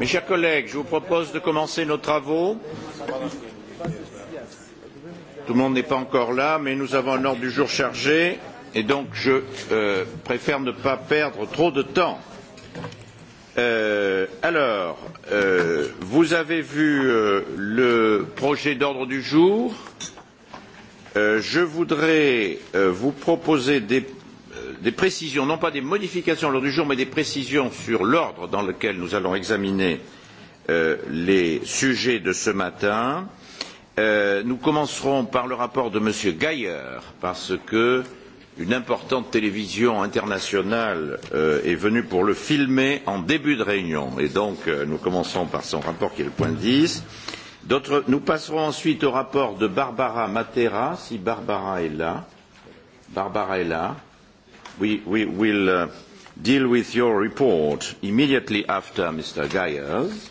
Mes chers collègues, je vous propose de commencer nos travaux. Tout le monde n'est pas encore là, mais nous avons un ordre du jour chargé et donc je euh, préfère ne pas perdre trop de temps. Euh, alors, euh, vous avez vu euh, le projet d'ordre du jour. Euh, je voudrais euh, vous proposer des des précisions, non pas des modifications à l'ordre du jour, mais des précisions sur l'ordre dans lequel nous allons examiner euh, les sujets de ce matin. Euh, nous commencerons par le rapport de M. Gaillard, parce que une importante télévision internationale euh, est venue pour le filmer en début de réunion. Et donc, euh, nous commencerons par son rapport qui est le point 10. Nous passerons ensuite au rapport de Barbara Matera, si Barbara est là. Barbara est là we, we will uh, deal with your report immediately after Mr. Geyers,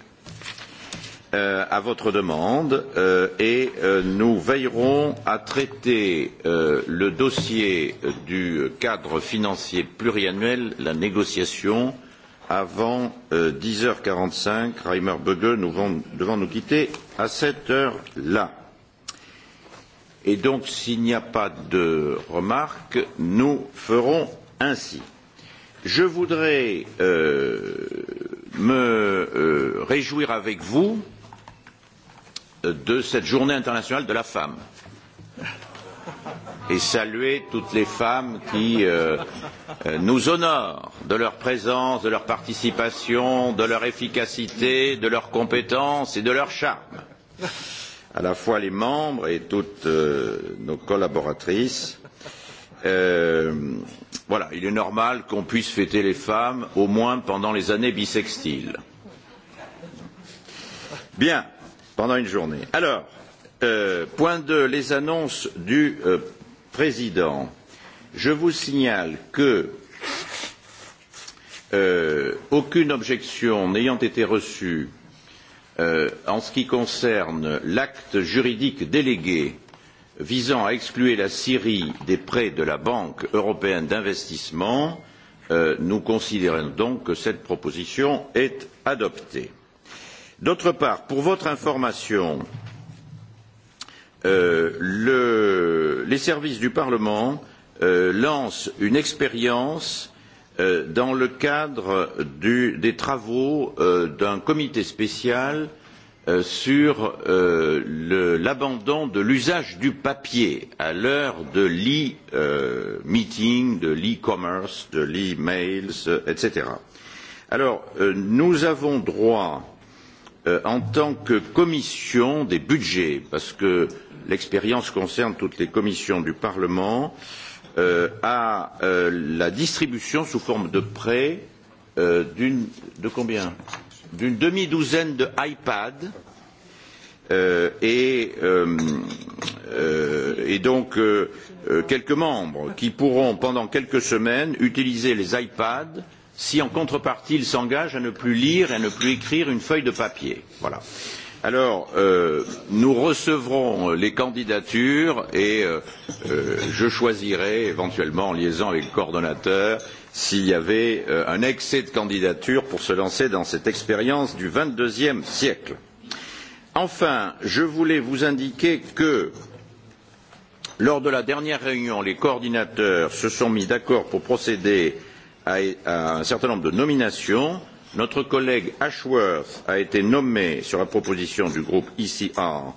euh, à votre demande, euh, et euh, nous veillerons à traiter euh, le dossier du cadre financier pluriannuel, la négociation, avant euh, 10h45. Reimer Böge nous vont, devant nous quitter à cette heure-là. Et donc, s'il n'y a pas de remarques, nous ferons ainsi. Je voudrais euh, me euh, réjouir avec vous euh, de cette journée internationale de la femme et saluer toutes les femmes qui euh, euh, nous honorent de leur présence, de leur participation, de leur efficacité, de leurs compétences et de leur charme. Euh, à la fois les membres et toutes euh, nos collaboratrices. Euh, voilà, il est normal qu'on puisse fêter les femmes au moins pendant les années bissextiles. Bien, pendant une journée. Alors, euh, point 2, les annonces du euh, président. Je vous signale que euh, aucune objection n'ayant été reçue Euh, en ce qui concerne l'acte juridique délégué visant à exclure la Syrie des prêts de la Banque européenne d'investissement, euh, nous considérons donc que cette proposition est adoptée. D'autre part, pour votre information, euh, le, les services du Parlement euh, lancent une expérience euh, Euh, dans le cadre du, des travaux euh, d'un comité spécial euh, sur euh, l'abandon de l'usage du papier à l'heure de l'e-meeting, euh, de l'e-commerce, de l'e-mails, euh, etc. Alors, nous avons droit, en tant que commission des budgets, parce que l'expérience concerne toutes les commissions du Parlement, euh, euh, à euh, la distribution sous forme de prêt euh, d'une de combien d'une demi douzaine de iPad euh, et, euh, euh, et donc euh, euh, quelques membres qui pourront pendant quelques semaines utiliser les iPads si en contrepartie ils s'engagent à ne plus lire et à ne plus écrire une feuille de papier. Voilà. Euh, Alors, euh, nous recevrons les candidatures et euh, euh, je choisirai éventuellement, en liaison avec le coordonnateur, s'il y avait euh, un excès de candidatures pour se lancer dans cette expérience du XXIe siècle. Enfin, je voulais vous indiquer que, lors de la dernière réunion, les coordinateurs se sont mis d'accord pour procéder à, à un certain nombre de nominations. Euh, Notre collègue Ashworth a été nommé, sur la proposition du groupe ICR, e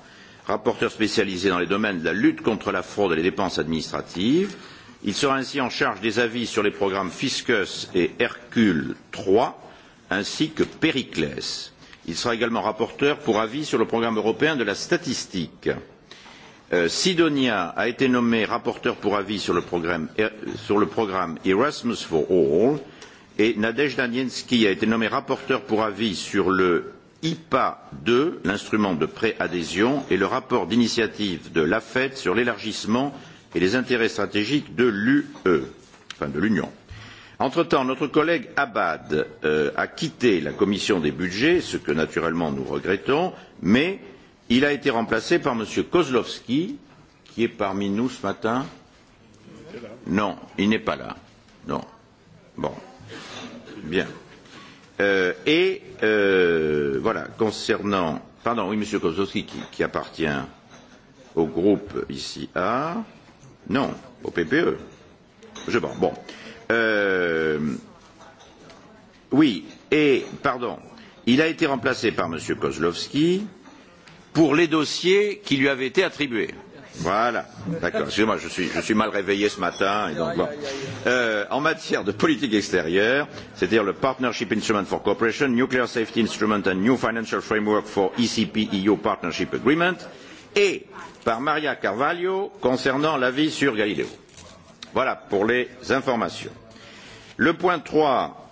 rapporteur spécialisé dans les domaines de la lutte contre la fraude et les dépenses administratives. Il sera ainsi en charge des avis sur les programmes Fiscus et Hercule III, ainsi que Périclès. Il sera également rapporteur pour avis sur le programme européen de la statistique. Euh, Sidonia a été nommé rapporteur pour avis sur le programme, euh, sur le programme Erasmus for All et Nadezhda Nienski a été nommée rapporteure pour avis sur le IPA 2, l'instrument de préadhésion, et le rapport d'initiative de l'AFET sur l'élargissement et les intérêts stratégiques de l'UE, enfin de l'Union. Entre-temps, notre collègue Abad euh, a quitté la commission des budgets, ce que naturellement nous regrettons, mais il a été remplacé par M. Kozlovski, qui est parmi nous ce matin. Non, il n'est pas là. Non. Bon. Bien. Euh, et euh, voilà, concernant. Pardon, oui, M. Kozowski qui, qui appartient au groupe ici A. Non, au PPE. Je pense. Bon. Euh, oui, et pardon, il a été remplacé par M. Kozlowski pour les dossiers qui lui avaient été attribués. Euh, Voilà. D'accord. Excusez-moi, je suis, je suis mal réveillé ce matin. Et donc, bon. euh, en matière de politique extérieure, c'est-à-dire le Partnership Instrument for Cooperation, Nuclear Safety Instrument and New Financial Framework for ECP-EU Partnership Agreement, et par Maria Carvalho concernant l'avis sur Galileo. Voilà pour les informations. Le point 3,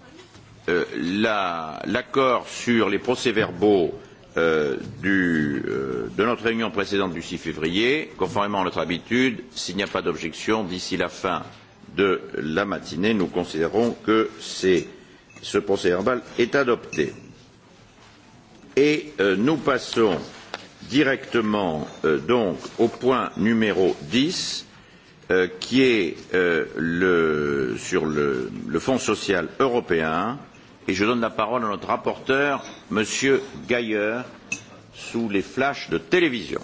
euh, l'accord la, sur les procès-verbaux euh, Euh, du, euh, de notre réunion précédente du 6 février. Conformément à notre habitude, s'il n'y a pas d'objection d'ici la fin de la matinée, nous considérons que ce procès verbal est adopté. Et euh, nous passons directement euh, donc au point numéro 10 euh, qui est euh, le, sur le, le Fonds social européen et je donne la parole à notre rapporteur, Monsieur Gaillard, sous les flashs de télévision.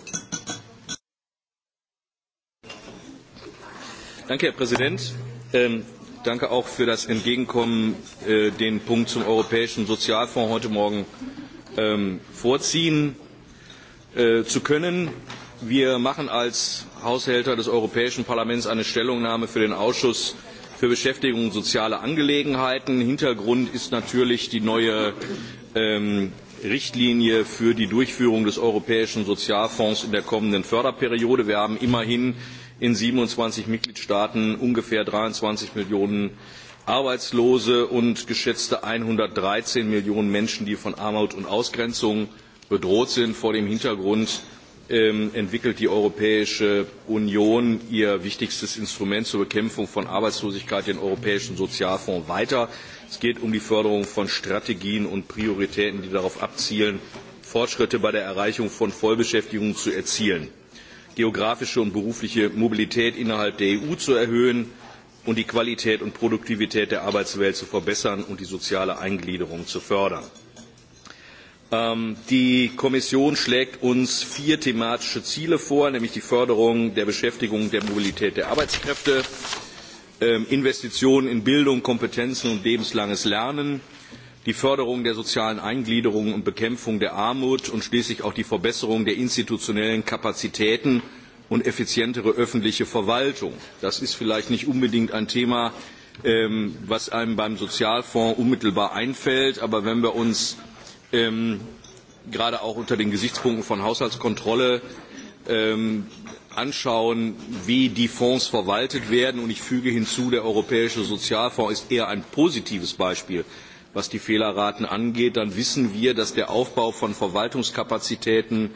Danke, Herr Präsident. Ähm, danke auch für das Entgegenkommen, äh, den Punkt zum Europäischen Sozialfonds heute Morgen ähm, vorziehen äh, zu können. Wir machen als Haushälter des Europäischen Parlaments eine Stellungnahme für den Ausschuss äh, für Beschäftigung und soziale Angelegenheiten. Hintergrund ist natürlich die neue ähm, Richtlinie für die Durchführung des Europäischen Sozialfonds in der kommenden Förderperiode. Wir haben immerhin in 27 Mitgliedstaaten ungefähr 23 Millionen Arbeitslose und geschätzte 113 Millionen Menschen, die von Armut und Ausgrenzung bedroht sind vor dem Hintergrund Ähm, entwickelt die Europäische Union ihr wichtigstes Instrument zur Bekämpfung von Arbeitslosigkeit, den Europäischen Sozialfonds, weiter. Es geht um die Förderung von Strategien und Prioritäten, die darauf abzielen, Fortschritte bei der Erreichung von Vollbeschäftigung zu erzielen, geografische und berufliche Mobilität innerhalb der EU zu erhöhen und die Qualität und Produktivität der Arbeitswelt zu verbessern und die soziale Eingliederung zu fördern. Ähm, die Kommission schlägt uns vier thematische Ziele vor, nämlich die Förderung der Beschäftigung, der Mobilität der Arbeitskräfte, ähm, Investitionen in Bildung, Kompetenzen und lebenslanges Lernen, die Förderung der sozialen Eingliederung und Bekämpfung der Armut und schließlich auch die Verbesserung der institutionellen Kapazitäten und effizientere öffentliche Verwaltung. Das ist vielleicht nicht unbedingt ein Thema, ähm, was einem beim Sozialfonds unmittelbar einfällt, aber wenn wir uns ähm, gerade auch unter den Gesichtspunkten von Haushaltskontrolle ähm, anschauen, wie die Fonds verwaltet werden. Und ich füge hinzu, der Europäische Sozialfonds ist eher ein positives Beispiel, was die Fehlerraten angeht. Dann wissen wir, dass der Aufbau von Verwaltungskapazitäten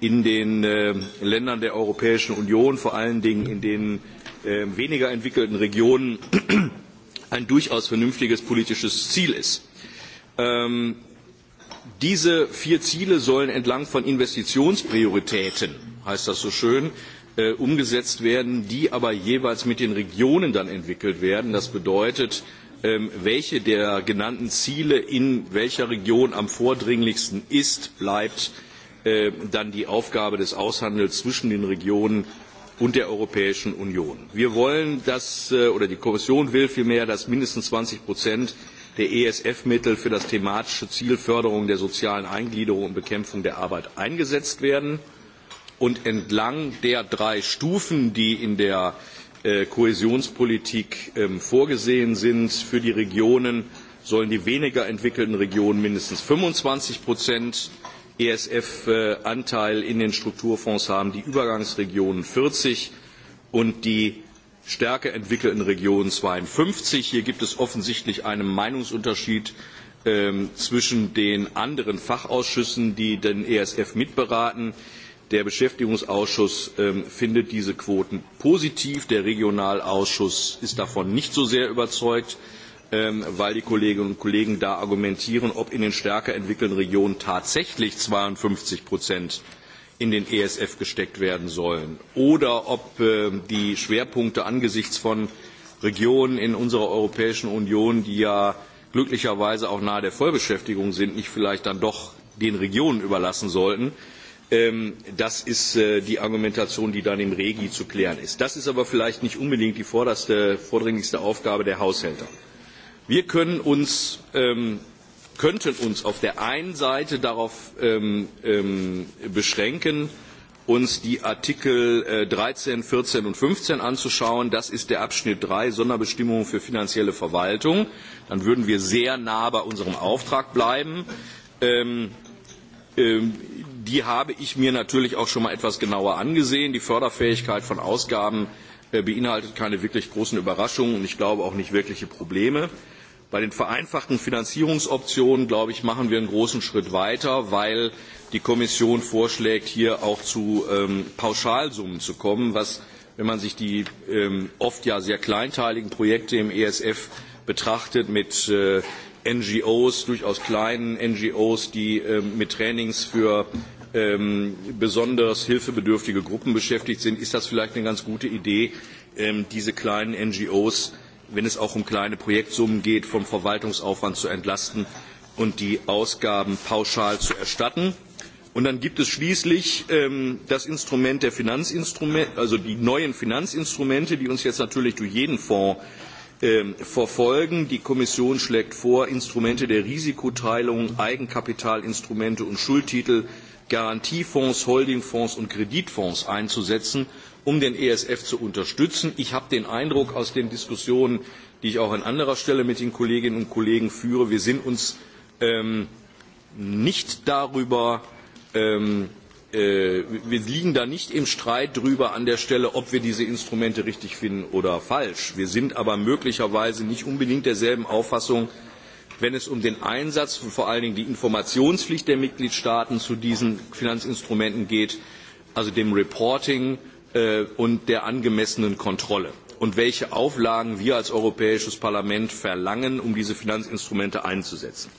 in den äh, Ländern der Europäischen Union, vor allen Dingen in den äh, weniger entwickelten Regionen, ein durchaus vernünftiges politisches Ziel ist. Ähm, Diese vier Ziele sollen entlang von Investitionsprioritäten, heißt das so schön, äh, umgesetzt werden, die aber jeweils mit den Regionen dann entwickelt werden. Das bedeutet, ähm, welche der genannten Ziele in welcher Region am vordringlichsten ist, bleibt äh, dann die Aufgabe des Aushandels zwischen den Regionen und der Europäischen Union. Wir wollen, dass, äh, oder die Kommission will vielmehr, dass mindestens 20 Prozent der ESF-Mittel für das thematische Ziel Förderung der sozialen Eingliederung und Bekämpfung der Arbeit eingesetzt werden. Und entlang der drei Stufen, die in der äh, Kohäsionspolitik ähm, vorgesehen sind für die Regionen, sollen die weniger entwickelten Regionen mindestens 25 Prozent ESF-Anteil äh, in den Strukturfonds haben, die Übergangsregionen 40 und die stärker entwickelten Region 52. Hier gibt es offensichtlich einen Meinungsunterschied ähm, zwischen den anderen Fachausschüssen, die den ESF mitberaten. Der Beschäftigungsausschuss ähm, findet diese Quoten positiv. Der Regionalausschuss ist davon nicht so sehr überzeugt, ähm, weil die Kolleginnen und Kollegen da argumentieren, ob in den stärker entwickelten Regionen tatsächlich 52 Prozent äh, in den ESF gesteckt werden sollen oder ob äh, die Schwerpunkte angesichts von Regionen in unserer Europäischen Union, die ja glücklicherweise auch nahe der Vollbeschäftigung sind, nicht vielleicht dann doch den Regionen überlassen sollten. Ähm, das ist äh, die Argumentation, die dann im Regi zu klären ist. Das ist aber vielleicht nicht unbedingt die vorderste, vordringlichste Aufgabe der Haushälter. Wir können uns ähm, könnten uns auf der einen Seite darauf ähm, ähm, beschränken, uns die Artikel äh, 13, 14 und 15 anzuschauen. Das ist der Abschnitt 3, Sonderbestimmungen für finanzielle Verwaltung. Dann würden wir sehr nah bei unserem Auftrag bleiben. Ähm, ähm, die habe ich mir natürlich auch schon mal etwas genauer angesehen. Die Förderfähigkeit von Ausgaben äh, beinhaltet keine wirklich großen Überraschungen und ich glaube auch nicht wirkliche Probleme. Äh, Bei den vereinfachten Finanzierungsoptionen, glaube ich, machen wir einen großen Schritt weiter, weil die Kommission vorschlägt, hier auch zu ähm, Pauschalsummen zu kommen, was, wenn man sich die ähm, oft ja sehr kleinteiligen Projekte im ESF betrachtet, mit äh, NGOs, durchaus kleinen NGOs, die ähm, mit Trainings für ähm, besonders hilfebedürftige Gruppen beschäftigt sind, ist das vielleicht eine ganz gute Idee, ähm, diese kleinen NGOs wenn es auch um kleine Projektsummen geht, vom Verwaltungsaufwand zu entlasten und die Ausgaben pauschal zu erstatten. Und dann gibt es schließlich ähm, das Instrument der Finanzinstrumente, also die neuen Finanzinstrumente, die uns jetzt natürlich durch jeden Fonds ähm, verfolgen. Die Kommission schlägt vor, Instrumente der Risikoteilung, Eigenkapitalinstrumente und Schuldtitel äh, Garantiefonds, Holdingfonds und Kreditfonds einzusetzen, um den ESF zu unterstützen. Ich habe den Eindruck aus den Diskussionen, die ich auch an anderer Stelle mit den Kolleginnen und Kollegen führe, wir sind uns ähm, nicht darüber ähm, äh, wir liegen da nicht im Streit drüber an der Stelle, ob wir diese Instrumente richtig finden oder falsch. Wir sind aber möglicherweise nicht unbedingt derselben Auffassung, äh, wenn es um den Einsatz und vor allen Dingen die Informationspflicht der Mitgliedstaaten zu diesen Finanzinstrumenten geht, also dem Reporting äh, und der angemessenen Kontrolle und welche Auflagen wir als Europäisches Parlament verlangen, um diese Finanzinstrumente einzusetzen.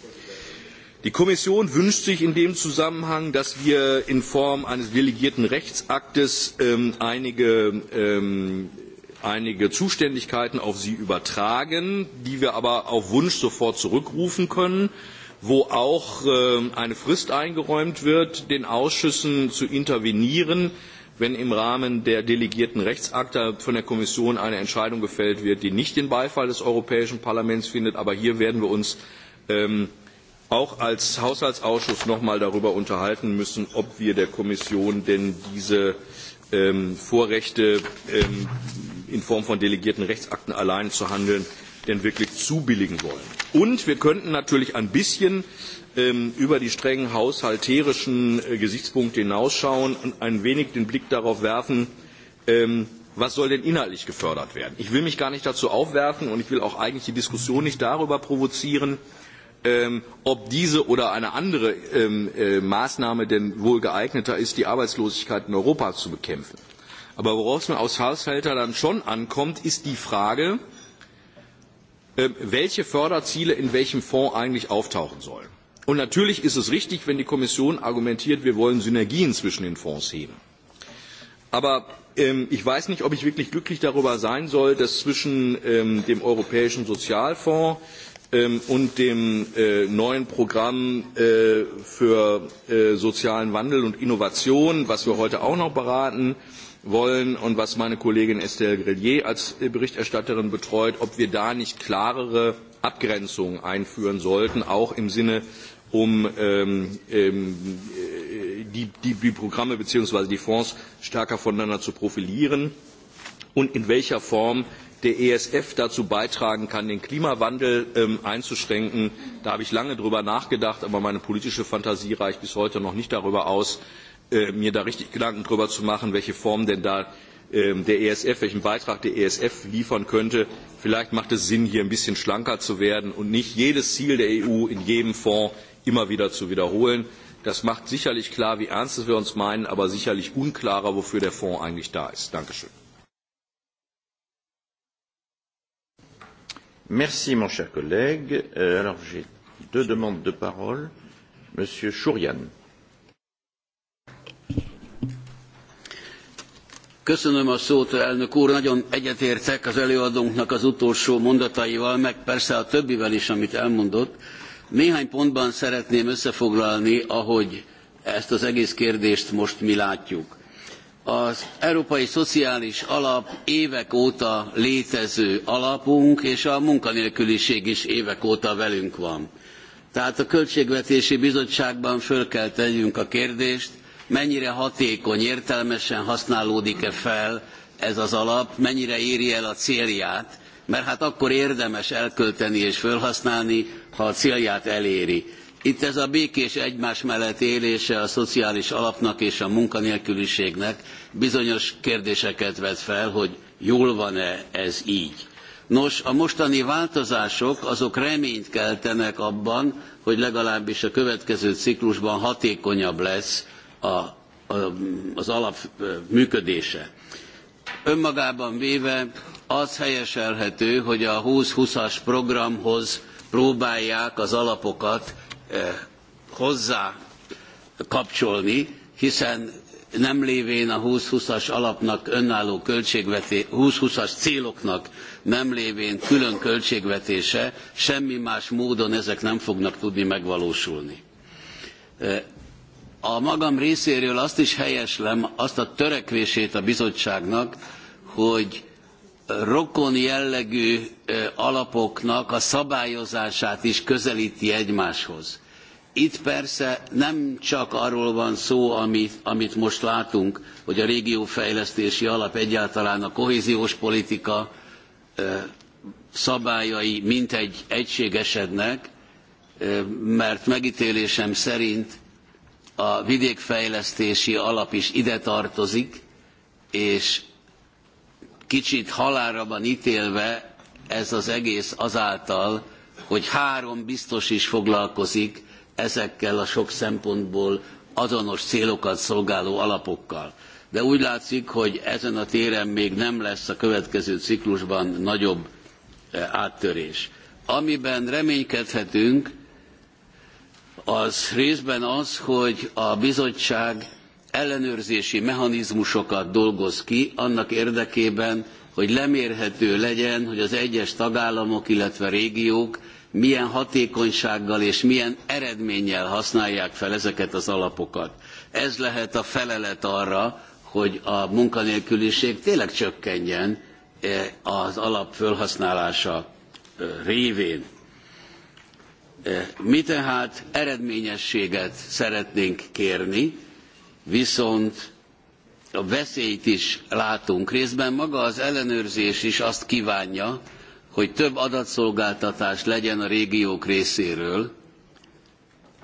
Die Kommission wünscht sich in dem Zusammenhang, dass wir in Form eines delegierten Rechtsaktes ähm, einige ähm, einige Zuständigkeiten auf sie übertragen, die wir aber auf Wunsch sofort zurückrufen können, wo auch äh, eine Frist eingeräumt wird, den Ausschüssen zu intervenieren, wenn im Rahmen der delegierten Rechtsakte von der Kommission eine Entscheidung gefällt wird, die nicht den Beifall des Europäischen Parlaments findet. Aber hier werden wir uns ähm, auch als Haushaltsausschuss noch einmal darüber unterhalten müssen, ob wir der Kommission denn diese ähm, Vorrechte ähm, in Form von delegierten Rechtsakten allein zu handeln, denn wirklich zubilligen wollen. Und wir könnten natürlich ein bisschen ähm, über die strengen haushalterischen äh, Gesichtspunkte hinausschauen und ein wenig den Blick darauf werfen, ähm, was soll denn inhaltlich gefördert werden. Ich will mich gar nicht dazu aufwerfen und ich will auch eigentlich die Diskussion nicht darüber provozieren, ähm, ob diese oder eine andere ähm, äh, Maßnahme denn wohl geeigneter ist, die Arbeitslosigkeit in Europa zu bekämpfen. Aber worauf es mir aus Haushalter dann schon ankommt, ist die Frage, ähm, welche Förderziele in welchem Fonds eigentlich auftauchen sollen. Und natürlich ist es richtig, wenn die Kommission argumentiert, wir wollen Synergien zwischen den Fonds heben. Aber ähm, ich weiß nicht, ob ich wirklich glücklich darüber sein soll, dass zwischen ähm, dem Europäischen Sozialfonds ähm, und dem äh, neuen Programm äh, für äh, sozialen Wandel und Innovation, was wir heute auch noch beraten, äh, wollen und was meine Kollegin Estelle Grelier als Berichterstatterin betreut, ob wir da nicht klarere Abgrenzungen einführen sollten, auch im Sinne um ähm, ähm, die, die, die Programme bzw. die Fonds stärker voneinander zu profilieren und in welcher Form der ESF dazu beitragen kann, den Klimawandel ähm, einzuschränken. Da habe ich lange drüber nachgedacht, aber meine politische Fantasie reicht bis heute noch nicht darüber aus, äh, mir da richtig Gedanken darüber zu machen, welche Form denn da äh, der ESF, welchen Beitrag der ESF liefern könnte. Vielleicht macht es Sinn, hier ein bisschen schlanker zu werden und nicht jedes Ziel der EU in jedem Fonds immer wieder zu wiederholen. Das macht sicherlich klar, wie ernst wir uns meinen, aber sicherlich unklarer, wofür der Fonds eigentlich da ist. Dankeschön. Merci, mon cher collègue. Euh, alors, j'ai deux demandes de parole. Monsieur Chourian. Köszönöm a szót, elnök úr. Nagyon egyetértek az előadónknak az utolsó mondataival, meg persze a többivel is, amit elmondott. Néhány pontban szeretném összefoglalni, ahogy ezt az egész kérdést most mi látjuk. Az Európai Szociális Alap évek óta létező alapunk, és a munkanélküliség is évek óta velünk van. Tehát a Költségvetési Bizottságban föl kell tegyünk a kérdést, mennyire hatékony, értelmesen használódik-e fel ez az alap, mennyire éri el a célját, mert hát akkor érdemes elkölteni és felhasználni, ha a célját eléri. Itt ez a békés egymás mellett élése a szociális alapnak és a munkanélküliségnek bizonyos kérdéseket vet fel, hogy jól van-e ez így. Nos, a mostani változások azok reményt keltenek abban, hogy legalábbis a következő ciklusban hatékonyabb lesz a, a, az alap működése. Önmagában véve az helyeselhető, hogy a 20-20-as programhoz próbálják az alapokat hozzá kapcsolni, hiszen nem lévén a 20-20-as alapnak önálló költségvetés, 20-20-as céloknak nem lévén külön költségvetése, semmi más módon ezek nem fognak tudni megvalósulni. A magam részéről azt is helyeslem, azt a törekvését a bizottságnak, hogy rokon jellegű alapoknak a szabályozását is közelíti egymáshoz. Itt persze nem csak arról van szó, amit, amit most látunk, hogy a régiófejlesztési alap egyáltalán a kohéziós politika szabályai mintegy egységesednek, mert megítélésem szerint a vidékfejlesztési alap is ide tartozik, és kicsit halára van ítélve ez az egész azáltal, hogy három biztos is foglalkozik ezekkel a sok szempontból azonos célokat szolgáló alapokkal. De úgy látszik, hogy ezen a téren még nem lesz a következő ciklusban nagyobb eh, áttörés. Amiben reménykedhetünk, az részben az, hogy a bizottság ellenőrzési mechanizmusokat dolgoz ki annak érdekében, hogy lemérhető legyen, hogy az egyes tagállamok, illetve régiók milyen hatékonysággal és milyen eredménnyel használják fel ezeket az alapokat. Ez lehet a felelet arra, hogy a munkanélküliség tényleg csökkenjen eh, az alap felhasználása eh, révén. Mi tehát eredményességet szeretnénk kérni, viszont a veszélyt is látunk. Részben maga az ellenőrzés is azt kívánja, hogy több adatszolgáltatás legyen a régiók részéről,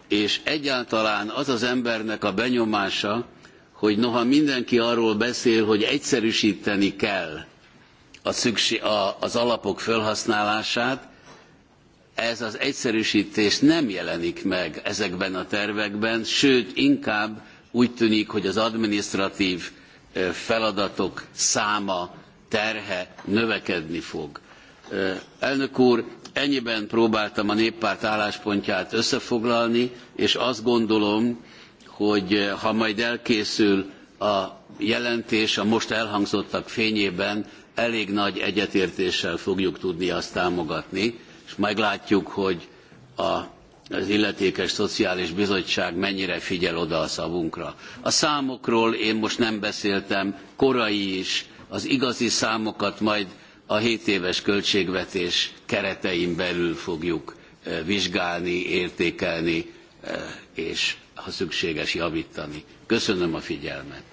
és egyáltalán az az embernek a benyomása, hogy noha mindenki arról beszél, hogy egyszerűsíteni kell a szükség, a, az alapok felhasználását, ez az egyszerűsítés nem jelenik meg ezekben a tervekben, sőt inkább úgy tűnik, hogy az administratív feladatok száma, terhe növekedni fog. Elnök úr, ennyiben próbáltam a néppárt álláspontját összefoglalni, és azt gondolom, hogy ha majd elkészül a jelentés a most elhangzottak fényében, elég nagy egyetértéssel fogjuk tudni azt támogatni és meglátjuk, hogy a az illetékes szociális bizottság mennyire figyel oda a szavunkra. A számokról én most nem beszéltem, korai is, az igazi számokat majd a 7 éves költségvetés keretein belül fogjuk vizsgálni, értékelni, és ha szükséges javítani. Köszönöm a figyelmet.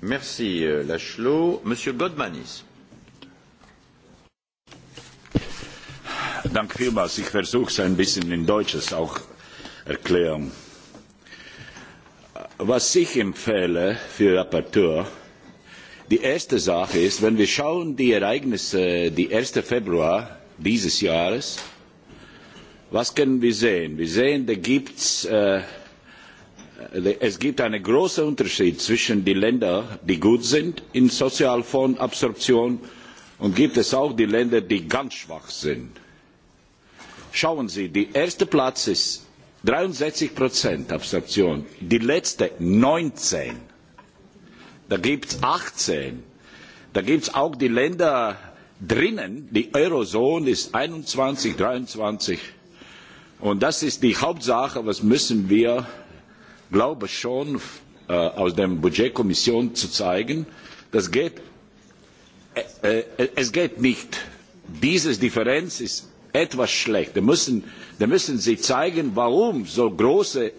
Merci euh, Laszlo. Monsieur Godmanis. danke vielmals. Ich versuche es ein bisschen in Deutsches auch erklären. Was ich empfehle für Rapporteur, die erste Sache ist, wenn wir schauen die Ereignisse, die 1. Februar dieses Jahres, was können wir sehen? Wir sehen, da gibt's, äh, es gibt einen großen Unterschied zwischen den Ländern, die gut sind in Sozialfondabsorption, und gibt es auch die Länder, die ganz schwach sind Schauen Sie, die erste Platz ist 63 Prozent Absorption, die letzte 19. Da gibt es 18. Da gibt es auch die Länder drinnen, die Eurozone ist 21, 23. Und das ist die Hauptsache, was müssen wir, glaube schon, äh, aus der Budgetkommission zu zeigen. Das geht, äh, äh, es geht nicht. Diese Differenz ist etwas schlecht. Da müssen, da müssen Sie zeigen, warum so große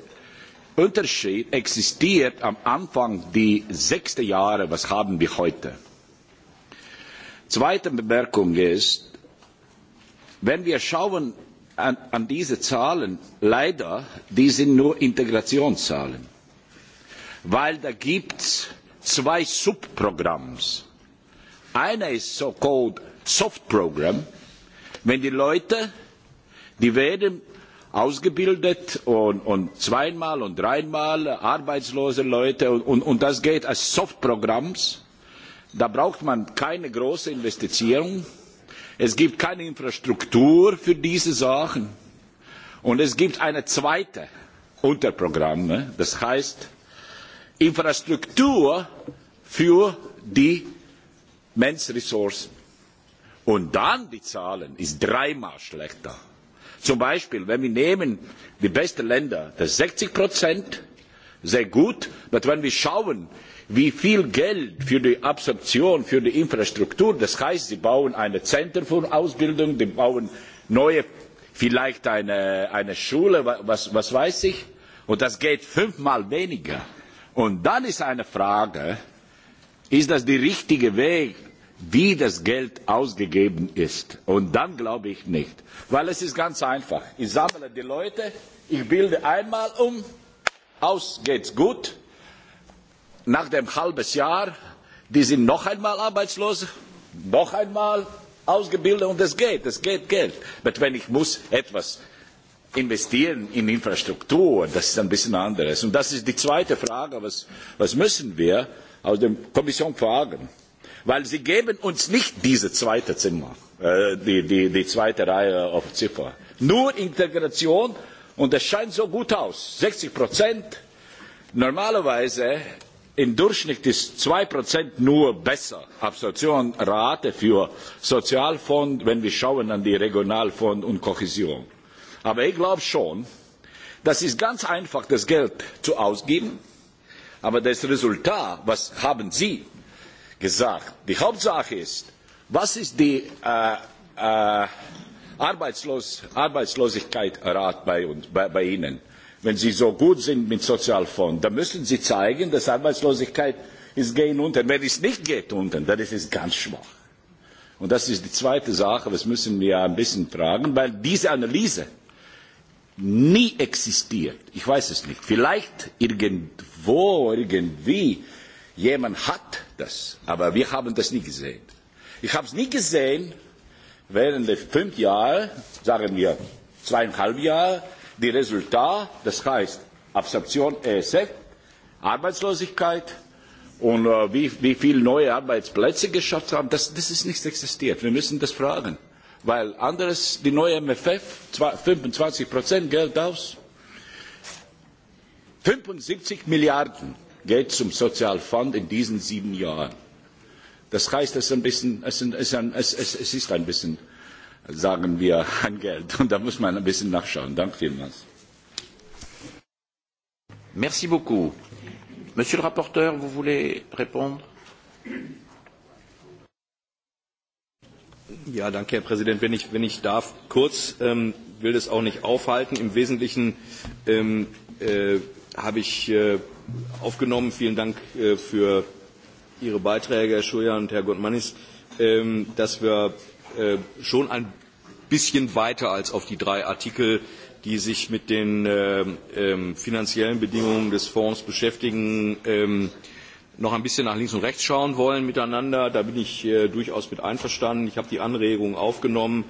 Unterschied existiert am Anfang die sechste Jahre, was haben wir heute. Zweite Bemerkung ist, wenn wir schauen an, an diese Zahlen, leider, die sind nur Integrationszahlen, weil da gibt es zwei Subprogramms. Einer ist so-called Soft Program, Wenn die Leute, die werden ausgebildet und, und zweimal und dreimal arbeitslose Leute und, und, und das geht als Softprogramms, da braucht man keine große Investition. Es gibt keine Infrastruktur für diese Sachen. Und es gibt eine zweite Unterprogramm, ne? das heißt Infrastruktur für die Menschressourcen. Und dann die Zahlen ist dreimal schlechter. Zum Beispiel, wenn wir nehmen die besten Länder, das 60 Prozent, sehr gut, aber wenn wir schauen, wie viel Geld für die Absorption, für die Infrastruktur, das heißt, sie bauen ein Zentrum für Ausbildung, sie bauen neue, vielleicht eine, eine Schule, was, was weiß ich, und das geht fünfmal weniger. Und dann ist eine Frage, ist das der richtige Weg, wie das Geld ausgegeben ist. Und dann glaube ich nicht. Weil es ist ganz einfach. Ich sammle die Leute, ich bilde einmal um, aus geht's gut. Nach dem halben Jahr, die sind noch einmal arbeitslos, noch einmal ausgebildet und es geht, es geht Geld. Aber wenn ich muss etwas investieren in Infrastruktur, das ist ein bisschen anderes. Und das ist die zweite Frage, was, was müssen wir aus der Kommission fragen? weil sie geben uns nicht diese zweite Zimmer, äh, die, die, die zweite Reihe auf Ziffer. Nur Integration und es scheint so gut aus. 60 Prozent, normalerweise im Durchschnitt ist 2 Prozent nur besser. Absorptionrate für Sozialfonds, wenn wir schauen an die Regionalfonds und Kohäsion. Aber ich glaube schon, das ist ganz einfach, das Geld zu ausgeben. Aber das Resultat, was haben Sie gesagt. Die Hauptsache ist, was ist die äh, äh, Arbeitslos Arbeitslosigkeitsrat bei, uns, bei, bei Ihnen? Wenn Sie so gut sind mit Sozialfonds, dann müssen Sie zeigen, dass Arbeitslosigkeit ist gehen unten. Wenn es nicht geht unten, dann ist es ganz schwach. Und das ist die zweite Sache, das müssen wir ein bisschen fragen, weil diese Analyse nie existiert. Ich weiß es nicht. Vielleicht irgendwo, irgendwie Jemen hat das, aber wir haben das nie gesehen. Ich habe es nie gesehen, während der fünf Jahre, sagen wir zweieinhalb Jahre, die Resultate, das heißt Absorption ESF, e, Arbeitslosigkeit und äh, wie, wie viele neue Arbeitsplätze geschafft haben, das, das ist nicht existiert. Wir müssen das fragen, weil anderes, die neue MFF, 25 Prozent Geld aus, 75 Milliarden Geld zum Sozialfonds in diesen sieben Jahren. Das heißt, es ist ein bisschen, es ist ein, es, es, es ist ein bisschen, sagen wir, an Geld. Und da muss man ein bisschen nachschauen. Danke vielmals. Merci beaucoup. Monsieur le rapporteur, vous voulez répondre Ja, danke, Herr Präsident. Wenn ich, wenn ich darf, kurz, ähm, will das auch nicht aufhalten. Im Wesentlichen ähm, äh, habe ich äh, aufgenommen. Vielen Dank äh, für Ihre Beiträge, Herr Schuljan und Herr Gottmannis, ähm, dass wir äh, schon ein bisschen weiter als auf die drei Artikel, die sich mit den äh, äh, finanziellen Bedingungen des Fonds beschäftigen, äh, noch ein bisschen nach links und rechts schauen wollen miteinander. Da bin ich äh, durchaus mit einverstanden. Ich habe die Anregung aufgenommen,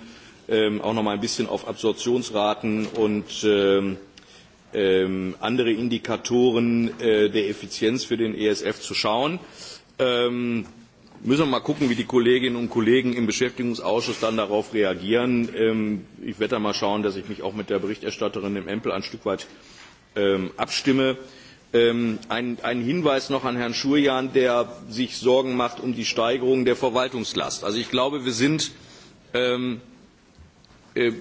ähm, auch noch mal ein bisschen auf Absorptionsraten und ähm, ähm, andere Indikatoren äh, der Effizienz für den ESF zu schauen. Ähm, müssen wir mal gucken, wie die Kolleginnen und Kollegen im Beschäftigungsausschuss dann darauf reagieren. Ähm, ich werde da mal schauen, dass ich mich auch mit der Berichterstatterin im Empel ein Stück weit ähm, abstimme. Ähm, ein, ein Hinweis noch an Herrn Schurjan, der sich Sorgen macht um die Steigerung der Verwaltungslast. Also ich glaube, wir sind ähm, äh,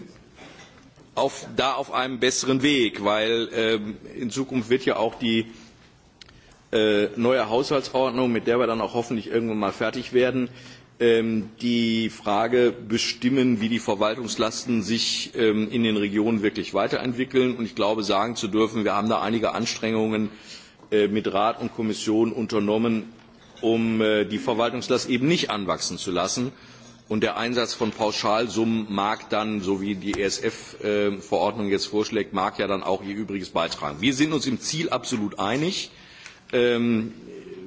auf, da auf einem besseren Weg, weil ähm, in Zukunft wird ja auch die äh, neue Haushaltsordnung, mit der wir dann auch hoffentlich irgendwann mal fertig werden, ähm, die Frage bestimmen, wie die Verwaltungslasten sich ähm, in den Regionen wirklich weiterentwickeln. Und ich glaube, sagen zu dürfen, wir haben da einige Anstrengungen äh, mit Rat und Kommission unternommen, um äh, die Verwaltungslast eben nicht anwachsen zu lassen. Äh, Und der Einsatz von Pauschalsummen mag dann, so wie die ESF-Verordnung äh, jetzt vorschlägt, mag ja dann auch ihr Übriges beitragen. Wir sind uns im Ziel absolut einig. Ähm,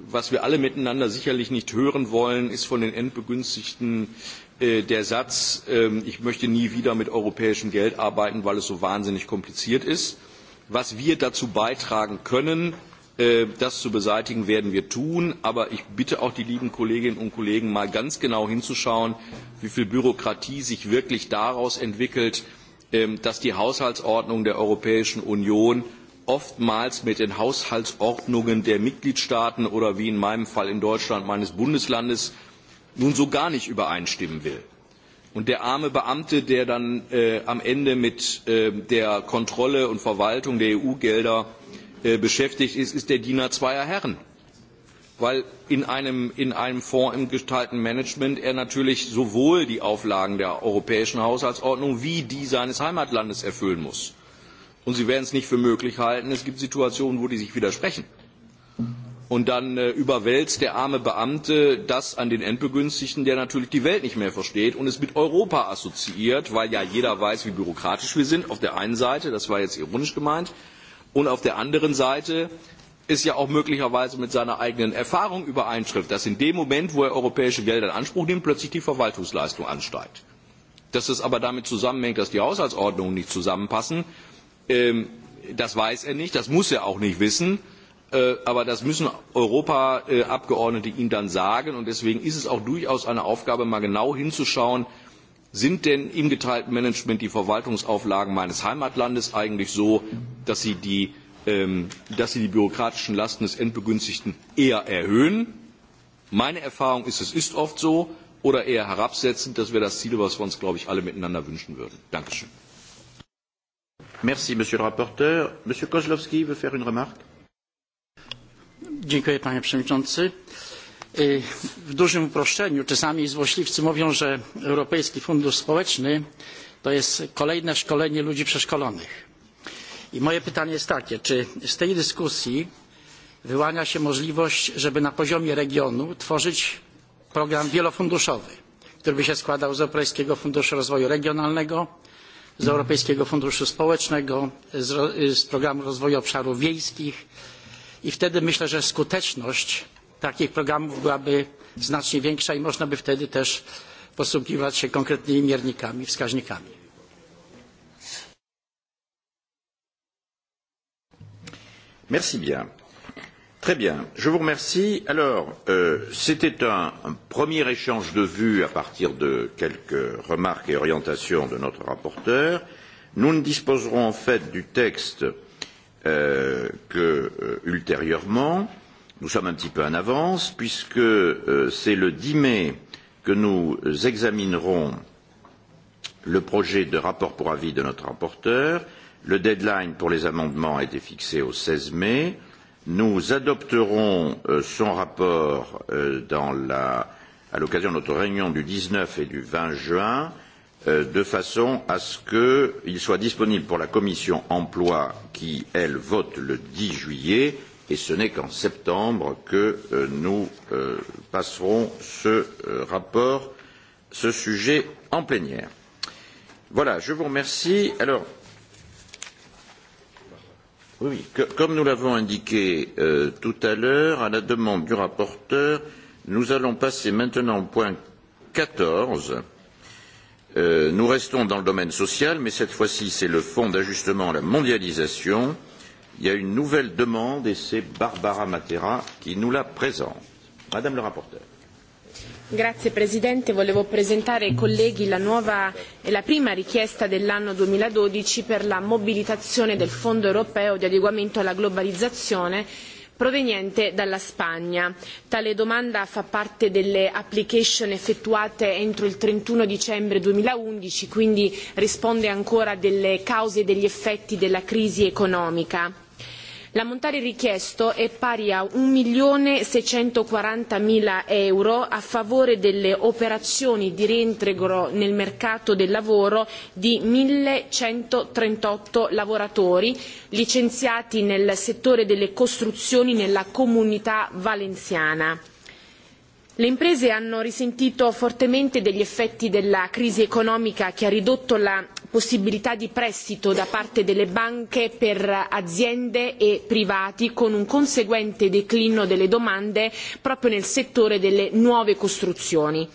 was wir alle miteinander sicherlich nicht hören wollen, ist von den Endbegünstigten äh, der Satz, äh, ich möchte nie wieder mit europäischem Geld arbeiten, weil es so wahnsinnig kompliziert ist. Was wir dazu beitragen können, äh, Äh, das zu beseitigen werden wir tun, aber ich bitte auch die lieben Kolleginnen und Kollegen, mal ganz genau hinzuschauen, wie viel Bürokratie sich wirklich daraus entwickelt, ähm, dass die Haushaltsordnung der Europäischen Union oftmals mit den Haushaltsordnungen der Mitgliedstaaten oder wie in meinem Fall in Deutschland meines Bundeslandes nun so gar nicht übereinstimmen will. Und der arme Beamte, der dann äh, am Ende mit äh, der Kontrolle und Verwaltung der EU-Gelder äh, beschäftigt ist, ist der Diener zweier Herren. Weil in einem, in einem Fonds im geteilten Management er natürlich sowohl die Auflagen der europäischen Haushaltsordnung wie die seines Heimatlandes erfüllen muss. Und Sie werden es nicht für möglich halten, es gibt Situationen, wo die sich widersprechen. Und dann äh, überwälzt der arme Beamte das an den Endbegünstigten, der natürlich die Welt nicht mehr versteht und es mit Europa assoziiert, weil ja jeder weiß, wie bürokratisch wir sind, auf der einen Seite, das war jetzt ironisch gemeint, und auf der anderen Seite es ja auch möglicherweise mit seiner eigenen Erfahrung übereintrifft, dass in dem Moment, wo er europäische Gelder in Anspruch nimmt, plötzlich die Verwaltungsleistung ansteigt. Dass es aber damit zusammenhängt, dass die Haushaltsordnungen nicht zusammenpassen, ähm, das weiß er nicht, das muss er auch nicht wissen, äh, aber das müssen Europaabgeordnete äh, ihm dann sagen und deswegen ist es auch durchaus eine Aufgabe, mal genau hinzuschauen, Sind denn im geteilten Management die Verwaltungsauflagen meines Heimatlandes eigentlich so, dass sie die, ähm, dass sie die bürokratischen Lasten des Endbegünstigten eher erhöhen? Meine Erfahrung ist, es ist oft so, oder eher herabsetzend. Das wäre das Ziel, was wir uns, glaube ich, alle miteinander wünschen würden. Dankeschön. Merci, Monsieur le rapporteur. Monsieur Kozlowski veut faire une remarque. Dziękuję, Panie Przewodniczący. Euh, w dużym uproszczeniu czasami złośliwcy mówią że europejski fundusz społeczny to jest kolejne szkolenie ludzi przeszkolonych. i moje pytanie jest takie czy z tej dyskusji wyłania się możliwość żeby na poziomie regionu tworzyć program wielofunduszowy który by się składał z europejskiego funduszu rozwoju regionalnego z mhm. europejskiego funduszu społecznego z, z programu rozwoju obszarów wiejskich i wtedy myślę że skuteczność takich programów byłaby znacznie większa i można by wtedy też posługiwać się konkretnymi miernikami, wskaźnikami. Merci bien. Très bien, je vous remercie. Alors, euh, c'était un, un premier échange de vues à partir de quelques remarques et orientations de notre rapporteur. Nous ne disposerons en fait du texte euh, que euh, ultérieurement. Euh, Nous sommes un petit peu en avance puisque euh, c'est le 10 mai que nous examinerons le projet de rapport pour avis de notre rapporteur. Le deadline pour les amendements a été fixé au 16 mai. Nous adopterons euh, son rapport euh, dans la, à l'occasion de notre réunion du 19 et du 20 juin euh, de façon à ce qu'il soit disponible pour la commission emploi qui, elle, vote le 10 juillet et ce n'est qu'en septembre que euh, nous euh, passerons ce euh, rapport, ce sujet en plénière. Voilà, je vous remercie. Alors, oui, que, comme nous l'avons indiqué euh, tout à l'heure, à la demande du rapporteur, nous allons passer maintenant au point 14. Euh, nous restons dans le domaine social, mais cette fois-ci, c'est le Fonds d'ajustement à la mondialisation. Euh, Il y a une nouvelle demande et c'est Barbara Matera qui nous la présente. Madame le rapporteur. Grazie Presidente, volevo presentare ai colleghi la, nuova, e la prima richiesta dell'anno 2012 per la mobilitazione del Fondo europeo di adeguamento alla globalizzazione proveniente dalla Spagna. Tale domanda fa parte delle application effettuate entro il 31 dicembre 2011, quindi risponde ancora delle cause e degli effetti della crisi economica L'ammontare richiesto è pari a 1.640.000 euro a favore delle operazioni di rientro nel mercato del lavoro di 1.138 lavoratori licenziati nel settore delle costruzioni nella comunità valenziana. Le imprese hanno risentito fortemente degli effetti della crisi economica che ha ridotto la possibilità di prestito da parte delle banche per aziende e privati con un conseguente declino delle domande proprio nel settore delle nuove costruzioni.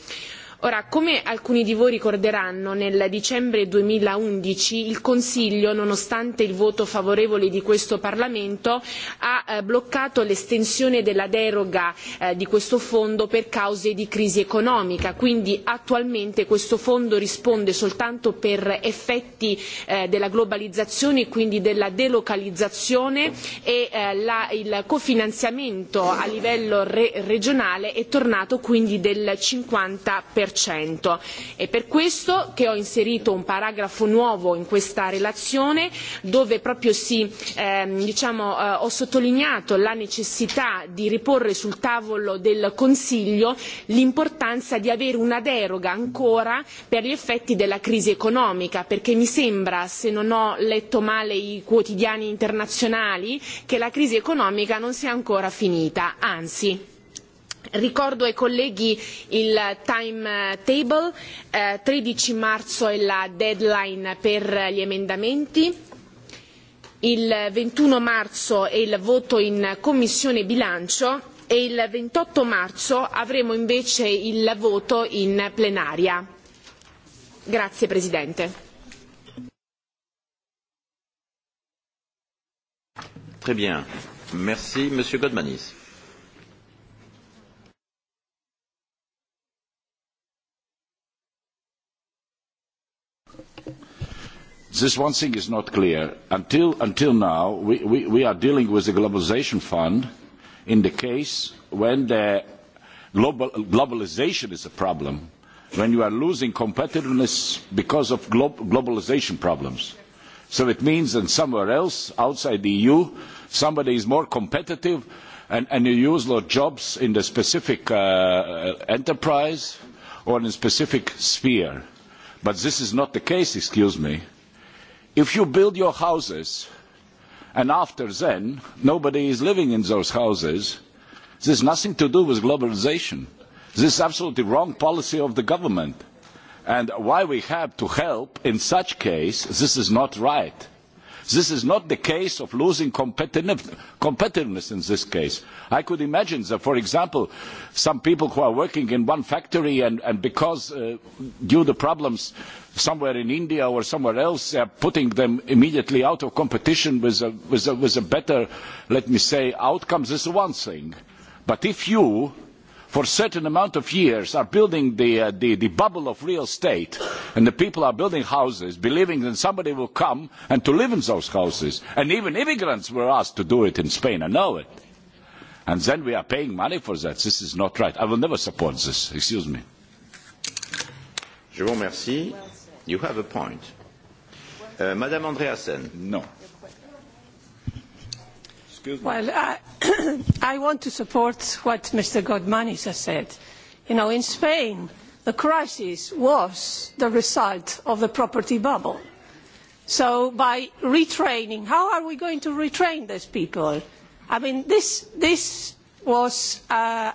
Ora, come alcuni di voi ricorderanno, nel dicembre 2011 il Consiglio, nonostante il voto favorevole di questo Parlamento, ha eh, bloccato l'estensione della deroga eh, di questo fondo per cause di crisi economica. Quindi attualmente questo fondo risponde soltanto per effetti eh, della globalizzazione, quindi della delocalizzazione e eh, la, il cofinanziamento a livello re- regionale è tornato quindi del 50%. 20%. È per questo che ho inserito un paragrafo nuovo in questa relazione dove proprio si, ehm, diciamo, eh, ho sottolineato la necessità di riporre sul tavolo del Consiglio l'importanza di avere una deroga ancora per gli effetti della crisi economica, perché mi sembra, se non ho letto male i quotidiani internazionali, che la crisi economica non sia ancora finita, anzi Ricordo ai colleghi il timetable, eh, 13 marzo è la deadline per gli emendamenti, il 21 marzo è il voto in Commissione bilancio e il 28 marzo avremo invece il voto in plenaria. Grazie Presidente. Très bien. Merci Monsieur Godmanis. this one thing is not clear. Until, until now, we, we, we are dealing with the Globalization Fund in the case when the global, globalization is a problem, when you are losing competitiveness because of glo globalization problems. So it means that somewhere else, outside the EU, somebody is more competitive and, and you use your jobs in the specific uh, enterprise or in a specific sphere. But this is not the case, excuse me if you build your houses and after then nobody is living in those houses, this has nothing to do with globalization. This is absolutely wrong policy of the government. And why we have to help in such case, this is not right. This is not the case of losing competitive, competitiveness in this case. I could imagine that, for example, some people who are working in one factory and, and because uh, due to problems somewhere in India or somewhere else, uh, putting them immediately out of competition with a, with, a, with a better, let me say, outcomes is one thing. But if you, for a certain amount of years, are building the, uh, the, the bubble of real estate, and the people are building houses, believing that somebody will come and to live in those houses, and even immigrants were asked to do it in Spain, I know it. And then we are paying money for that. This is not right. I will never support this. Excuse me. Je vous remercie. Well You have a point. Uh, Madame Andreasen. No. Excuse me. Well, I, I want to support what Mr. Godmanis has said. You know, in Spain, the crisis was the result of the property bubble. So by retraining, how are we going to retrain these people? I mean, this, this was, uh,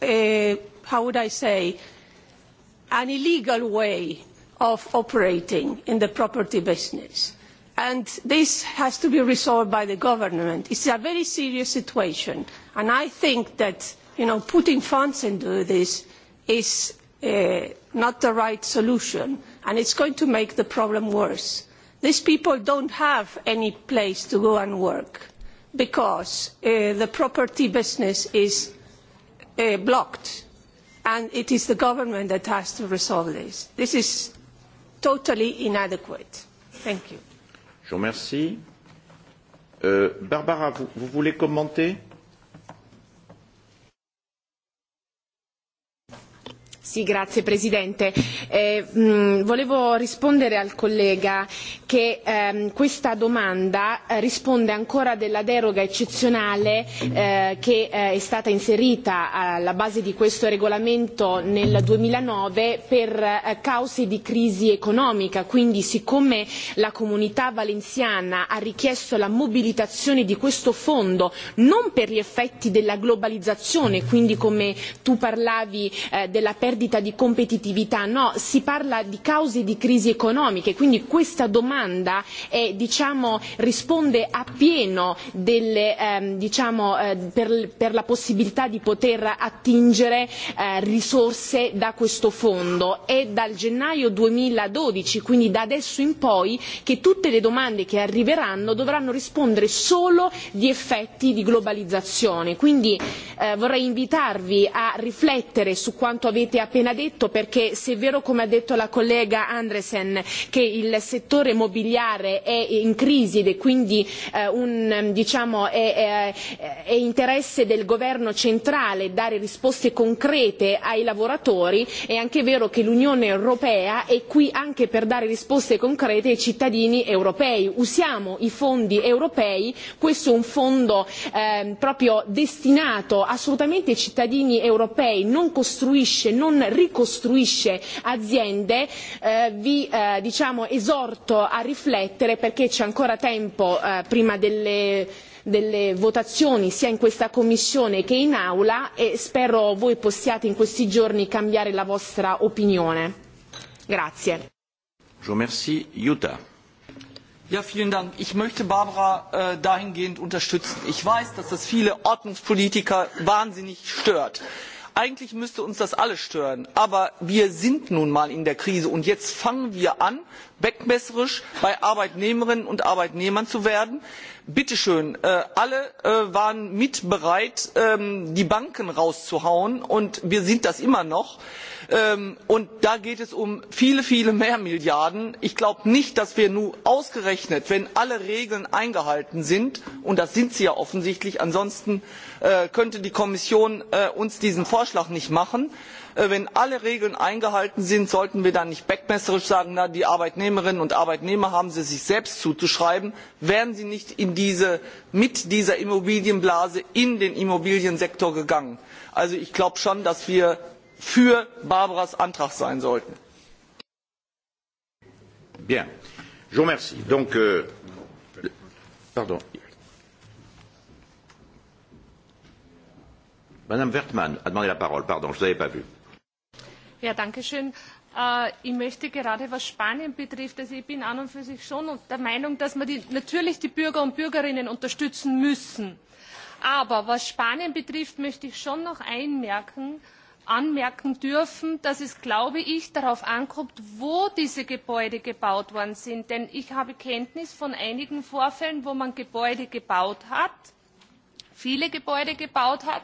a, how would I say, an illegal way of operating in the property business. And this has to be resolved by the government. It's a very serious situation. And I think that you know, putting funds into this is uh, not the right solution. And it's going to make the problem worse. These people don't have any place to go and work because uh, the property business is uh, blocked and it is the government that has to resolve this. This is totally inadequate. Thank you. Je vous remercie. Euh, Barbara, vous, vous voulez commenter euh, Sì, grazie Presidente. Eh, mh, mm, volevo rispondere al collega che ehm, questa domanda eh, risponde ancora della deroga eccezionale eh, che eh, è stata inserita alla base di questo regolamento nel 2009 per eh, cause di crisi economica. Quindi siccome la comunità valenziana ha richiesto la mobilitazione di questo fondo non per gli effetti della globalizzazione, quindi come tu parlavi eh, della perdita perdita di competitività, no, si parla di cause di crisi economiche, quindi questa domanda è, diciamo, risponde appieno delle, ehm, diciamo, eh, per, per la possibilità di poter attingere eh, risorse da questo fondo. È dal gennaio 2012, quindi da adesso in poi, che tutte le domande che arriveranno dovranno rispondere solo di effetti di globalizzazione. Quindi eh, vorrei invitarvi a riflettere su quanto avete appena appena detto perché se è vero come ha detto la collega Andresen che il settore mobiliare è in crisi ed è quindi eh, un, diciamo, è, è, è interesse del governo centrale dare risposte concrete ai lavoratori, è anche vero che l'Unione Europea è qui anche per dare risposte concrete ai cittadini europei. Usiamo i fondi europei, questo è un fondo eh, proprio destinato assolutamente ai cittadini europei, non costruisce, non non ricostruisce aziende, eh, vi eh, diciamo, esorto a riflettere perché c'è ancora tempo eh, prima delle delle votazioni sia in questa commissione che in aula e spero voi possiate in questi giorni cambiare la vostra opinione. Grazie. Je remercie Jutta. Ja, vielen Dank. Ich möchte Barbara äh, dahingehend unterstützen. Ich weiß, dass das viele Ordnungspolitiker wahnsinnig stört eigentlich müsste uns das alles stören aber wir sind nun mal in der krise und jetzt fangen wir an wegmesserisch bei arbeitnehmerinnen und arbeitnehmern zu werden. bitte schön äh, alle äh, waren mit bereit ähm, die banken rauszuhauen und wir sind das immer noch. Ähm, und da geht es um viele viele mehr milliarden. ich glaube nicht dass wir nun ausgerechnet wenn alle regeln eingehalten sind und das sind sie ja offensichtlich ansonsten äh, könnte die kommission äh, uns diesen vorschlag nicht machen äh, wenn alle regeln eingehalten sind sollten wir dann nicht backmesserisch sagen na die arbeitnehmerinnen und arbeitnehmer haben sie sich selbst zuzuschreiben wären sie nicht diese, mit dieser immobilienblase in den immobiliensektor gegangen? also ich glaube schon dass wir für barbaras antrag sein sollten. Bien. Je vous remercie. Donc, euh, pardon. Madame Wertmann a demandé la parole. Pardon, je ne vous avais pas vu. Ja, danke schön. Äh, ich möchte gerade was Spanien betrifft, also ich bin an und für sich schon der Meinung, dass wir die, natürlich die Bürger und Bürgerinnen unterstützen müssen. Aber was Spanien betrifft, möchte ich schon noch einmerken, äh, anmerken dürfen dass es ich, darauf ankommt wo diese gebäude gebaut worden sind denn ich habe kenntnis von einigen vorfällen wo man gebäude gebaut hat viele gebäude gebaut hat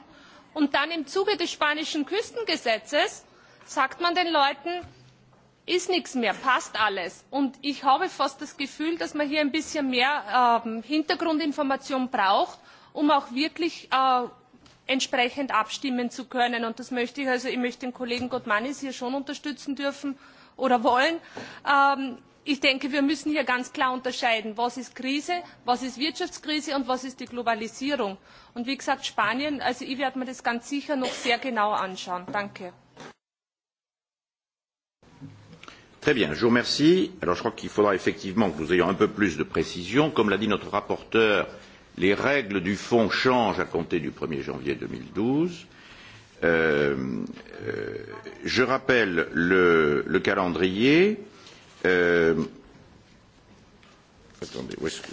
und dann im zuge des spanischen küstengesetzes sagt man den leuten ist nichts mehr passt alles. Und ich habe fast das gefühl dass man hier ein bisschen mehr äh, hintergrundinformation braucht um auch wirklich äh, entsprechend abstimmen zu können. Und das möchte ich also, ich möchte den Kollegen Gottmanis hier schon unterstützen dürfen oder wollen. Ähm, ich denke, wir müssen hier ganz klar unterscheiden, was ist Krise, was ist Wirtschaftskrise und was ist die Globalisierung. Und wie gesagt, Spanien, also ich werde mir das ganz sicher noch sehr genau anschauen. Danke. Très bien, je vous remercie. Alors je crois qu'il faudra effectivement que nous ayons un peu plus de précision. Comme l'a dit notre rapporteur, euh, Les règles du fonds changent à compter du 1er janvier 2012. Euh, euh, je rappelle le, le calendrier. Euh, attendez, où est-ce que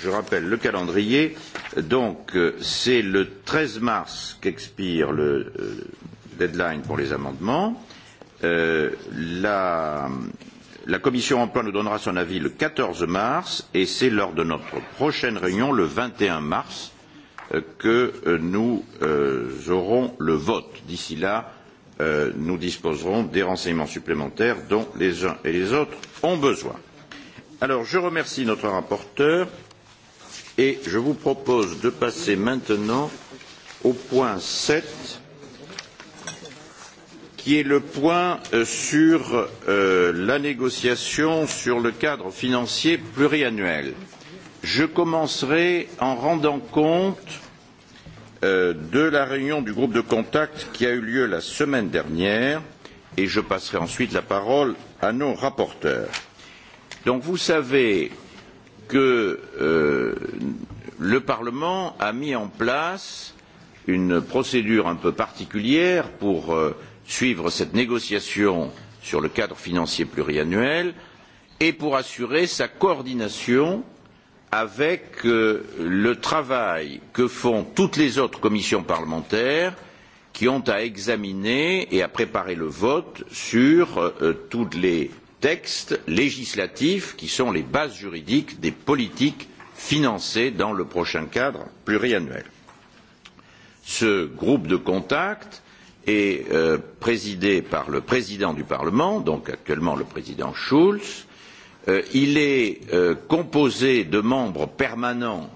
je rappelle le calendrier. Donc, euh, c'est le 13 mars qu'expire le euh, deadline pour les amendements. Euh, la, La commission de l'emploi nous donnera son avis le 14 mars et c'est lors de notre prochaine réunion le 21 mars euh, que euh, nous euh, aurons le vote. D'ici là, euh, nous disposerons des renseignements supplémentaires dont les uns et les autres ont besoin. Alors, je remercie notre rapporteur et je vous propose de passer maintenant au point 7 qui est le point euh, sur euh, la négociation sur le cadre financier pluriannuel. Je commencerai en rendant compte euh, de la réunion du groupe de contact qui a eu lieu la semaine dernière et je passerai ensuite la parole à nos rapporteurs. Donc vous savez que euh, le Parlement a mis en place une procédure un peu particulière pour euh, suivre cette négociation sur le cadre financier pluriannuel et pour assurer sa coordination avec euh, le travail que font toutes les autres commissions parlementaires qui ont à examiner et à préparer le vote sur euh, tous les textes législatifs qui sont les bases juridiques des politiques financées dans le prochain cadre pluriannuel. Ce groupe de contact est euh, présidé par le président du Parlement, donc actuellement le président Schulz. Euh, il est euh, composé de membres permanents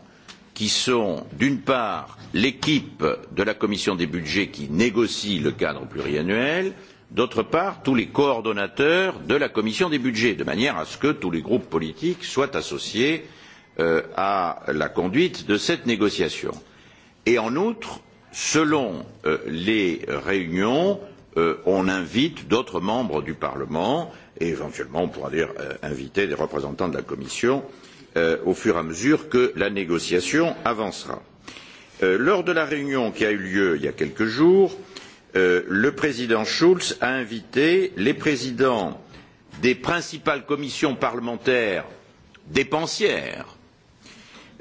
qui sont, d'une part, l'équipe de la commission des budgets qui négocie le cadre pluriannuel, d'autre part, tous les coordonnateurs de la commission des budgets, de manière à ce que tous les groupes politiques soient associés euh, à la conduite de cette négociation. Et en outre, selon euh, les réunions, euh, on invite d'autres membres du Parlement et éventuellement on pourra dire euh, inviter des représentants de la Commission euh, au fur et à mesure que la négociation avancera. Euh, lors de la réunion qui a eu lieu il y a quelques jours, euh, le président Schulz a invité les présidents des principales commissions parlementaires dépensières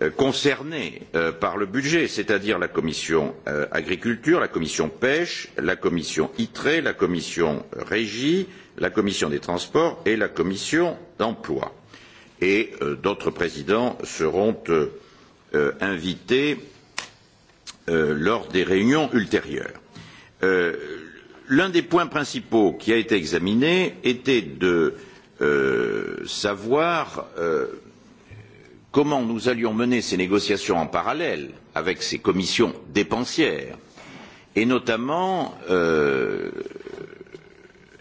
Euh, concernés euh, par le budget, c'est-à-dire la commission euh, agriculture, la commission pêche, la commission ITRE, la commission régie, la commission des transports et la commission d'emploi. Et euh, d'autres présidents seront euh, euh, invités euh, lors des réunions ultérieures. Euh, L'un des points principaux qui a été examiné était de euh, savoir euh, comment nous allions mener ces négociations en parallèle avec ces commissions dépensières et notamment euh,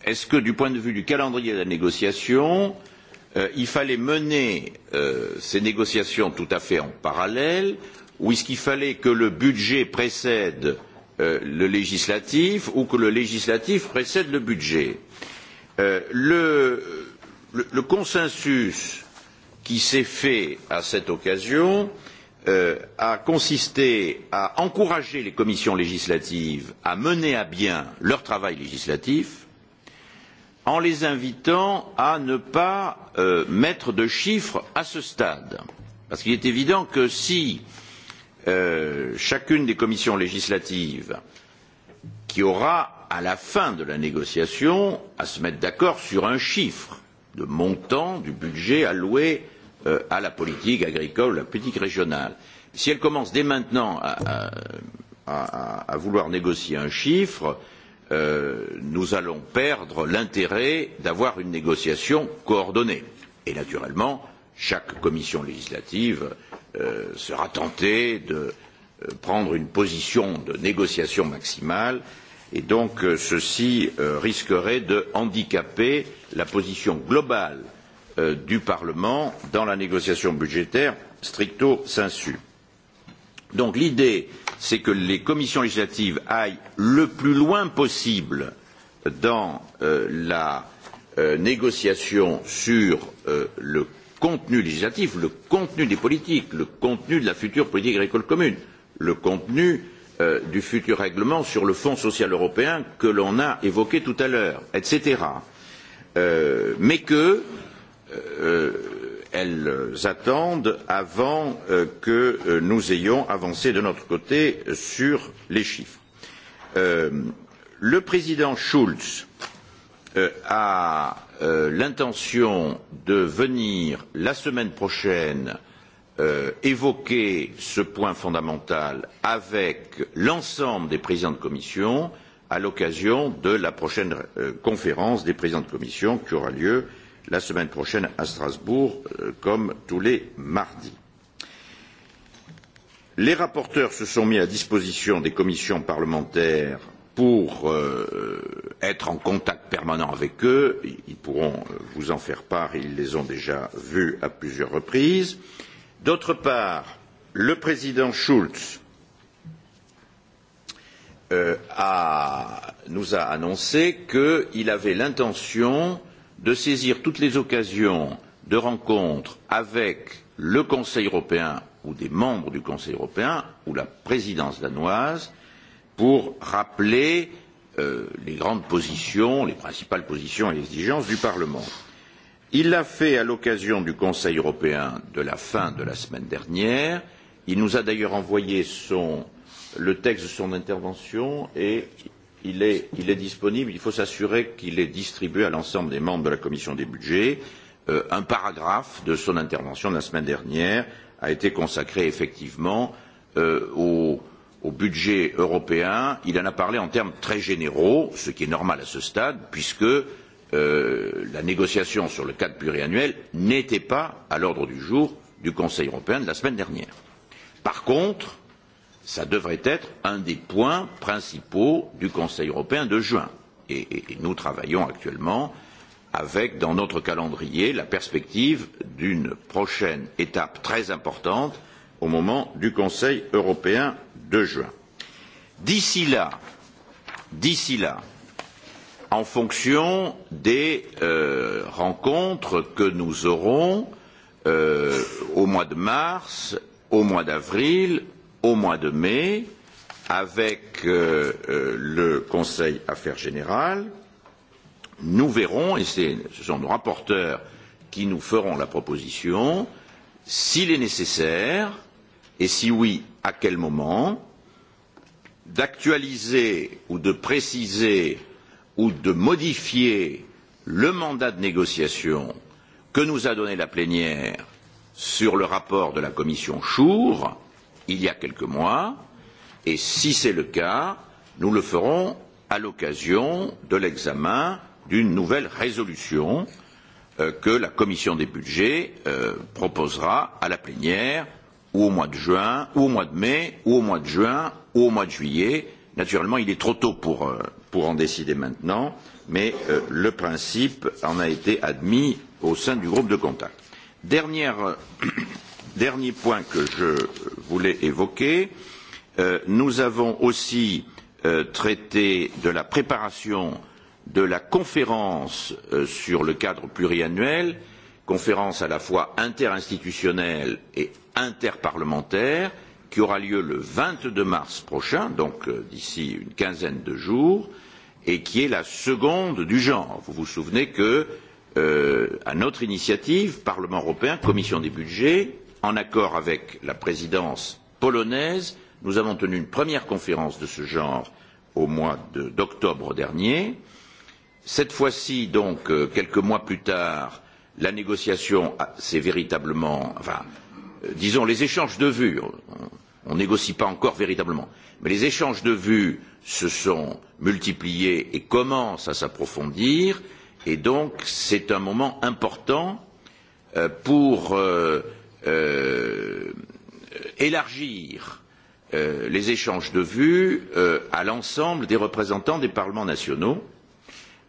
est ce que du point de vue du calendrier de la négociation euh, il fallait mener euh, ces négociations tout à fait en parallèle ou est ce qu'il fallait que le budget précède euh, le législatif ou que le législatif précède le budget euh, le, le, le consensus qui s'est fait à cette occasion euh, a consisté à encourager les commissions législatives à mener à bien leur travail législatif en les invitant à ne pas euh, mettre de chiffres à ce stade. Parce qu'il est évident que si euh, chacune des commissions législatives qui aura à la fin de la négociation à se mettre d'accord sur un chiffre de montant du budget alloué euh, à la politique agricole, la politique régionale. Si elle commence dès maintenant à, à, à, à vouloir négocier un chiffre, euh, nous allons perdre l'intérêt d'avoir une négociation coordonnée. Et naturellement, chaque commission législative euh, sera tentée de euh, prendre une position de négociation maximale euh, et donc euh, ceci euh, risquerait de handicaper la position globale euh, du Parlement dans la négociation budgétaire stricto sensu. Donc l'idée, c'est que les commissions législatives aillent le plus loin possible dans euh, la euh, négociation sur euh, le contenu législatif, le contenu des politiques, le contenu de la future politique agricole commune, le contenu euh, du futur règlement sur le Fonds social européen que l'on a évoqué tout à l'heure, etc. Euh, mais que euh, elles attendent avant euh, que euh, nous ayons avancé de notre côté sur les chiffres. Euh, le président Schulz euh, a euh, l'intention de venir la semaine prochaine euh, euh, évoqué ce point fondamental avec l'ensemble des présidents de commission à l'occasion de la prochaine euh, conférence des présidents de commission qui aura lieu la semaine prochaine à Strasbourg, euh, comme tous les mardis. Les rapporteurs se sont mis à disposition des commissions parlementaires pour euh, être en contact permanent avec eux. Ils pourront euh, vous en faire part, ils les ont déjà vus à plusieurs reprises. Euh, d'autre part le président schulz euh, a, nous a annoncé qu'il avait l'intention de saisir toutes les occasions de rencontre avec le Conseil européen ou des membres du Conseil européen ou la présidence danoise pour rappeler euh, les grandes positions, les principales positions et exigences du Parlement. Euh, Il l'a fait à l'occasion du Conseil européen de la fin de la semaine dernière. Il nous a d'ailleurs envoyé son, le texte de son intervention et il est, il est disponible. Il faut s'assurer qu'il est distribué à l'ensemble des membres de la Commission des budgets. Euh, un paragraphe de son intervention de la semaine dernière a été consacré effectivement euh, au, au budget européen. Il en a parlé en termes très généraux, ce qui est normal à ce stade, puisque euh, euh, la négociation sur le cadre pluriannuel n'était pas à l'ordre du jour du Conseil européen de la semaine dernière. Par contre, ça devrait être un des points principaux du Conseil européen de juin. Et, et, et nous travaillons actuellement avec, dans notre calendrier, la perspective d'une prochaine étape très importante au moment du Conseil européen de juin. D'ici là, d'ici là, en fonction des euh, rencontres que nous aurons euh, au mois de mars, au mois d'avril, au mois de mai, avec euh, euh, le Conseil Affaires Générales, nous verrons, et ce sont nos rapporteurs qui nous feront la proposition, s'il est nécessaire, et si oui, à quel moment, d'actualiser ou de préciser euh, ou de modifier le mandat de négociation que nous a donné la plénière sur le rapport de la commission Chour il y a quelques mois, et si c'est le cas, nous le ferons à l'occasion de l'examen d'une nouvelle résolution euh, que la commission des budgets euh, proposera à la plénière ou au mois de juin, ou au mois de mai, ou au mois de juin, ou au mois de juillet, Naturellement, il est trop tôt pour, euh, pour en décider maintenant, mais euh, le principe en a été admis au sein du groupe de contact. Dernière, euh, dernier point que je voulais évoquer, euh, nous avons aussi euh, traité de la préparation de la conférence euh, sur le cadre pluriannuel, conférence à la fois interinstitutionnelle et interparlementaire, qui aura lieu le 22 mars prochain, donc euh, d'ici une quinzaine de jours, et qui est la seconde du genre. Vous vous souvenez que, euh, à notre initiative, Parlement européen, Commission des budgets, en accord avec la présidence polonaise, nous avons tenu une première conférence de ce genre au mois d'octobre de, dernier. Cette fois-ci, donc, euh, quelques mois plus tard, la négociation s'est véritablement, enfin, euh, disons, les échanges de vues, on ne négocie pas encore véritablement. Mais les échanges de vues se sont multipliés et commencent à s'approfondir, et donc c'est un moment important euh, pour euh, euh, élargir euh, les échanges de vues euh, à l'ensemble des représentants des parlements nationaux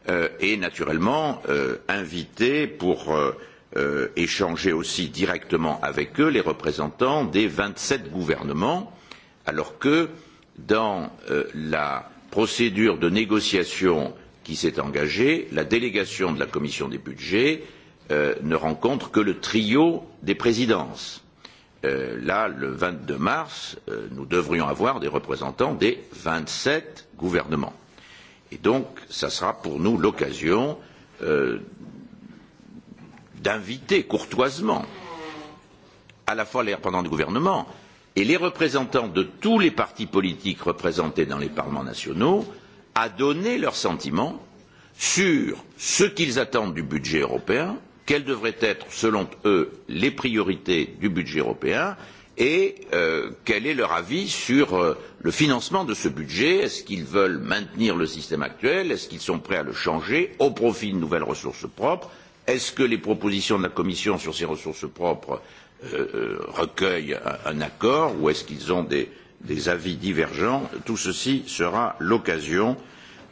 euh, et naturellement euh, inviter pour euh, euh, échanger aussi directement avec eux les représentants des 27 gouvernements, alors que dans euh, la procédure de négociation qui s'est engagée, la délégation de la Commission des budgets euh, ne rencontre que le trio des présidences. Euh, là, le 22 mars, euh, nous devrions avoir des représentants des 27 gouvernements. Et donc, ça sera pour nous l'occasion euh, d'inviter courtoisement à la fois les représentants du gouvernement et les représentants de tous les partis politiques représentés dans les parlements nationaux à donner leurs sentiments sur ce qu'ils attendent du budget européen, quelles devraient être, selon eux, les priorités du budget européen et euh, quel est leur avis sur euh, le financement de ce budget Est ce qu'ils veulent maintenir le système actuel Est ce qu'ils sont prêts à le changer au profit de nouvelles ressources propres Est-ce que les propositions de la Commission sur ces ressources propres euh, euh, recueillent un, un accord ou est-ce qu'ils ont des, des avis divergents Tout ceci sera l'occasion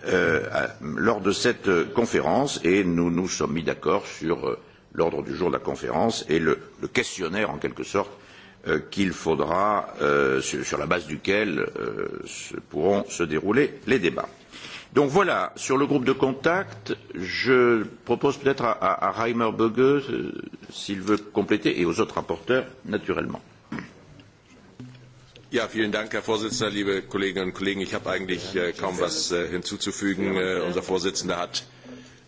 euh, à, lors de cette euh, conférence et nous nous sommes mis d'accord sur euh, l'ordre du jour de la conférence et le, le questionnaire en quelque sorte euh, qu'il faudra, euh, sur, sur la base duquel euh, se, pourront se dérouler les débats. Donc voilà, sur le groupe de contact, je propose peut-être à, à, à Reimer Böge, euh, s'il veut compléter, et aux autres rapporteurs, naturellement. Ja, vielen Dank, Herr Vorsitzender, liebe Kolleginnen und Kollegen. Ich habe eigentlich äh, kaum was äh, hinzuzufügen. Äh, unser Vorsitzender hat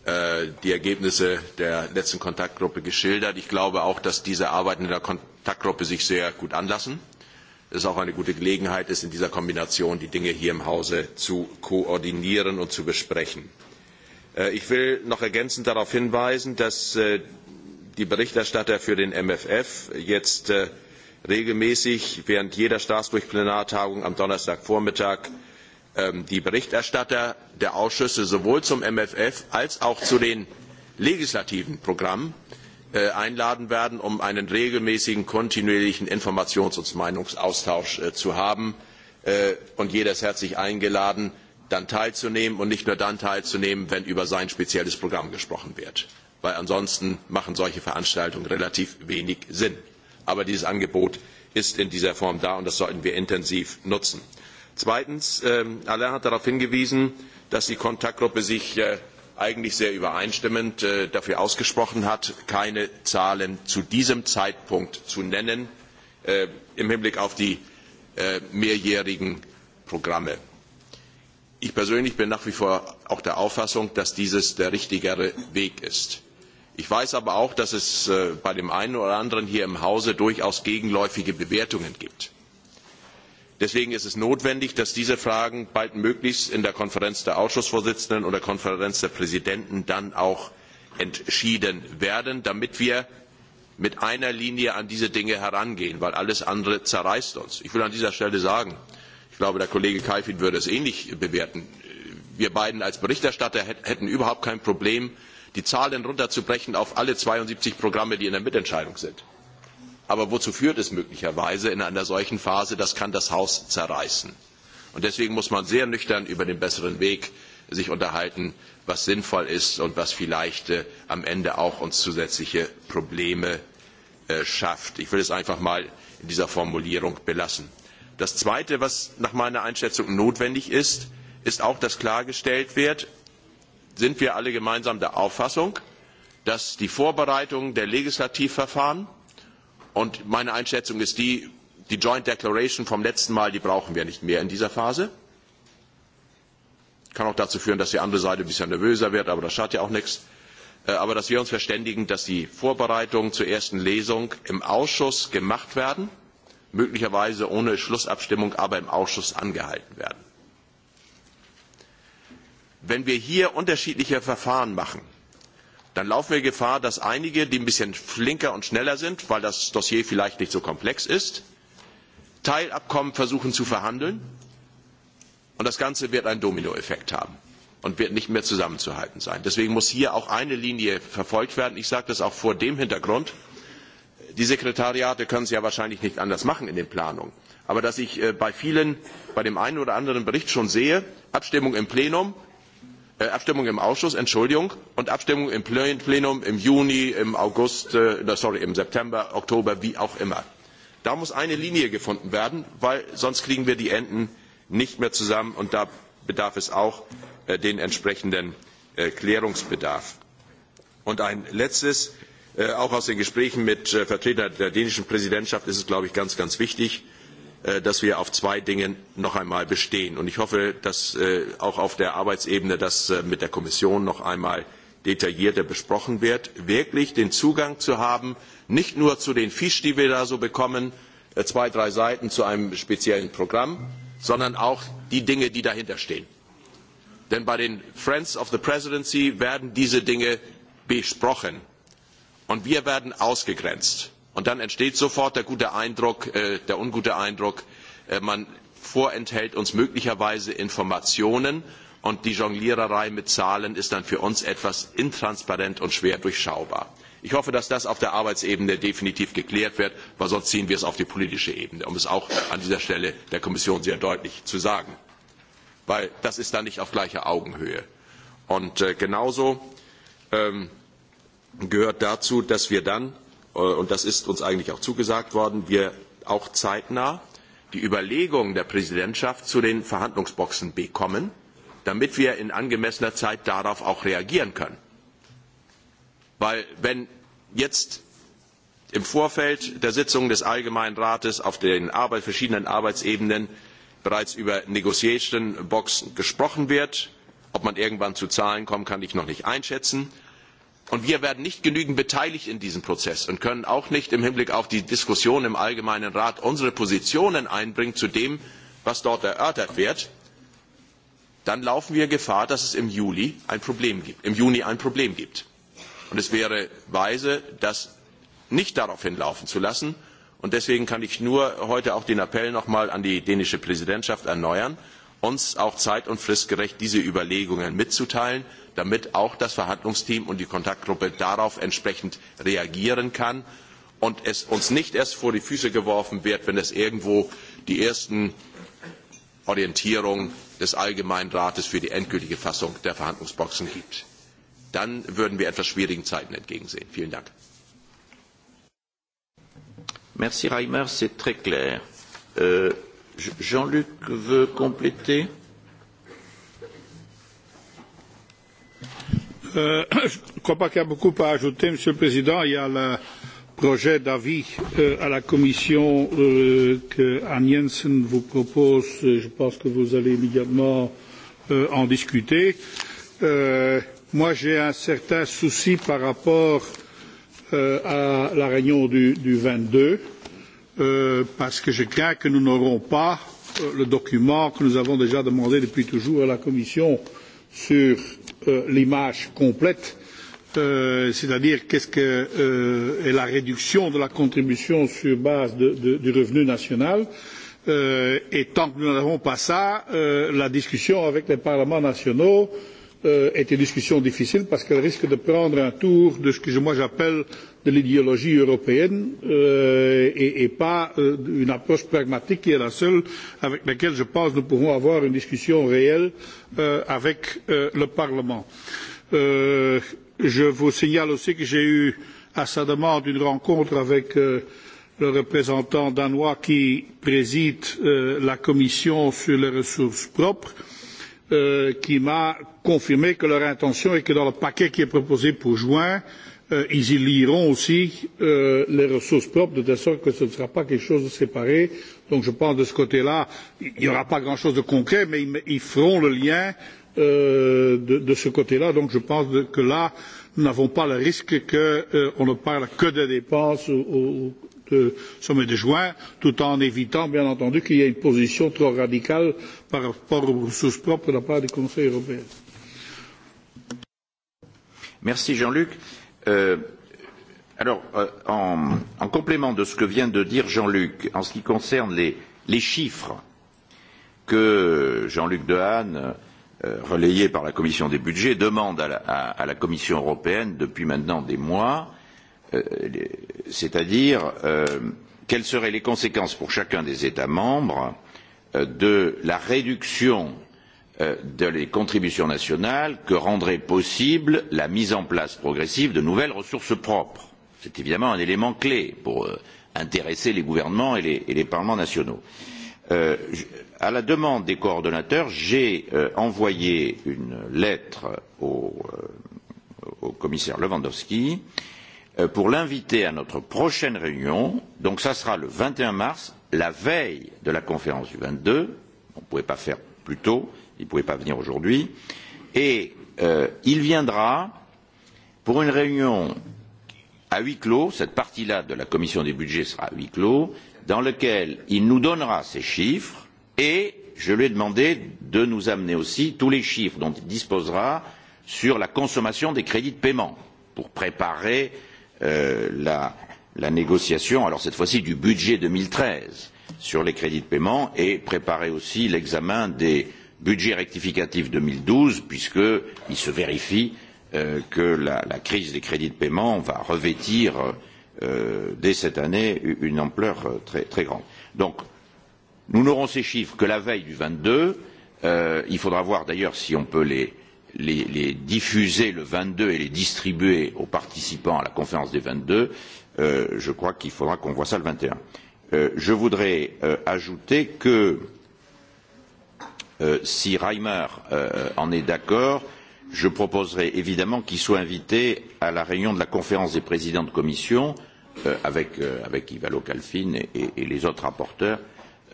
äh, die Ergebnisse der letzten Kontaktgruppe geschildert. Ich glaube auch, dass diese Arbeiten in der Kontaktgruppe sich sehr gut anlassen. Äh, es auch eine gute Gelegenheit ist, in dieser Kombination die Dinge hier im Hause zu koordinieren und zu besprechen. Äh, ich will noch ergänzend darauf hinweisen, dass äh, die Berichterstatter für den MFF jetzt äh, regelmäßig während jeder Straßburg-Plenartagung am Donnerstagvormittag ähm, die Berichterstatter der Ausschüsse sowohl zum MFF als auch zu den legislativen Programmen Äh, einladen werden, um einen regelmäßigen, kontinuierlichen Informations- und Meinungsaustausch äh, zu haben. Äh, und jeder ist herzlich eingeladen, dann teilzunehmen und nicht nur dann teilzunehmen, wenn über sein spezielles Programm gesprochen wird. Weil ansonsten machen solche Veranstaltungen relativ wenig Sinn. Aber dieses Angebot ist in dieser Form da und das sollten wir intensiv nutzen. Zweitens, ähm, Alain hat darauf hingewiesen, dass die Kontaktgruppe sich eigentlich sehr übereinstimmend äh, dafür ausgesprochen hat, keine Zahlen zu diesem Zeitpunkt zu nennen äh, im Hinblick auf die äh, mehrjährigen Programme. Ich persönlich bin nach wie vor auch der Auffassung, dass dieses der richtigere Weg ist. Ich weiß aber auch, dass es äh, bei dem einen oder anderen hier im Hause durchaus gegenläufige Bewertungen gibt deswegen ist es notwendig dass diese fragen baldmöglichst in der konferenz der ausschussvorsitzenden und der konferenz der präsidenten dann auch entschieden werden damit wir mit einer linie an diese dinge herangehen denn alles andere zerreißt uns. ich will an dieser stelle sagen ich glaube der kollege kalfin würde es ähnlich bewerten wir beiden als berichterstatter hätten überhaupt kein problem die zahlen herunterzubrechen auf alle zweiundsiebzig programme die in der mitentscheidung sind. Aber wozu führt es möglicherweise in einer solchen Phase? Das kann das Haus zerreißen. Und deswegen muss man sehr nüchtern über den besseren Weg sich unterhalten, was sinnvoll ist und was vielleicht äh, am Ende auch uns zusätzliche Probleme äh, schafft. Ich will es einfach mal in dieser Formulierung belassen. Das Zweite, was nach meiner Einschätzung notwendig ist, ist auch, dass klargestellt wird, sind wir alle gemeinsam der Auffassung, dass die Vorbereitung der Legislativverfahren Und meine Einschätzung ist die, die Joint Declaration vom letzten Mal, die brauchen wir nicht mehr in dieser Phase. Kann auch dazu führen, dass die andere Seite ein bisschen nervöser wird, aber das schadet ja auch nichts. Äh, aber dass wir uns verständigen, dass die Vorbereitungen zur ersten Lesung im Ausschuss gemacht werden, möglicherweise ohne Schlussabstimmung, aber im Ausschuss angehalten werden. Wenn wir hier unterschiedliche Verfahren machen, dann laufen wir Gefahr, dass einige, die ein bisschen flinker und schneller sind, weil das Dossier vielleicht nicht so komplex ist, Teilabkommen versuchen zu verhandeln. Und das Ganze wird einen Dominoeffekt haben und wird nicht mehr zusammenzuhalten sein. Deswegen muss hier auch eine Linie verfolgt werden. Ich sage das auch vor dem Hintergrund. Die Sekretariate können es ja wahrscheinlich nicht anders machen in den Planungen. Aber dass ich äh, bei vielen, bei dem einen oder anderen Bericht schon sehe, Abstimmung im Plenum, äh, Abstimmung im Ausschuss, Entschuldigung, und Abstimmung im Plenum im Juni, im August, äh, sorry, im September, Oktober, wie auch immer. Da muss eine Linie gefunden werden, weil sonst kriegen wir die Enden nicht mehr zusammen und da bedarf es auch äh, den entsprechenden äh, Klärungsbedarf. Und ein letztes, äh, auch aus den Gesprächen mit äh, Vertretern der dänischen Präsidentschaft ist es, glaube ich, ganz, ganz wichtig, Äh, dass wir auf zwei Dingen noch einmal bestehen. Und ich hoffe, dass äh, auch auf der Arbeitsebene das äh, mit der Kommission noch einmal detaillierter besprochen wird, wirklich den Zugang zu haben, nicht nur zu den Fisch, die wir da so bekommen, zwei, drei Seiten zu einem speziellen Programm, sondern auch die Dinge, die dahinter stehen. Denn bei den Friends of the Presidency werden diese Dinge besprochen und wir werden ausgegrenzt. Und dann entsteht sofort der gute Eindruck, äh, der ungute Eindruck, äh, man vorenthält uns möglicherweise Informationen und die Jongliererei mit Zahlen ist dann für uns etwas intransparent und schwer durchschaubar. Ich hoffe, dass das auf der Arbeitsebene definitiv geklärt wird, weil sonst ziehen wir es auf die politische Ebene, um es auch an dieser Stelle der Kommission sehr deutlich zu sagen. Weil das ist dann nicht auf gleicher Augenhöhe. Und äh, genauso ähm, gehört dazu, dass wir dann Äh, und das ist uns eigentlich auch zugesagt worden, wir auch zeitnah die Überlegungen der Präsidentschaft zu den Verhandlungsboxen bekommen, damit wir in angemessener Zeit darauf auch reagieren können. Weil wenn jetzt im Vorfeld der Sitzungen des Allgemeinen Rates auf den Arbeit, verschiedenen Arbeitsebenen bereits über Negotiation Boxen gesprochen wird, ob man irgendwann zu Zahlen kommt, kann ich noch nicht einschätzen. Und wir werden nicht genügend beteiligt in diesem Prozess und können auch nicht im Hinblick auf die Diskussion im Allgemeinen Rat unsere Positionen einbringen zu dem, was dort erörtert wird. Dann laufen wir Gefahr, dass es im Juli ein Problem gibt, im Juni ein Problem gibt. Und es wäre weise, das nicht darauf hinlaufen zu lassen. Und deswegen kann ich nur heute auch den Appell nochmal an die dänische Präsidentschaft erneuern uns auch zeit und fristgerecht diese überlegungen mitzuteilen damit auch das verhandlungsteam und die kontaktgruppe darauf entsprechend reagieren können und es uns nicht erst vor die füße geworfen wird wenn es irgendwo die ersten orientierungen des allgemeinen rates für die endgültige fassung der verhandlungsboxen gibt. dann würden wir etwas schwierigen zeiten entgegensehen. vielen dank. merci reimer c'est très clair. Euh, Jean-Luc veut compléter. Euh, je ne crois pas qu'il y a beaucoup à ajouter, Monsieur le Président. Il y a le projet d'avis euh, à la Commission euh, que Anne Jensen vous propose. Je pense que vous allez immédiatement euh, en discuter. Euh, moi, j'ai un certain souci par rapport euh, à la réunion du, du 22. Euh, euh, parce que je crains que nous n'aurons pas euh, le document que nous avons déjà demandé depuis toujours à la Commission sur euh, l'image complète, euh, c'est-à-dire qu'est-ce que euh, est la réduction de la contribution sur base de, de, du revenu national. Euh, et tant que nous n'avons pas ça, euh, la discussion avec les parlements nationaux euh, euh, est une discussion difficile parce qu'elle risque de prendre un tour de ce que moi j'appelle de l'idéologie européenne euh, et, et pas euh, une approche pragmatique qui est la seule avec laquelle je pense nous pourrons avoir une discussion réelle euh, avec euh, le Parlement. Euh, je vous signale aussi que j'ai eu à sa demande une rencontre avec euh, le représentant danois qui préside euh, la commission sur les ressources propres. Euh, euh, qui m'a confirmé que leur intention est que dans le paquet qui est proposé pour juin, euh, ils y lieront aussi euh, les ressources propres, de telle sorte que ce ne sera pas quelque chose de séparé. Donc je pense de ce côté-là, il n'y aura pas grand-chose de concret, mais ils, ils feront le lien euh, de, de ce côté-là. Donc je pense de, que là, nous n'avons pas le risque qu'on euh, ne parle que des dépenses ou, ou de sommet de juin, tout en évitant, bien entendu, qu'il y ait une position trop radicale par rapport aux ressources propres de la part du Conseil européen. Merci Jean-Luc. Euh, alors, euh, en, en complément de ce que vient de dire Jean-Luc, en ce qui concerne les, les chiffres que Jean-Luc Dehaene, euh, relayé par la Commission des budgets, demande à la, à, à la Commission européenne depuis maintenant des mois, euh, c'est-à-dire euh, quelles seraient les conséquences pour chacun des États membres euh, Euh, de la réduction euh, des contributions nationales que rendrait possible la mise en place progressive de nouvelles ressources propres. C'est évidemment un élément clé pour euh, intéresser les gouvernements et les, et les parlements nationaux. Euh, à la demande des coordonnateurs, j'ai euh, envoyé une lettre au, euh, au commissaire Lewandowski euh, pour l'inviter à notre prochaine réunion. Donc ça sera le 21 mars la veille de la conférence du 22, on ne pouvait pas faire plus tôt, il ne pouvait pas venir aujourd'hui, et euh, il viendra pour une réunion à huis clos, cette partie-là de la commission des budgets sera à huis clos, dans laquelle il nous donnera ces chiffres et je lui ai demandé de nous amener aussi tous les chiffres dont il disposera sur la consommation des crédits de paiement pour préparer euh, la la négociation, alors cette fois-ci du budget 2013 sur les crédits de paiement et préparer aussi l'examen des budgets rectificatifs 2012 puisqu'il se vérifie euh, que la, la crise des crédits de paiement va revêtir euh, dès cette année une ampleur euh, très, très grande. Donc nous n'aurons ces chiffres que la veille du 22. Euh, il faudra voir d'ailleurs si on peut les, les, les diffuser le 22 et les distribuer aux participants à la conférence des 22 euh, je crois qu'il faudra qu'on voit ça le 21. Euh, je voudrais euh, ajouter que euh, si Reimer euh, en est d'accord, je proposerai évidemment qu'il soit invité à la réunion de la conférence des présidents de commission euh, avec, euh, avec Ivalo Calfin et, et, et les autres rapporteurs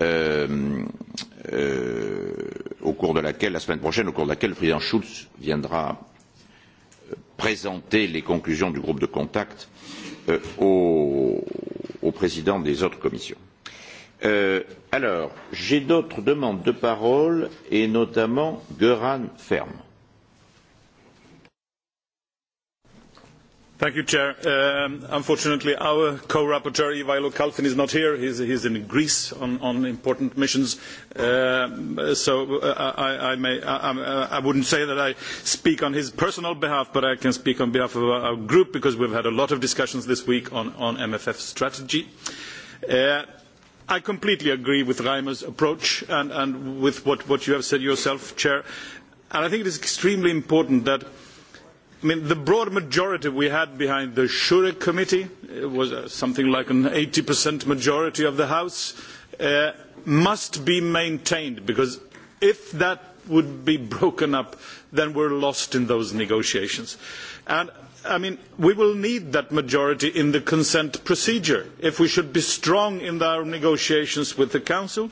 euh, euh, au cours de laquelle, la semaine prochaine, au cours de laquelle le président Schulz viendra euh, présenter les conclusions du groupe de contact euh, euh, aux, aux présidents des autres commissions. Euh, alors, j'ai d'autres demandes de parole, et notamment Göran Ferme. Thank you, Chair. Um, unfortunately, our co-rapporteur, Ivailo Kalfin, is not here. He's, he's in Greece on, on important missions. Uh, so uh, I, I, may, I, uh, I wouldn't say that I speak on his personal behalf, but I can speak on behalf of our, our group because we've had a lot of discussions this week on, on MFF strategy. Uh, I completely agree with Reimer's approach and, and with what, what you have said yourself, Chair. And I think it is extremely important that – I mean, the broad majority we had behind the Shure committee was uh, something like an 80% majority of the House uh, must be maintained because if that would be broken up, then we're lost in those negotiations. And I mean, we will need that majority in the consent procedure if we should be strong in our negotiations with the Council.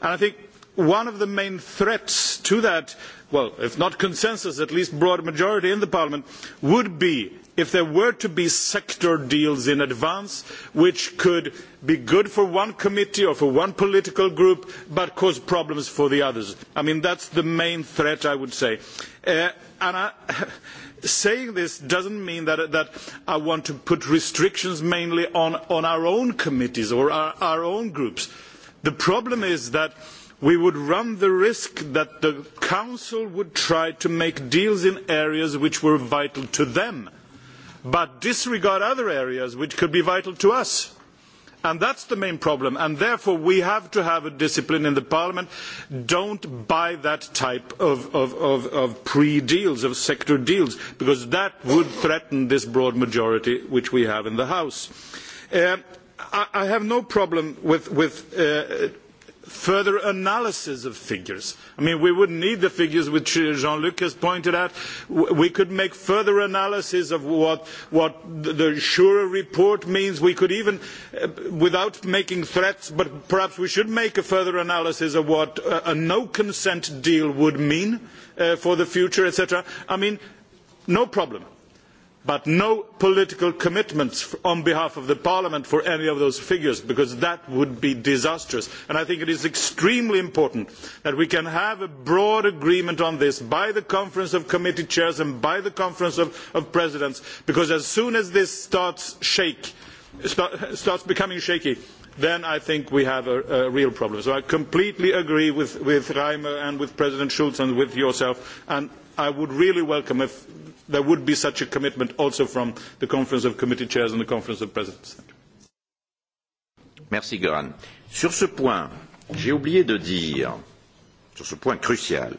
And I think one of the main threats to that well, if not consensus, at least broad majority in the Parliament, would be if there were to be sector deals in advance, which could be good for one committee or for one political group, but cause problems for the others. I mean, that's the main threat, I would say. Uh, and I, saying this doesn't mean that, that I want to put restrictions mainly on, on our own committees or our, our own groups. The problem is that uh, we would run the risk that the Council would try to make deals in areas which were vital to them, but disregard other areas which could be vital to us. And that's the main problem. And therefore, we have to have a discipline in the Parliament. Don't buy that type of, of, of, of pre-deals, of sector deals, because that would threaten this broad majority which we have in the House. Uh, I, I have no problem with, with uh, further analysis of figures. I mean, we wouldn't need the figures which Jean-Luc has pointed out. We could make further analysis of what, what the Sure report means. We could even, uh, without making threats, but perhaps we should make a further analysis of what a, a no-consent deal would mean uh, for the future, etc. I mean, no problem but no political commitments on behalf of parliament for any of those figures because that would be disastrous. And i think it is extremely important that we can have a broad agreement on this by the conference of committee chairs and by the conference of, of presidents because as soon as this starts, shake, start, starts becoming shaky then I think we have a, a real problem. So I completely agree with, with Reimer and with President Schulz and with yourself, and I would really welcome if there would be such a commitment also from the Conference of Committee Chairs and the Conference of Presidents. Merci, Goran. Sur ce point, j'ai oublié de dire, sur ce point crucial,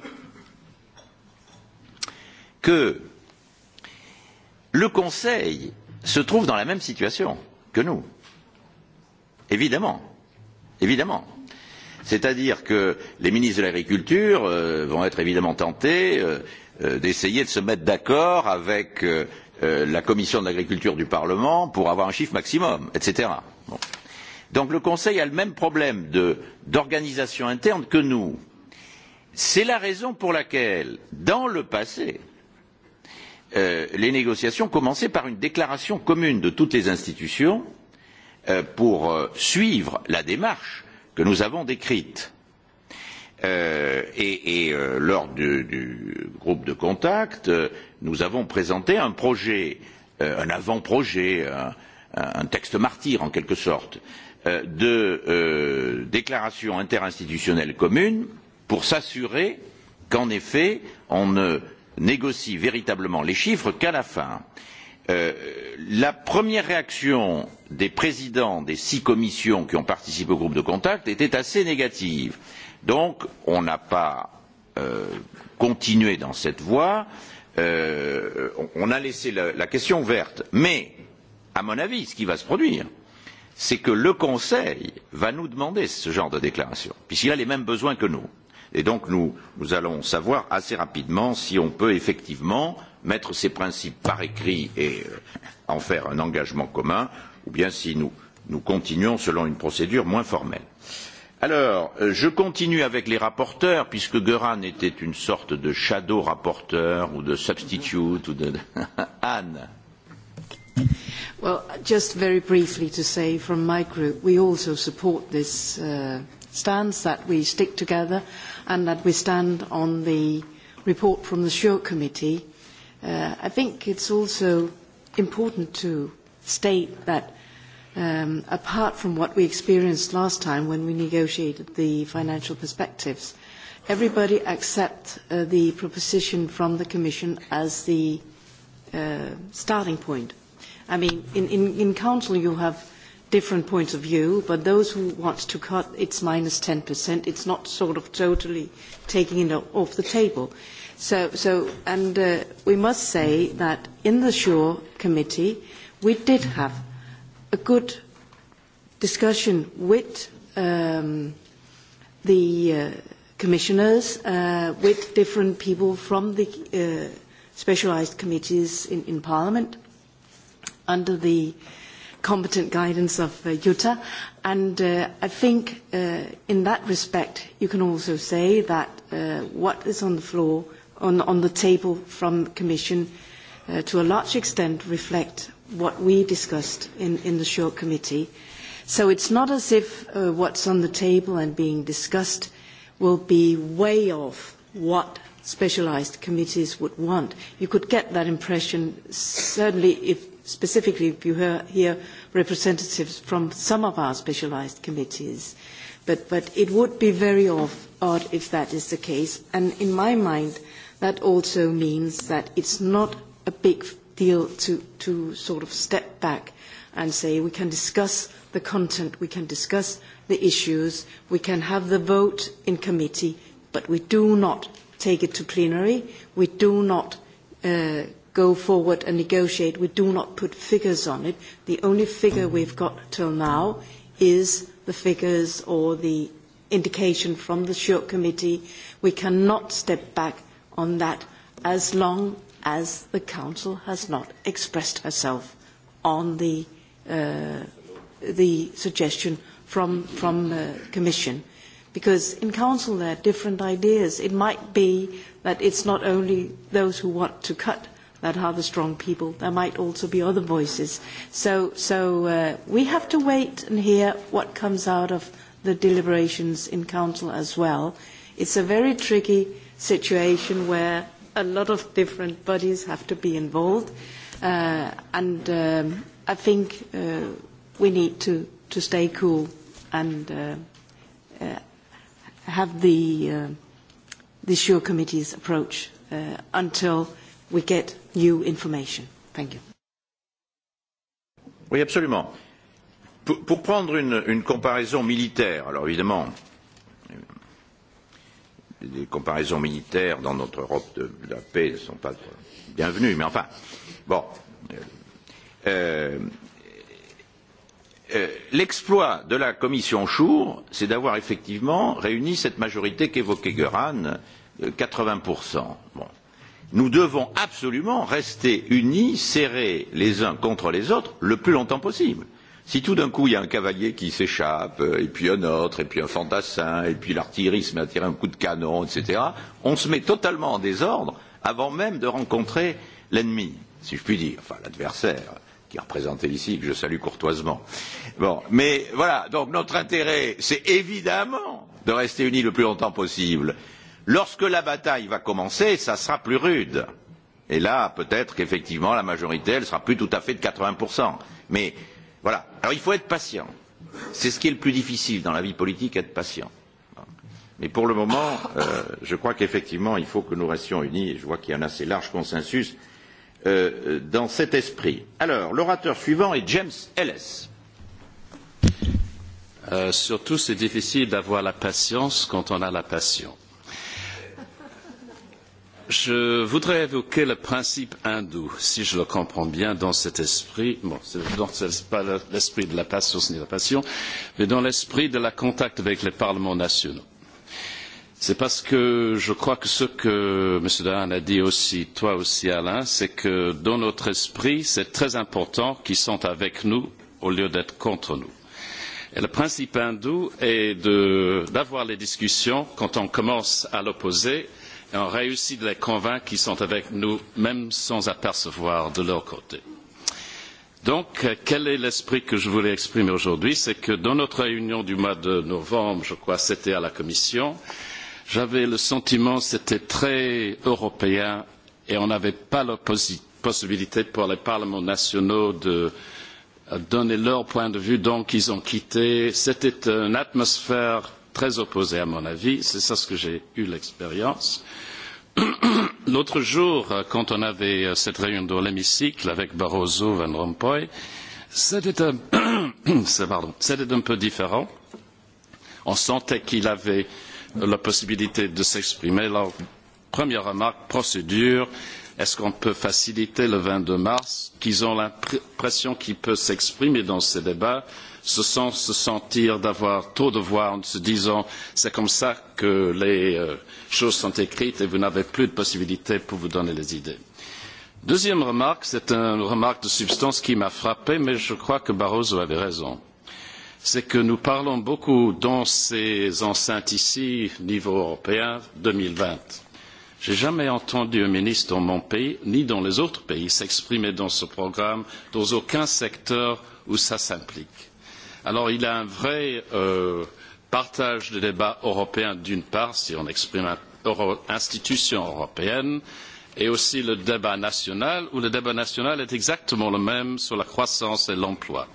que le Conseil se trouve dans la même situation que nous. Évidemment. Évidemment. C'est-à-dire que les ministres de l'Agriculture euh, vont être évidemment tentés euh, euh, d'essayer de se mettre d'accord avec euh, euh, la commission de l'agriculture du Parlement pour avoir un chiffre maximum, etc. Bon. Donc le Conseil a le même problème d'organisation interne que nous. C'est la raison pour laquelle, dans le passé, euh, les négociations commençaient par une déclaration commune de toutes les institutions euh, pour euh, suivre la démarche que nous avons décrite euh, et, et euh, lors du, du groupe de contact, euh, nous avons présenté un projet, euh, un avant-projet, un, un texte martyr en quelque sorte, euh, de euh, déclaration interinstitutionnelle commune pour s'assurer qu'en effet, on ne négocie véritablement les chiffres qu'à la fin. Euh, la première réaction des présidents des six commissions qui ont participé au groupe de contact était assez négative. Euh, Donc, on n'a pas euh, continué dans cette voie. Euh, on a laissé la, la question ouverte. Mais, à mon avis, ce qui va se produire, c'est que le Conseil va nous demander ce genre de déclaration, puisqu'il a les mêmes besoins que nous. Et donc nous, nous allons savoir assez rapidement si on peut effectivement mettre ces principes par écrit et euh, en faire un engagement commun, ou bien si nous, nous continuons selon une procédure moins formelle. Euh, Alors, euh, je continue avec les rapporteurs, puisque Göran était une sorte de shadow rapporteur ou de substitute ou de Anne. Well, just very briefly to say from my group, we also support this uh, stance that we stick together and that we stand on the report from the Sure Committee. Uh, I think it's also important to state that um, apart from what we experienced last time when we negotiated the financial perspectives. Everybody accept uh, the proposition from the Commission as the uh, starting point. I mean, in, in, in Council you have different points of view, but those who want to cut, it's minus 10%. It's not sort of totally taking it off the table. So, so and uh, we must say that in the SURE committee, we did have mm-hmm a good discussion with um, the uh, commissioners, uh, with different people from the uh, specialized committees in, in Parliament under the competent guidance of uh, Jutta. And uh, I think uh, in that respect, you can also say that uh, what is on the floor, on, on the table from Commission, uh, to a large extent reflect what we discussed in, in the short committee. So it's not as if uh, what's on the table and being discussed will be way off what specialized committees would want. You could get that impression, certainly if specifically if you hear, hear representatives from some of our specialized committees. But, but it would be very off, odd if that is the case. And in my mind, that also means that it's not a big deal to, to sort of step back and say we can discuss the content, we can discuss the issues, we can have the vote in committee, but we do not take it to plenary, we do not uh, go forward and negotiate, we do not put figures on it. The only figure we've got till now is the figures or the indication from the Sure Committee. We cannot step back on that as long as the Council has not expressed herself on the, uh, the suggestion from, from uh, Commission. Because in Council there are different ideas. It might be that it's not only those who want to cut that are the strong people. There might also be other voices. So, so uh, we have to wait and hear what comes out of the deliberations in Council as well. It's a very tricky situation where a lot of different bodies have to be involved, uh, and um, I think uh, we need to, to stay cool and uh, uh, have the, uh, the SURE committee's approach uh, until we get new information. Thank you. Oui, absolument. Pour, pour prendre une, une comparaison militaire, alors évidemment, euh, les comparaisons militaires dans notre Europe de, de la paix ne sont pas bienvenues, mais enfin, bon. Euh, euh, euh L'exploit de la commission Schur, c'est d'avoir effectivement réuni cette majorité qu'évoquait Göran, euh, 80%. Bon. Nous devons absolument rester unis, serrés les uns contre les autres, le plus longtemps possible Si tout d'un coup il y a un cavalier qui s'échappe, euh, et puis un autre, et puis un fantassin, et puis l'artillerie se met à tirer un coup de canon, etc., on se met totalement en désordre avant même de rencontrer l'ennemi, si je puis dire, enfin l'adversaire qui est représenté ici, que je salue courtoisement. Bon, mais voilà, donc notre intérêt, c'est évidemment de rester unis le plus longtemps possible. Lorsque la bataille va commencer, ça sera plus rude. Et là, peut-être qu'effectivement, la majorité, elle sera plus tout à fait de 80%. Mais Voilà. Alors il faut être patient. C'est ce qui est le plus difficile dans la vie politique, être patient. Mais pour le moment, euh, je crois qu'effectivement, il faut que nous restions unis, et je vois qu'il y a un assez large consensus euh, dans cet esprit. Alors, l'orateur suivant est James Ellis. Euh, surtout, c'est difficile d'avoir la patience quand on a la passion Je voudrais évoquer le principe hindou, si je le comprends bien, dans cet esprit, bon, dans pas l'esprit de la passion, ce n'est la passion, mais dans l'esprit de la contact avec les parlements nationaux. C'est parce que je crois que ce que M. Dahan a dit aussi, toi aussi Alain, c'est que dans notre esprit, c'est très important qu'ils sont avec nous au lieu d'être contre nous. Et le principe hindou est d'avoir les discussions quand on commence à l'opposé et on réussit de les convaincre qu'ils sont avec nous, même sans apercevoir de leur côté. Donc, quel est l'esprit que je voulais exprimer aujourd'hui C'est que dans notre réunion du mois de novembre, je crois, c'était à la Commission, j'avais le sentiment que c'était très européen et on n'avait pas la possibilité pour les parlements nationaux de euh, donner leur point de vue. Donc, ils ont quitté. C'était une atmosphère très opposés à mon avis, c'est ça ce que j'ai eu l'expérience. L'autre jour, quand on avait euh, cette réunion dans l'hémicycle avec Barroso, Van Rompuy, c'était un, pardon, c'était un peu différent. On sentait qu'il avait la possibilité de s'exprimer. Alors, première remarque, procédure, est-ce qu'on peut faciliter le 22 mars qu'ils ont l'impression qu'ils peuvent s'exprimer dans ces débats se, sans se sentir d'avoir trop de voix, en se disant c'est comme ça que les euh, choses sont écrites et vous n'avez plus de possibilité pour vous donner les idées. Deuxième remarque, c'est une remarque de substance qui m'a frappé, mais je crois que Barroso avait raison. C'est que nous parlons beaucoup dans ces enceintes ici, niveau européen, 2020. J'ai jamais entendu un ministre dans mon pays, ni dans les autres pays, s'exprimer dans ce programme, dans aucun secteur où ça s'implique. Alors il y a un vrai euh, partage des débats européens d'une part, si on exprime un, euro, institution européenne, et aussi le débat national, où le débat national est exactement le même sur la croissance et l'emploi.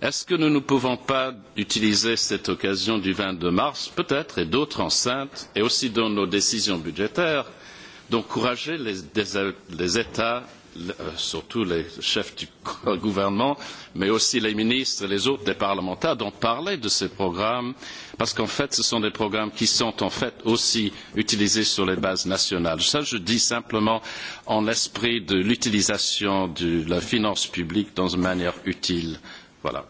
Est-ce que nous ne pouvons pas utiliser cette occasion du 22 mars, peut-être, et d'autres enceintes, et aussi dans nos décisions budgétaires, d'encourager les, les, les États Euh, surtout les chefs du gouvernement, mais aussi les ministres et les autres des parlementaires, d'en parler de ces programmes, parce qu'en fait, ce sont des programmes qui sont en fait aussi utilisés sur les bases nationales. Ça, je dis simplement en l'esprit de l'utilisation de la finance publique dans une manière utile. Voilà.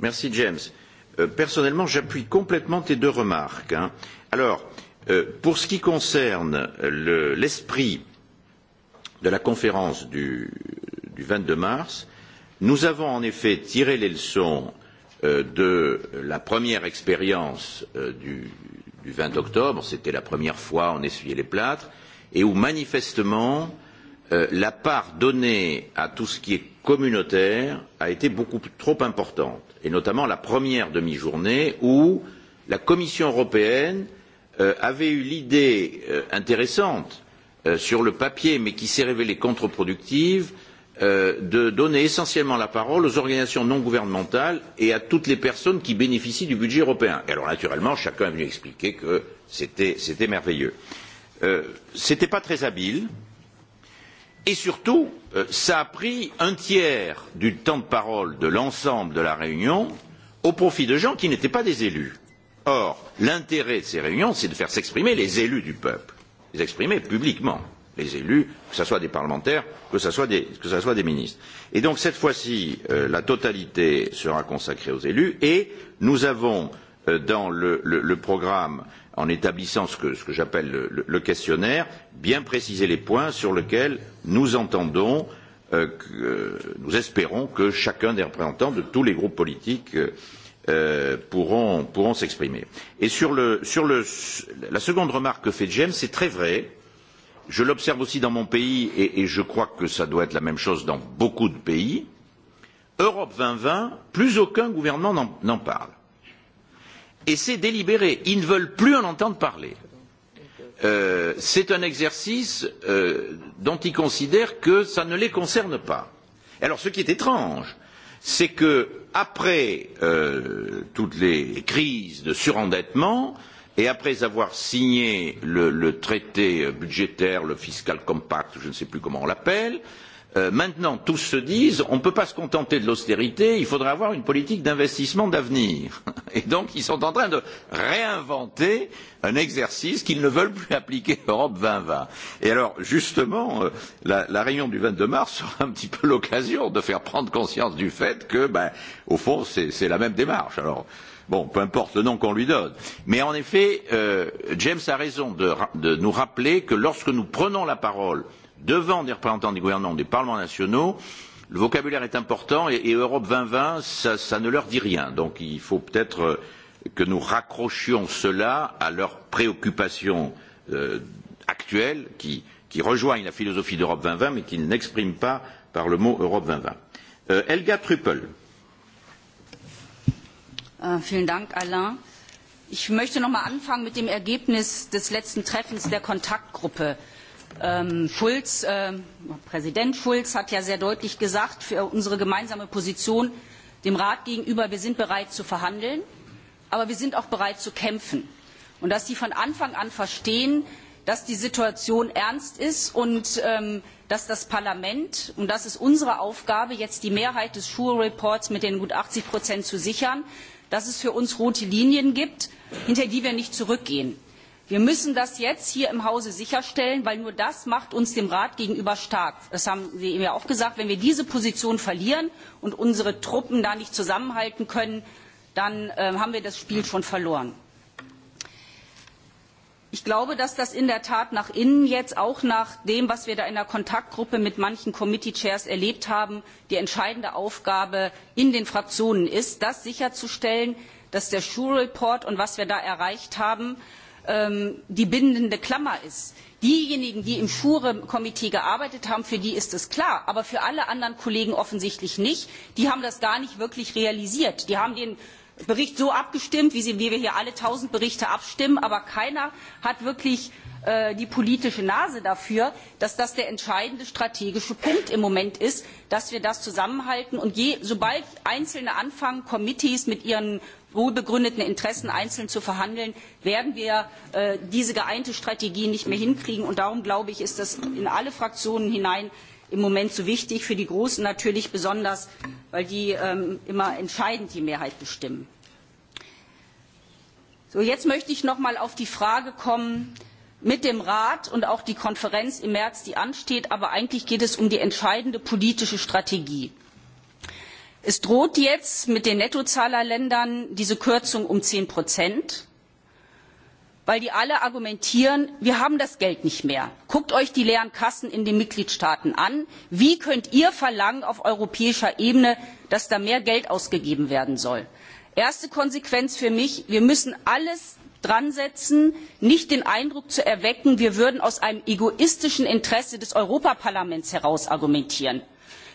Merci, James. Euh, personnellement, j'appuie complètement tes deux remarques. Hein. Alors, euh, pour ce qui concerne l'esprit le, de la conférence du, du 22 mars, nous avons en effet tiré les leçons euh, de la première expérience euh, du, du 20 octobre, c'était la première fois on essuyait les plâtres, et où manifestement euh, la part donnée à tout ce qui est communautaire a été beaucoup trop importante, et notamment la première demi-journée où la Commission européenne euh, avait eu l'idée euh, intéressante euh, sur le papier, mais qui s'est révélée contre-productive, euh, de donner essentiellement la parole aux organisations non gouvernementales et à toutes les personnes qui bénéficient du budget européen. Et alors, naturellement, chacun est venu expliquer que c'était merveilleux. Euh, Ce n'était pas très habile. Et surtout, euh, ça a pris un tiers du temps de parole de l'ensemble de la réunion au profit de gens qui n'étaient pas des élus. Or, l'intérêt de ces réunions, c'est de faire s'exprimer les élus du peuple les exprimer publiquement, les élus, que ce soit des parlementaires, que ce soit des, que ce soit des ministres. Et donc cette fois-ci, euh, la totalité sera consacrée aux élus et nous avons euh, dans le, le, le programme, en établissant ce que, ce que j'appelle le, le, le questionnaire, bien préciser les points sur lesquels nous entendons euh, que, euh, nous espérons que chacun des représentants de tous les groupes politiques euh, euh, pourront, pourront s'exprimer. Et sur, le, sur le, la seconde remarque que fait James, c'est très vrai. Je l'observe aussi dans mon pays et, et je crois que ça doit être la même chose dans beaucoup de pays. Europe 2020, plus aucun gouvernement n'en parle. Et c'est délibéré. Ils ne veulent plus en entendre parler. Euh, c'est un exercice euh, dont ils considèrent que ça ne les concerne pas. Alors ce qui est étrange, c'est que après euh, toutes les crises de surendettement et après avoir signé le, le traité budgétaire, le fiscal compact, je ne sais plus comment on l'appelle, euh, Euh, maintenant, tous se disent on ne peut pas se contenter de l'austérité, il faudra avoir une politique d'investissement d'avenir. Et donc, ils sont en train de réinventer un exercice qu'ils ne veulent plus appliquer Europe 2020. Et alors, justement, euh, la, la réunion du 22 mars sera un petit peu l'occasion de faire prendre conscience du fait que, ben, au fond, c'est la même démarche. Alors, bon, peu importe le nom qu'on lui donne. Mais en effet, euh, James a raison de, de nous rappeler que lorsque nous prenons la parole devant des représentants des gouvernements des parlements nationaux, le vocabulaire est important et, et Europe 2020, ça, ça ne leur dit rien. Donc il faut peut-être euh, que nous raccrochions cela à leurs préoccupations euh, actuelles qui, qui rejoignent la philosophie d'Europe 2020 mais qu'ils n'expriment pas par le mot Europe 2020. Euh, Helga Truppel. Uh, äh, vielen Dank, Alain. Ich möchte noch mal anfangen mit dem Ergebnis des letzten Treffens der Kontaktgruppe. Äh, ähm, Schulz, äh, Präsident Schulz hat ja sehr deutlich gesagt, für unsere gemeinsame Position dem Rat gegenüber, wir sind bereit zu verhandeln, aber wir sind auch bereit zu kämpfen. Und dass Sie von Anfang an verstehen, dass die Situation ernst ist und ähm, dass das Parlament, und das ist unsere Aufgabe, jetzt die Mehrheit des Schulreports mit den gut 80 Prozent zu sichern, dass es für uns rote Linien gibt, hinter die wir nicht zurückgehen. Wir müssen das jetzt hier im Hause sicherstellen, weil nur das macht uns dem Rat gegenüber stark. Das haben Sie eben ja auch gesagt. Wenn wir diese Position verlieren und unsere Truppen da nicht zusammenhalten können, dann äh, haben wir das Spiel schon verloren. Ich glaube, dass das in der Tat nach innen jetzt auch nach dem, was wir da in der Kontaktgruppe mit manchen Committee Chairs erlebt haben, die entscheidende Aufgabe in den Fraktionen ist, das sicherzustellen, dass der Schulreport und was wir da erreicht haben, äh, ähm, die bindende Klammer ist. Diejenigen, die im Schure-Komitee gearbeitet haben, für die ist es klar, aber für alle anderen Kollegen offensichtlich nicht. Die haben das gar nicht wirklich realisiert. Die haben den Bericht so abgestimmt, wie, sie, wie wir hier alle tausend Berichte abstimmen, aber keiner hat wirklich äh, die politische Nase dafür, dass das der entscheidende strategische Punkt im Moment ist, dass wir das zusammenhalten. Und je, sobald Einzelne anfangen, Komitees mit ihren wohlbegründeten Interessen einzeln zu verhandeln, werden wir äh, diese geeinte Strategie nicht mehr hinkriegen. Und darum glaube ich, ist das in alle Fraktionen hinein im Moment so wichtig, für die Großen natürlich besonders, weil die ähm, immer entscheidend die Mehrheit bestimmen. So, jetzt möchte ich noch mal auf die Frage kommen, mit dem Rat und auch die Konferenz im März, die ansteht, aber eigentlich geht es um die entscheidende politische Strategie. Es droht jetzt mit den Nettozahlerländern diese Kürzung um 10 Prozent, weil die alle argumentieren, wir haben das Geld nicht mehr. Guckt euch die leeren Kassen in den Mitgliedstaaten an. Wie könnt ihr verlangen auf europäischer Ebene, dass da mehr Geld ausgegeben werden soll? Erste Konsequenz für mich, wir müssen alles dransetzen, nicht den Eindruck zu erwecken, wir würden aus einem egoistischen Interesse des Europaparlaments heraus argumentieren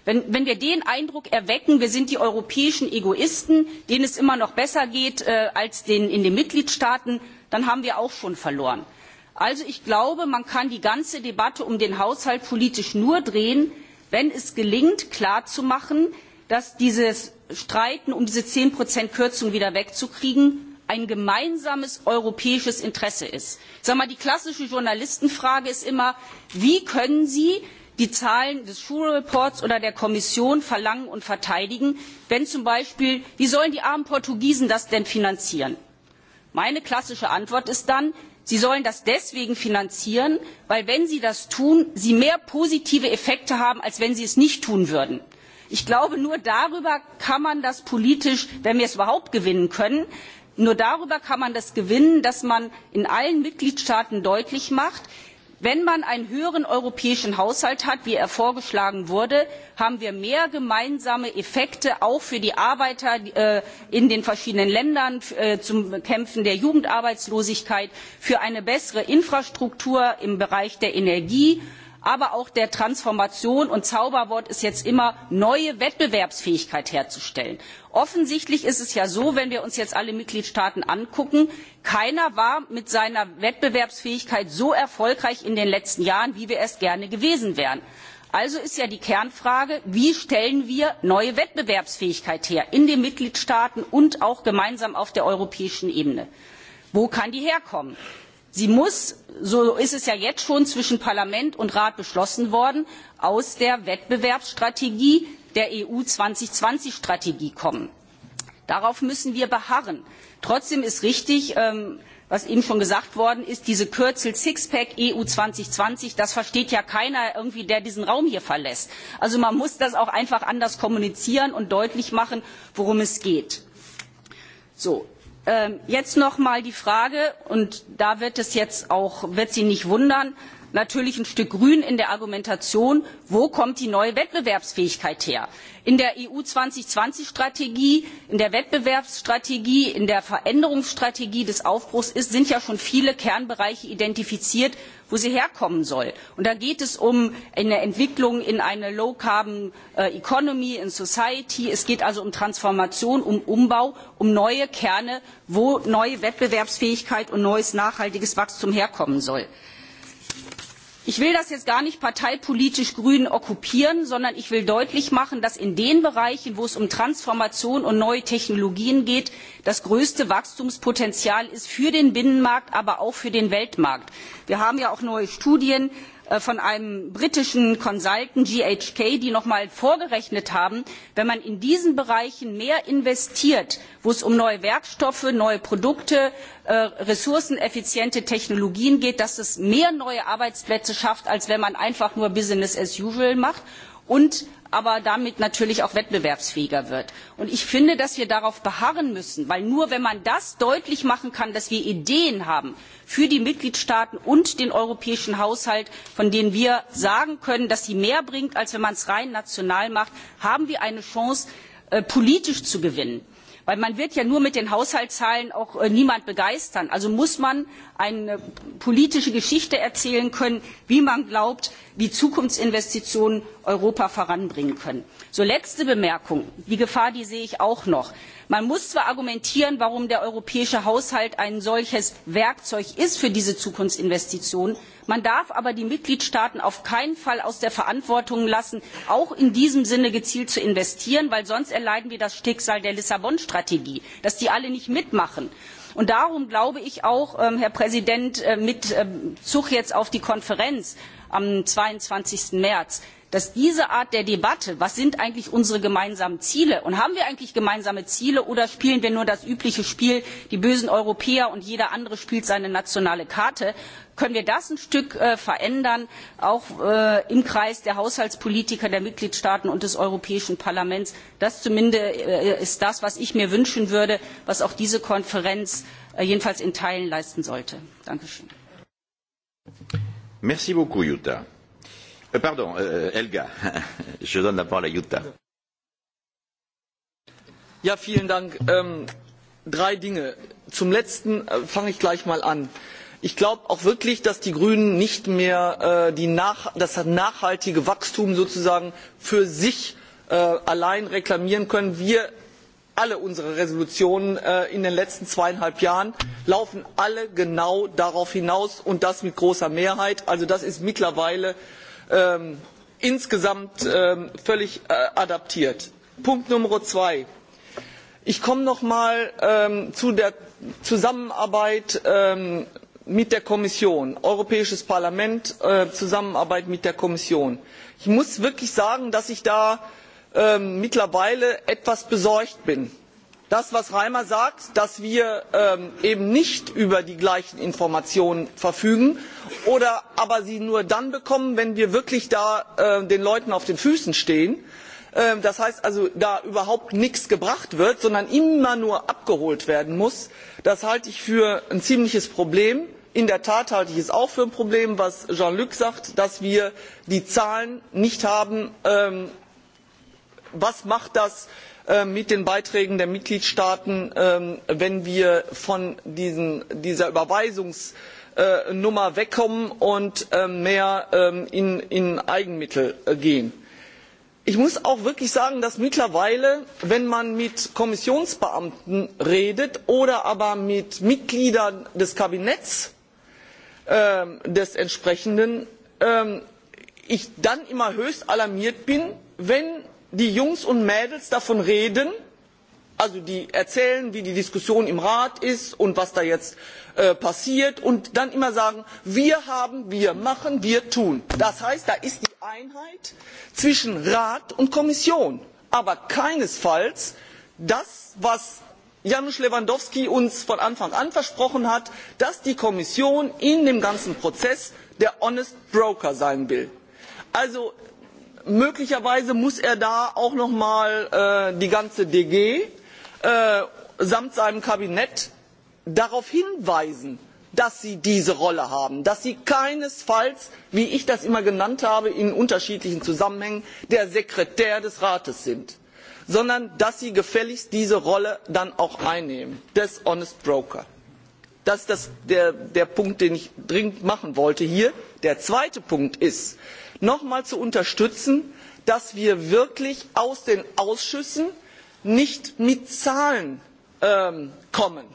Wenn, wenn wir den Eindruck erwecken, wir sind die europäischen Egoisten, denen es immer noch besser geht äh, als den in den Mitgliedstaaten, dann haben wir auch schon verloren. Also ich glaube, man kann die ganze Debatte um den Haushalt politisch nur drehen, wenn es gelingt, klarzumachen, dass dieses Streiten um diese 10% Kürzung wieder wegzukriegen ein gemeinsames europäisches Interesse ist. Ich sage mal, die klassische Journalistenfrage ist immer, wie können Sie die zahlen des sure reports oder der kommission verlangen und verteidigen wenn zum beispiel wie sollen die armen portugiesen das denn finanzieren? meine klassische antwort ist dann sie sollen das deswegen finanzieren weil wenn sie das tun sie mehr positive effekte haben als wenn sie es nicht tun würden. ich glaube nur darüber kann man das politisch wenn wir es überhaupt gewinnen können nur darüber kann man das gewinnen dass man in allen mitgliedstaaten deutlich macht wenn man einen höheren europäischen haushalt hat wie er vorgeschlagen wurde haben wir mehr gemeinsame effekte auch für die arbeiter äh, in den verschiedenen ländern äh, zum bekämpfen der jugendarbeitslosigkeit für eine bessere infrastruktur im bereich der energie aber auch der transformation und zauberwort ist jetzt immer neue wettbewerbsfähigkeit herzustellen. offensichtlich ist es ja so wenn wir uns jetzt alle mitgliedstaaten anschauen keiner war mit seiner wettbewerbsfähigkeit so erfolgreich in den letzten jahren wie wir es gerne gewesen wären. also ist ja die kernfrage wie stellen wir neue wettbewerbsfähigkeit her in den mitgliedstaaten und auch gemeinsam auf der europäischen ebene? wo kann die herkommen? sie muss so ist es ja jetzt schon zwischen parlament und rat beschlossen worden aus der wettbewerbsstrategie der eu zweitausendzwanzig strategie kommen. darauf müssen wir beharren. trotzdem ist richtig ähm, was eben schon gesagt worden ist diese kürzel sixpack eu zweitausendzwanzig das versteht ja keiner irgendwie der diesen raum hier verlässt. also man muss das auch einfach anders kommunizieren und deutlich machen worum es geht. So Ähm, jetzt noch mal die frage und da wird es jetzt auch wird sie nicht wundern natürlich ein stück grün in der argumentation wo kommt die neue wettbewerbsfähigkeit her? in der eu zweitausendzwanzig strategie in der wettbewerbsstrategie in der veränderungsstrategie des aufbruchs sind ja schon viele kernbereiche identifiziert wo sie herkommen soll. Und da geht es um eine Entwicklung in eine Low Carbon äh, Economy, in Society. Es geht also um Transformation, um Umbau, um neue Kerne, wo neue Wettbewerbsfähigkeit und neues nachhaltiges Wachstum herkommen soll ich will das jetzt gar nicht parteipolitisch grün okkupieren sondern ich will deutlich machen dass in den bereichen wo es um transformation und neue technologien geht das größte wachstumspotenzial für den binnenmarkt aber auch für den weltmarkt besteht. wir haben ja auch neue studien Äh, von einem britischen consultant ghk die noch einmal vorgerechnet haben wenn man in diesen bereichen mehr investiert wo es um neue werkstoffe neue produkte äh, ressourceneffiziente technologien geht dass das mehr neue arbeitsplätze schafft als wenn man einfach nur business as usual macht und aber damit natürlich auch wettbewerbsfähiger wird. Und ich finde, dass wir darauf beharren müssen, weil nur wenn man das deutlich machen kann, dass wir Ideen haben für die Mitgliedstaaten und den europäischen Haushalt, von denen wir sagen können, dass sie mehr bringt, als wenn man es rein national macht, haben wir eine Chance, äh, politisch zu gewinnen. Denn man wird ja nur mit den Haushaltszahlen auch äh, niemand begeistern. Also muss man eine politische Geschichte erzählen können, wie man glaubt, wie Zukunftsinvestitionen Europa voranbringen können. So letzte Bemerkung. Die Gefahr, die sehe ich auch noch. Man muss zwar argumentieren, warum der europäische Haushalt ein solches Werkzeug ist für diese Zukunftsinvestitionen. Man darf aber die Mitgliedstaaten auf keinen Fall aus der Verantwortung lassen, auch in diesem Sinne gezielt zu investieren, weil sonst erleiden wir das Schicksal der Lissabon-Strategie strategie dass die alle nicht mitmachen. Und darum glaube ich auch ähm, herr präsident äh, mit bezug äh, jetzt auf die konferenz am. zweiundzwanzig märz dass diese art der debatte was sind eigentlich unsere gemeinsamen ziele und haben wir eigentlich gemeinsame ziele oder spielen wir nur das übliche spiel die bösen europäer und jeder andere spielt seine nationale karte? können wir das ein Stück äh, verändern, auch äh, im Kreis der Haushaltspolitiker der Mitgliedstaaten und des Europäischen Parlaments. Das zumindest äh, ist das, was ich mir wünschen würde, was auch diese Konferenz äh, jedenfalls in Teilen leisten sollte. Dankeschön. Merci beaucoup, Jutta. Euh, pardon, euh, euh Helga. Je donne la parole à Jutta. Ja, vielen Dank. Ähm, drei Dinge. Zum letzten äh, fange ich gleich mal an. Äh, ich glaube auch wirklich dass die grünen nicht mehr äh, nach, das nachhaltige wachstum sozusagen für sich äh, allein reklamieren können. wir alle unsere entschließungen äh, in den letzten zweieinhalb jahren laufen alle genau darauf hinaus und das mit großer mehrheit. also das ist mittlerweile ähm, insgesamt ähm, völlig äh, adaptiert. punkt nummer zwei ich komme noch mal ähm, zu der zusammenarbeit ähm, mit der kommission europäisches parlament äh, zusammenarbeit mit der kommission ich muss wirklich sagen dass ich da äh, mittlerweile etwas besorgt bin. das was reimer sagt dass wir äh, eben nicht über die gleichen informationen verfügen oder aber sie nur dann bekommen wenn wir wirklich da, äh, den leuten auf den füßen stehen Ähm, das heißt also da überhaupt nichts gebracht wird sondern immer nur abgeholt werden muss das halte ich für ein ziemliches problem. in der tat halte ich es auch für ein problem was jean luc sagt dass wir die zahlen nicht haben ähm, was macht das ähm, mit den beiträgen der mitgliedstaaten wenn wir von diesen, dieser überweisungsnummer äh, wegkommen und mehr in, in eigenmittel äh, gehen ich muss auch wirklich sagen dass mittlerweile wenn man mit kommissionsbeamten redet oder aber mit mitgliedern des kabinetts äh, des entsprechenden äh, ich dann immer höchst alarmiert bin wenn die jungs und mädels davon reden also die erzählen wie die diskussion im rat ist und was da jetzt äh, passiert und dann immer sagen wir haben wir machen wir tun. das heißt da ist die einheit zwischen rat und kommission aber keinesfalls das was janusz lewandowski uns von anfang an versprochen hat dass die kommission in dem ganzen prozess der honest broker sein will. also möglicherweise muss er da auch noch mal äh, die ganze dg äh, samt seinem kabinett darauf hinweisen dass sie diese rolle haben dass sie keinesfalls wie ich das immer genannt habe in unterschiedlichen zusammenhängen der sekretär des rates sind sondern dass sie gefälligst diese rolle dann auch einnehmen des honest broker. das ist das, der, der punkt den ich dringend machen wollte hier. der zweite punkt ist nochmals zu unterstützen dass wir wirklich aus den ausschüssen nicht mit zahlen ähm, kommen.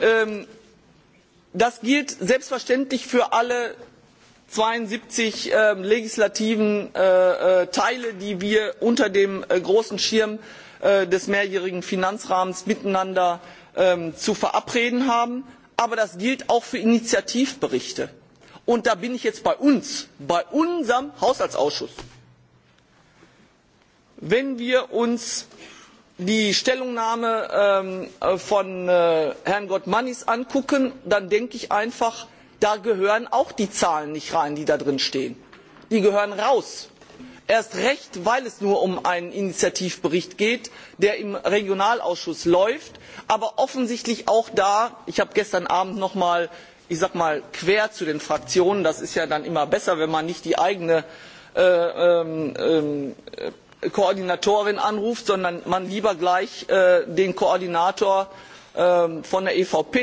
Ähm, das gilt selbstverständlich für alle zweiundsiebzig ähm, äh, legislativen äh, teile die wir unter dem äh, großen schirm äh, des mehrjährigen finanzrahmens miteinander ähm, zu verabreden haben aber das gilt auch für initiativberichte und da bin ich jetzt bei uns bei unserem haushaltsausschuss. wenn wir uns die stellungnahme ähm, äh, von äh, herrn godmanis angucken dann denke ich einfach da gehören auch die zahlen nicht rein die da drin stehen die gehören raus erst recht weil es nur um einen initiativbericht geht der im regionalausschuss läuft aber offensichtlich auch da ich habe gestern abend noch mal ich sag mal quer zu den fraktionen das ist ja dann immer besser wenn man nicht die eigene äh, ähm, äh, koordinatorin anruft sondern man lieber gleich äh, den koordinator äh, von der evp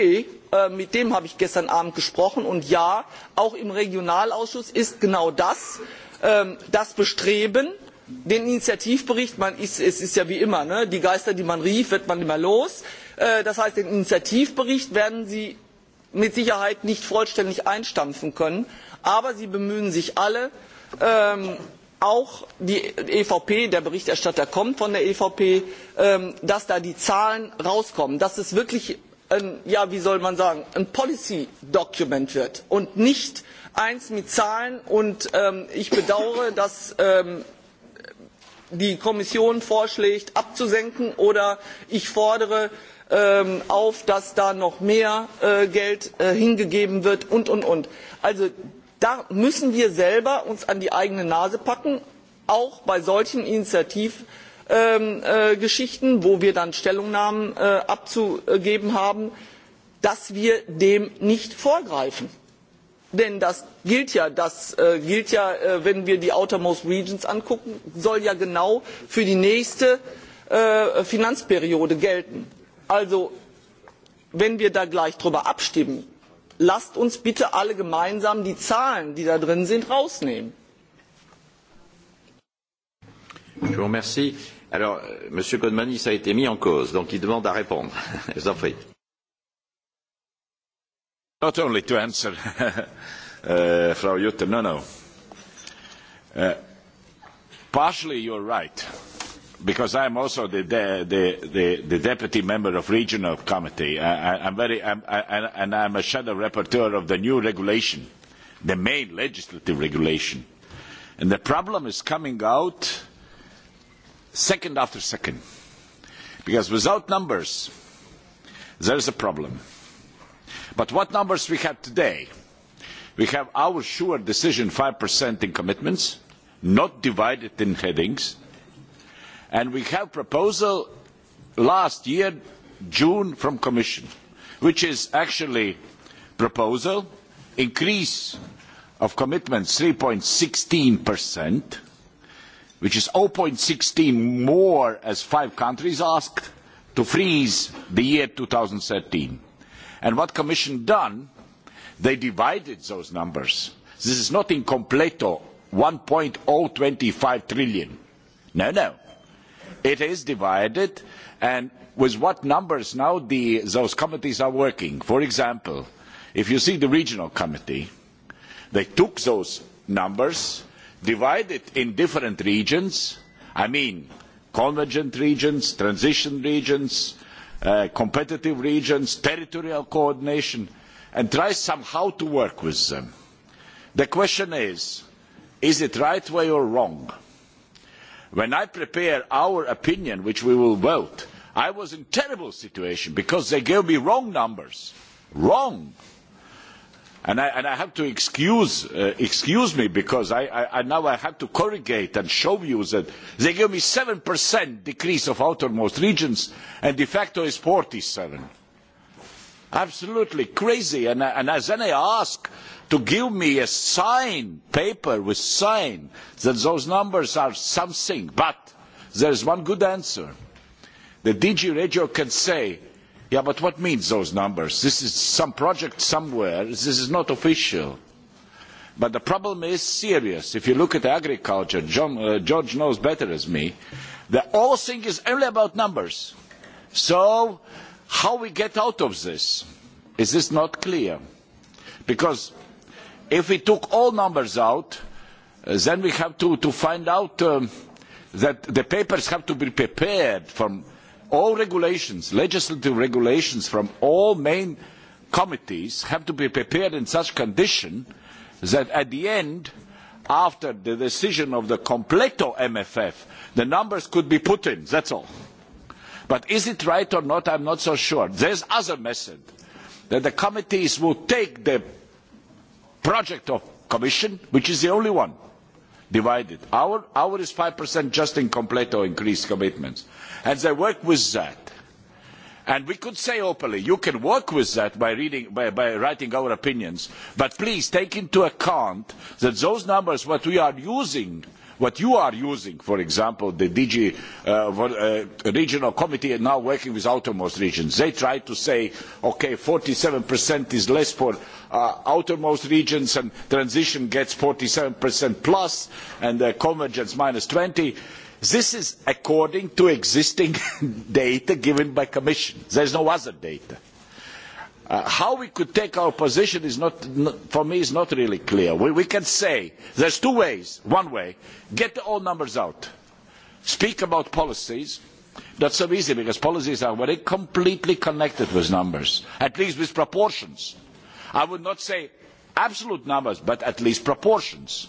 äh, mit dem habe ich gestern abend gesprochen und ja auch im regionalausschuss ist genau das ähm, das bestreben den initiativbericht man ist, es ist ja wie immer ne? die geister die man rief wird man immer los äh, das heißt den initiativbericht werden sie mit sicherheit nicht vollständig einstampfen können aber sie bemühen sich alle ähm, auch die evp der berichterstatter kommt von der evp ähm, dass da die zahlen herauskommen dass es wirklich ein, ja wie soll man sagen ein policy document wird und nicht eins mit zahlen und ähm, ich bedauere dass ähm, die kommission vorschlägt abzusenken oder ich fordere ähm, auf dass da noch mehr äh, geld äh, hingegeben wird und und und. also da müssen wir uns selber an die eigene nase packen auch bei solchen initiativgeschichten ähm, äh, wo wir dann stellungnahmen äh, abzugeben haben dass wir dem nicht vorgreifen denn das gilt ja, das, äh, gilt ja äh, wenn wir die outermost regions angucken soll ja genau für die nächste äh, finanzperiode gelten. also wenn wir da gleich darüber abstimmen lasst uns bitte alle gemeinsam die zahlen die da drin sind rausnehmen. je vous remercie. alors euh, m. godmanis a été mis en cause donc il demande à répondre. je vous en prie. not only to answer uh, frau jutta no no. Uh, partially you're right because I'm also the, de- the, the, the deputy member of regional committee, I, I, I'm very, I'm, I, and I'm a shadow rapporteur of the new regulation, the main legislative regulation. And the problem is coming out second after second. Because without numbers, there is a problem. But what numbers we have today? We have our sure decision 5% in commitments, not divided in headings, And we have proposal last year, June, from Commission, which is actually proposal, increase of commitment 3.16%, which is 0.16 more as five countries asked to freeze the year 2013. And what Commission done, they divided those numbers. This is not in completo 1.025 trillion. No, no. It is divided, and with what numbers now the, those committees are working. For example, if you see the regional committee, they took those numbers, divided in different regions, I mean convergent regions, transition regions, uh, competitive regions, territorial coordination, and try somehow to work with them. The question is, is it right way or wrong? Uh, When I prepare our opinion, which we will vote, I was in terrible situation because they gave me wrong numbers. Wrong. And I, and I have to excuse, uh, excuse me because I, I, I now I have to corrigate and show you that they gave me 7% decrease of outermost regions and de facto is 47 absolutely crazy. And, and as then I ask to give me a sign, paper with sign, that those numbers are something. But there is one good answer. The DG Regio can say, yeah, but what means those numbers? This is some project somewhere. This is not official. But the problem is serious. If you look at agriculture, John, uh, George knows better as me, the whole thing is only about numbers. So how we get out of this? Is this not clear? Because if we took all numbers out, uh, then we have to, to find out um, that the papers have to be prepared from all regulations, legislative regulations from all main committees have to be prepared in such condition that at the end, after the decision of the completo MFF, the numbers could be put in, that's all. But is it right or not, I'm not so sure. There's other method, that the committees will take the project of Commission, which is the only one divided. Our, our is 5% just in complete or increased commitments. And they work with that. And we could say openly, you can work with that by, reading, by, by writing our opinions, but please take into account that those numbers, what we are using, What you are using, for example, the DG uh, uh, regional committee and now working with outermost regions, they try to say, okay, 47% is less for uh, outermost regions and transition gets 47% plus and uh, convergence minus 20. This is according to existing data given by Commission. There's no other data Uh, how we could take our position is not, not for me is not really clear. We, we can say there's two ways. One way, get all numbers out, speak about policies. Not so easy because policies are very completely connected with numbers, at least with proportions. I would not say absolute numbers, but at least proportions.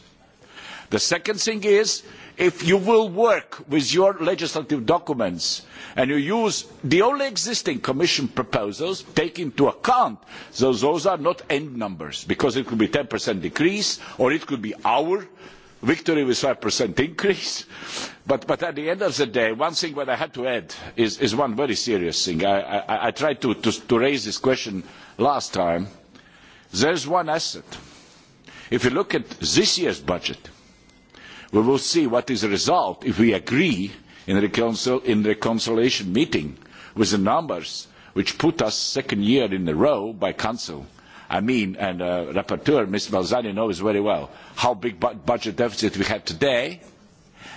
The second thing is if you will work with your legislative documents and you use the only existing Commission proposals, take into account that those are not end numbers, because it could be 10% decrease, or it could be our victory with 5% increase. But, but at the end of the day, one thing that I had to add is, is one very serious thing. I, I, I tried to, to, to raise this question last time. There's one asset. If you look at this year's budget, We will see what is the result if we agree in the, council, in the reconciliation meeting with the numbers which put us second year in a row by council. I mean, and uh, rapporteur, Mr. Balzani knows very well how big bu- budget deficit we have today.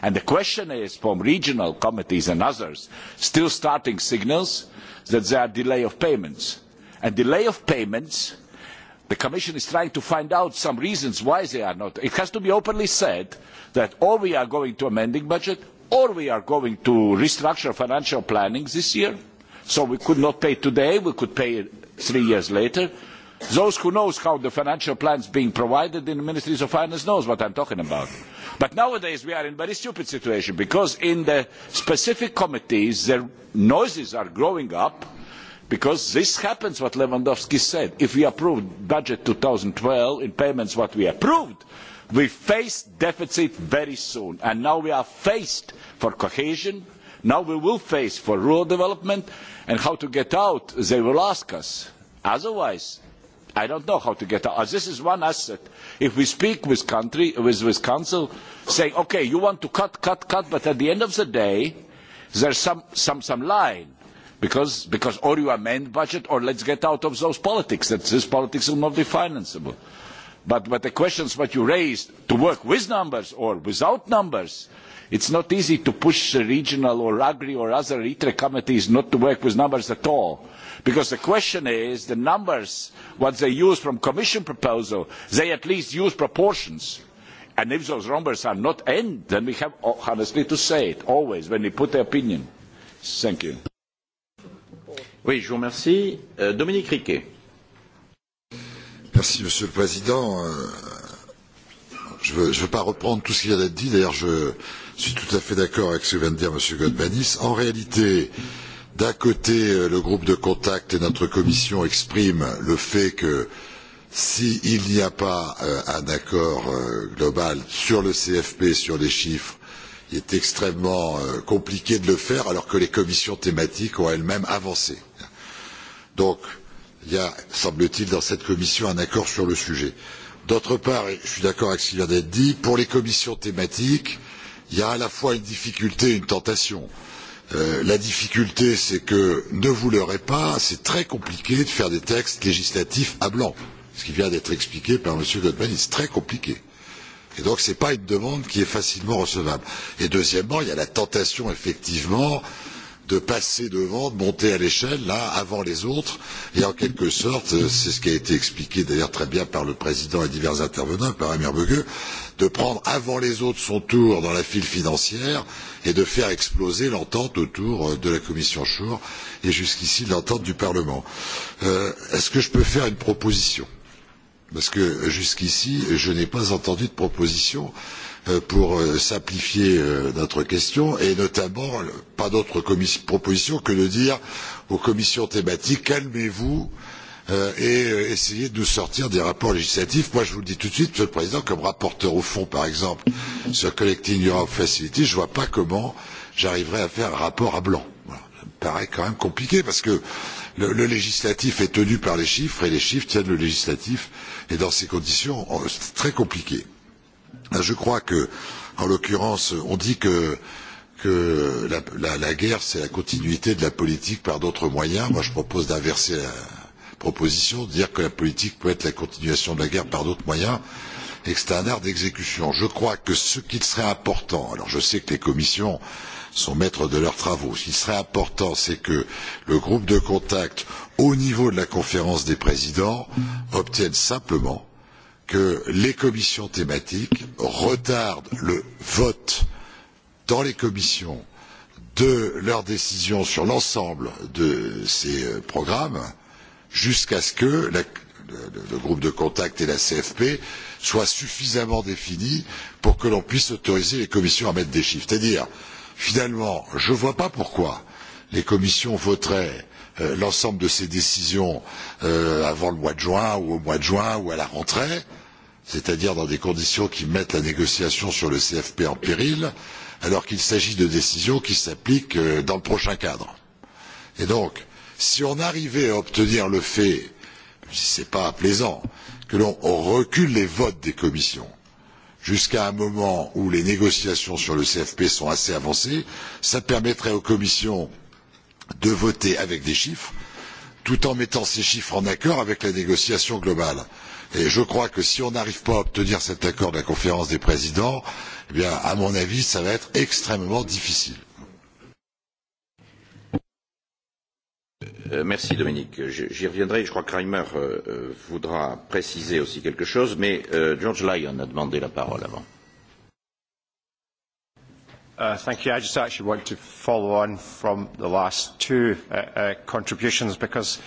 And the question is from regional committees and others, still starting signals that there are delay of payments. And delay of payments The Commission is trying to find out some reasons why they are not. It has to be openly said that or we are going to amending budget or we are going to restructure financial planning this year. So we could not pay today, we could pay three years later. Those who knows how the financial plans being provided in the ministries of finance knows what I'm talking about. But nowadays we are in a very stupid situation because in the specific committees their noises are growing up Because this happens, what Lewandowski said. If we approve budget 2012 in payments what we approved, we face deficit very soon. And now we are faced for cohesion, now we will face for rural development, and how to get out, they will ask us. Otherwise, I don't know how to get out. This is one asset. If we speak with country, with, with council, saying, okay, you want to cut, cut, cut, but at the end of the day, there's some, some, some line Because, because or you amend budget or let's get out of those politics. That this politics will not be financeable. But, but the questions what you raised, to work with numbers or without numbers, it's not easy to push the regional or agri or other ITRE committees not to work with numbers at all. Because the question is, the numbers, what they use from commission proposal, they at least use proportions. And if those numbers are not end, then we have honestly to say it, always, when we put the opinion. Thank you. Oui, je vous remercie. Euh, Dominique Riquet. Merci, Monsieur le Président. Euh, je ne veux, je veux pas reprendre tout ce qui vient d'être dit. D'ailleurs, je suis tout à fait d'accord avec ce que vient de dire M. Godmanis. En réalité, d'un côté, euh, le groupe de contact et notre commission expriment le fait que s'il si n'y a pas euh, un accord euh, global sur le CFP, sur les chiffres, il est extrêmement euh, compliqué de le faire alors que les commissions thématiques ont elles-mêmes avancé. Donc, il y a, semble-t-il, dans cette commission un accord sur le sujet. D'autre part, et je suis d'accord avec ce qui vient d'être dit, pour les commissions thématiques, il y a à la fois une difficulté et une tentation. Euh, la difficulté, c'est que, ne vous leurrez pas, c'est très compliqué de faire des textes législatifs à blanc. Ce qui vient d'être expliqué par M. Goldman, c'est très compliqué. Et donc, ce n'est pas une demande qui est facilement recevable. Et deuxièmement, il y a la tentation, effectivement, euh, de passer devant, de monter à l'échelle, là, avant les autres. Et en quelque sorte, euh, c'est ce qui a été expliqué d'ailleurs très bien par le président et divers intervenants, par Amir Beugueux, de prendre avant les autres son tour dans la file financière et de faire exploser l'entente autour euh, de la Commission Chour et jusqu'ici l'entente du Parlement. Euh, Est-ce que je peux faire une proposition Parce que jusqu'ici, je n'ai pas entendu de proposition. Euh, Euh, pour euh, simplifier euh, notre question et notamment pas d'autre proposition que de dire aux commissions thématiques calmez vous et essayez de nous sortir des rapports législatifs. Moi, je vous le dis tout de suite, Monsieur le Président, comme rapporteur au fond, par exemple, sur Collecting Europe Facility, je ne vois pas comment j'arriverai à faire un rapport à blanc. Voilà. Ça me paraît quand même compliqué parce que le, le législatif est tenu par les chiffres et les chiffres tiennent le législatif et dans ces conditions, c'est très compliqué. Euh, Je crois que, en l'occurrence, on dit que, que la, la, la guerre, c'est la continuité de la politique par d'autres moyens. Moi, je propose d'inverser la proposition, de dire que la politique peut être la continuation de la guerre par d'autres moyens et que c'est un art d'exécution. Je crois que ce qu'il serait important, alors je sais que les commissions sont maîtres de leurs travaux, ce qu'il serait important, c'est que le groupe de contact au niveau de la conférence des présidents obtienne simplement que les commissions thématiques retardent le vote dans les commissions de leurs décisions sur l'ensemble de ces euh, programmes jusqu'à ce que la, le, le groupe de contact et la CFP soient suffisamment définis pour que l'on puisse autoriser les commissions à mettre des chiffres. C'est-à-dire, finalement, je ne vois pas pourquoi les commissions voteraient euh, l'ensemble de ces décisions euh, avant le mois de juin ou au mois de juin ou à la rentrée. Euh, c'est-à-dire dans des conditions qui mettent la négociation sur le CFP en péril, alors qu'il s'agit de décisions qui s'appliquent euh, dans le prochain cadre. Et donc, si on arrivait à obtenir le fait, ce n'est pas plaisant, que l'on recule les votes des commissions jusqu'à un moment où les négociations sur le CFP sont assez avancées, ça permettrait aux commissions de voter avec des chiffres, tout en mettant ces chiffres en accord avec la négociation globale. Et je crois que si on n'arrive pas à obtenir cet accord de la conférence des présidents, eh bien, à mon avis, ça va être extrêmement difficile. Euh, merci Dominique. J'y reviendrai. Je crois que Reimer euh, euh, voudra préciser aussi quelque chose, mais euh, George Lyon a demandé la parole avant. Uh, thank you. I just actually want to follow on from the last two uh, uh, contributions because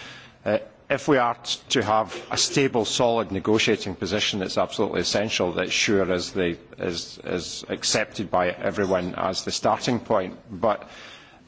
uh, if we are to have a stable, solid negotiating position, it's absolutely essential that SURE is, the, is, is accepted by everyone as the starting point. But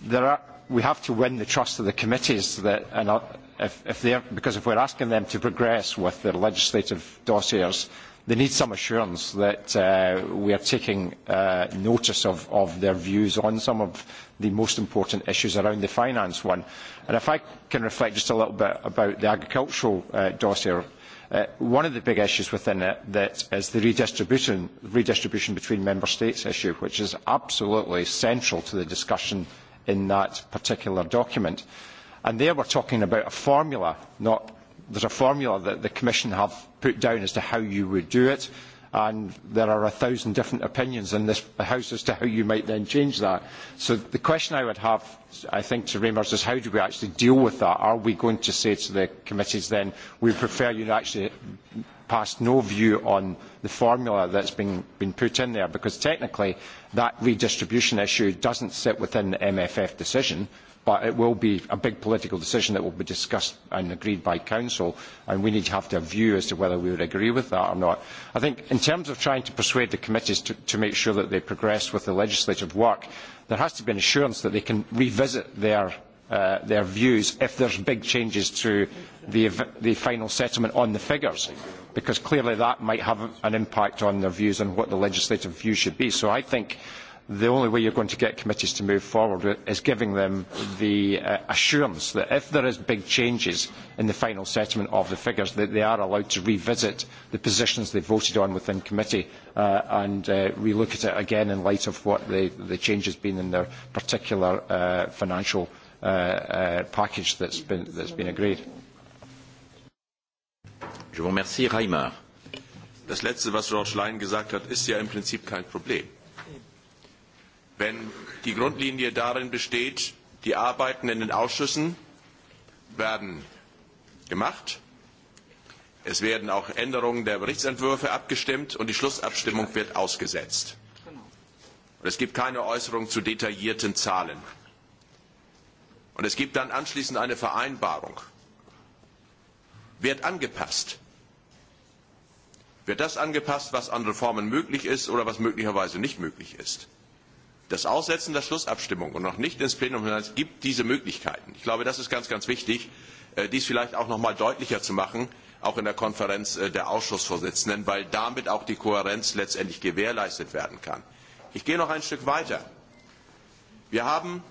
there are, we have to win the trust of the committees that, and uh, if, if they're, because if we're asking them to progress with their legislative dossiers, they need some assurance that uh, we are taking uh, notice of, of their views on some of the most important issues around the finance one. And if I can reflect just a little bit about the agricultural uh, dossier, uh, one of the big issues within it that is the redistribution, redistribution between member states issue, which is absolutely central to the discussion in that particular document. And there we're talking about a formula, not there's a formula that the Commission have put down as to how you would do it, and there are a thousand different opinions in this House as to how you might then change that. So the question I would have, I think, to Reimers is how do we actually deal with that? Are we going to say to the committees then, we prefer you actually passed no view on the formula that's been, been put in there because technically that redistribution issue doesn't sit within the MFF decision but it will be a big political decision that will be discussed and agreed by Council, and we need to have to have a view as to whether we would agree with that or not. I think in terms of trying to persuade the committees to, to make sure that they progress with the legislative work, there has to be an assurance that they can revisit their, uh, their views if there's big changes to the, the final settlement on the figures, because clearly that might have an impact on their views on what the legislative view should be. So I think the only way you're going to get committees to move forward is giving them the uh, assurance that if there is big changes in the final settlement of the figures, that they are allowed to revisit the positions they voted on within committee uh, and uh, relook at it again in light of what the, the change has been in their particular uh, financial uh, uh, package that's been, that's been agreed. Je vous remercie, Reimer. Das Letzte, was George Lyon gesagt hat, ist ja im Prinzip kein Problem wenn die Grundlinie darin besteht, die Arbeiten in den Ausschüssen werden gemacht. Es werden auch Änderungen der Berichtsentwürfe abgestimmt und die Schlussabstimmung wird ausgesetzt. Und es gibt keine Äußerung zu detaillierten Zahlen. Und es gibt dann anschließend eine Vereinbarung. Wird angepasst. Wird das angepasst, was an Reformen möglich ist oder was möglicherweise nicht möglich ist? das Aussetzen der Schlussabstimmung und noch nicht ins Plenum hinein gibt diese Möglichkeiten. Ich glaube, das ist ganz, ganz wichtig, äh, dies vielleicht auch noch mal deutlicher zu machen, auch in der Konferenz äh, der Ausschussvorsitzenden, weil damit auch die Kohärenz letztendlich gewährleistet werden kann. Ich gehe noch ein Stück weiter. Wir haben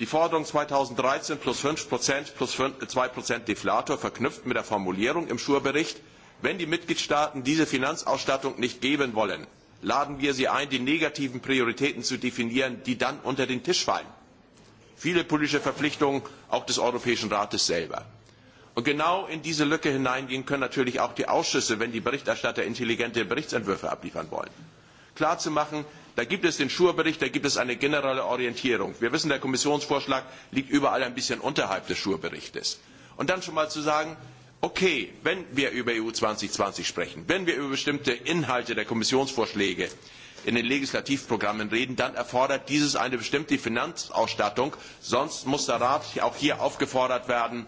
die Forderung 2013 plus 5 Prozent plus 2 äh, Prozent Deflator verknüpft mit der Formulierung im Schur-Bericht, wenn die Mitgliedstaaten diese Finanzausstattung nicht geben wollen, laden wir sie ein, die negativen Prioritäten zu definieren, die dann unter den Tisch fallen. Viele politische Verpflichtungen auch des Europäischen Rates selber. Und genau in diese Lücke hineingehen können natürlich auch die Ausschüsse, wenn die Berichterstatter intelligente Berichtsentwürfe abliefern wollen. Klar zu machen, da gibt es den Schur-Bericht, da gibt es eine generelle Orientierung. Wir wissen, der Kommissionsvorschlag liegt überall ein bisschen unterhalb des Schur-Berichtes. Und dann schon mal zu sagen, okay, wenn wir über EU 2020 sprechen, wenn wir über bestimmte Inhalte der Kommissionsvorschläge in den Legislativprogrammen reden, dann erfordert dieses eine bestimmte Finanzausstattung. Sonst muss der Rat auch hier aufgefordert werden,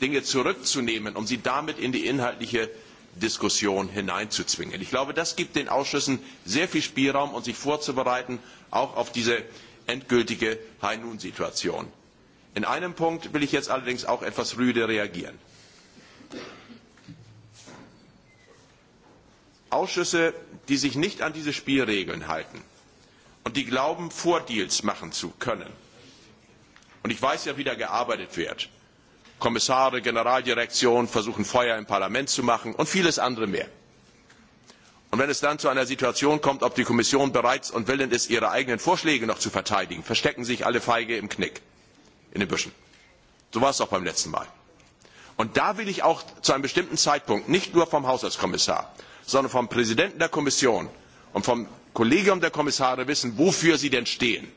Dinge zurückzunehmen, um sie damit in die inhaltliche Diskussion hineinzuzwingen. Ich glaube, das gibt den Ausschüssen sehr viel Spielraum, um sich vorzubereiten, auch auf diese endgültige High-Noon-Situation. In einem Punkt will ich jetzt allerdings auch etwas rüde reagieren. Ausschüsse, die sich nicht an diese Spielregeln halten und die glauben, Vordeals machen zu können. Und ich weiß ja, wie da gearbeitet wird. Kommissare, Generaldirektionen versuchen Feuer im Parlament zu machen und vieles andere mehr. Und wenn es dann zu einer Situation kommt, ob die Kommission bereit und willens ist, ihre eigenen Vorschläge noch zu verteidigen, verstecken sich alle Feige im Knick, in den Büschen. So war es auch beim letzten Mal. Und da will ich auch zu einem bestimmten Zeitpunkt nicht nur vom Haushaltskommissar, sondern vom Präsidenten der Kommission und vom Kollegium der Kommissare wissen, wofür sie denn stehen.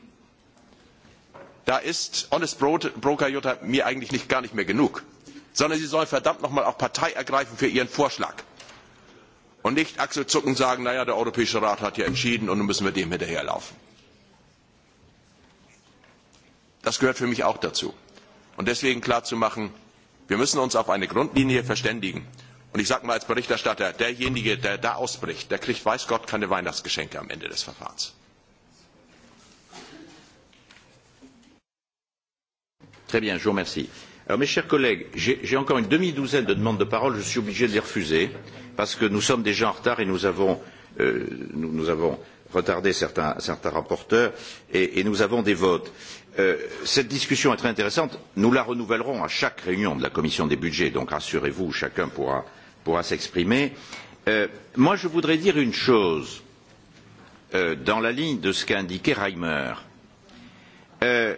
Da ist Honest Broker Jutta mir eigentlich nicht, gar nicht mehr genug, sondern sie sollen verdammt nochmal auch Partei ergreifen für ihren Vorschlag und nicht achselzuckend sagen, naja, der Europäische Rat hat ja entschieden und nun müssen wir dem hinterherlaufen. Das gehört für mich auch dazu. Und deswegen klarzumachen, wir müssen uns auf eine Grundlinie verständigen. Und ich sage mal als Berichterstatter, derjenige, der da ausbricht, der kriegt weiß Gott keine Weihnachtsgeschenke am Ende des Verfahrens. Très bien, je vous remercie. Alors, mes chers collègues, j'ai encore une demi-douzaine de demandes de parole, je suis obligé de les refuser, parce que nous sommes déjà en retard et nous avons, euh, nous, nous avons retardé certains, certains rapporteurs et, et nous avons des votes. Euh, cette discussion est très intéressante, nous la renouvellerons à chaque réunion de la commission des budgets, donc rassurez-vous, chacun pourra euh, pourra s'exprimer. Euh, moi, je voudrais dire une chose euh, dans la ligne de ce qu'a indiqué Reimer. Euh,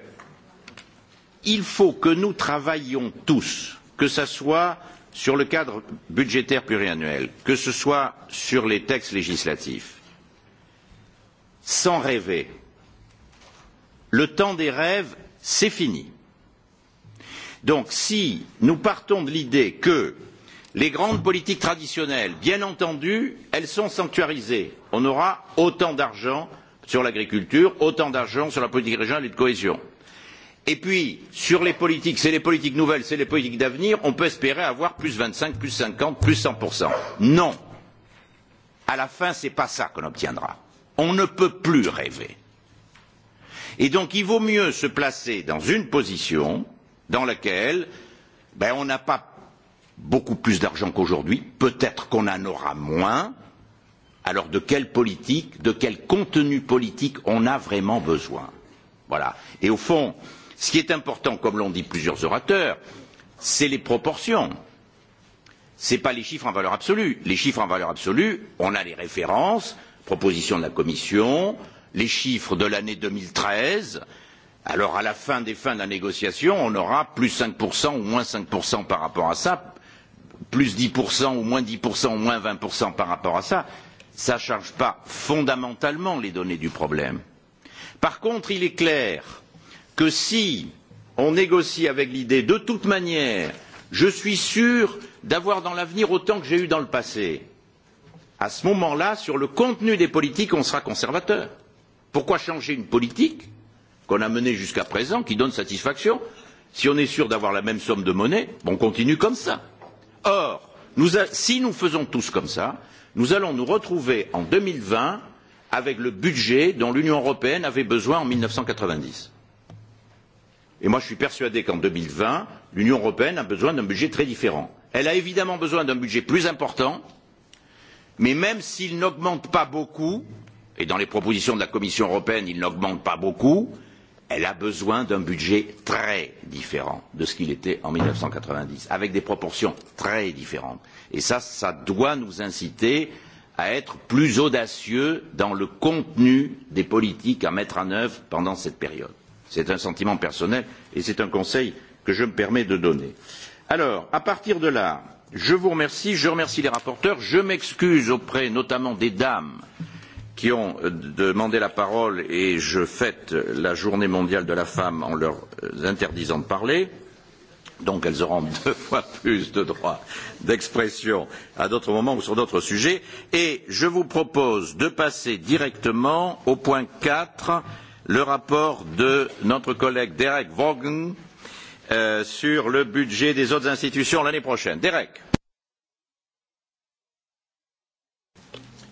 il faut que nous travaillions tous, que ce soit sur le cadre budgétaire pluriannuel, que ce soit sur les textes législatifs, sans rêver. Le temps des rêves, c'est fini. Donc si nous partons de l'idée que euh, les grandes politiques traditionnelles bien entendu elles sont sanctuarisées on aura autant d'argent sur l'agriculture autant d'argent sur la politique régionale et de cohésion et puis sur les politiques c'est les politiques nouvelles c'est les politiques d'avenir on peut espérer avoir plus vingt cinq plus cinquante plus cent non à la fin ce n'est pas ça qu'on obtiendra on ne peut plus rêver et donc il vaut mieux se placer dans une position dans laquelle ben, on n'a pas beaucoup plus d'argent qu'aujourd'hui, peut-être qu'on en aura moins. Alors de quelle politique, de quel contenu politique on a vraiment besoin Voilà. Et au fond, ce qui est important, comme l'ont dit plusieurs orateurs, c'est les proportions. Ce n'est pas les chiffres en valeur absolue. Les chiffres en valeur absolue, on a les références, proposition de la Commission, les chiffres de l'année 2013, Alors à la fin des fins de la négociation, on aura plus 5% ou moins 5% par rapport à ça, plus 10% ou moins 10% ou moins 20% par rapport à ça, ça ne change pas fondamentalement les données du problème. Par contre, il est clair que si on négocie avec l'idée de toute manière, je suis sûr d'avoir dans l'avenir autant que j'ai eu dans le passé, à ce moment-là, sur le contenu des politiques, on sera conservateur. Pourquoi changer une politique qu'on a menée jusqu'à présent, qui donne satisfaction Si on est sûr d'avoir la même somme de monnaie, on continue comme ça Or, nous, si nous faisons tous comme ça, nous allons nous retrouver en 2020 avec le budget dont l'Union européenne avait besoin en 1990. Et moi, je suis persuadé qu'en 2020, l'Union européenne a besoin d'un budget très différent. Elle a évidemment besoin d'un budget plus important, mais même s'il n'augmente pas beaucoup, et dans les propositions de la Commission européenne, il n'augmente pas beaucoup, elle a besoin d'un budget très différent de ce qu'il était en 1990, avec des proportions très différentes. Et ça, ça doit nous inciter à être plus audacieux dans le contenu des politiques à mettre en œuvre pendant cette période. C'est un sentiment personnel et c'est un conseil que je me permets de donner. Alors, à partir de là, je vous remercie, je remercie les rapporteurs, je m'excuse auprès notamment des dames euh, qui ont euh, demandé la parole et je fête la journée mondiale de la femme en leur euh, interdisant de parler. Donc elles auront deux fois plus de droits d'expression à d'autres moments ou sur d'autres sujets. Et je vous propose de passer directement au point 4, le rapport de notre collègue Derek Vaughan euh, sur le budget des autres institutions l'année prochaine. Derek.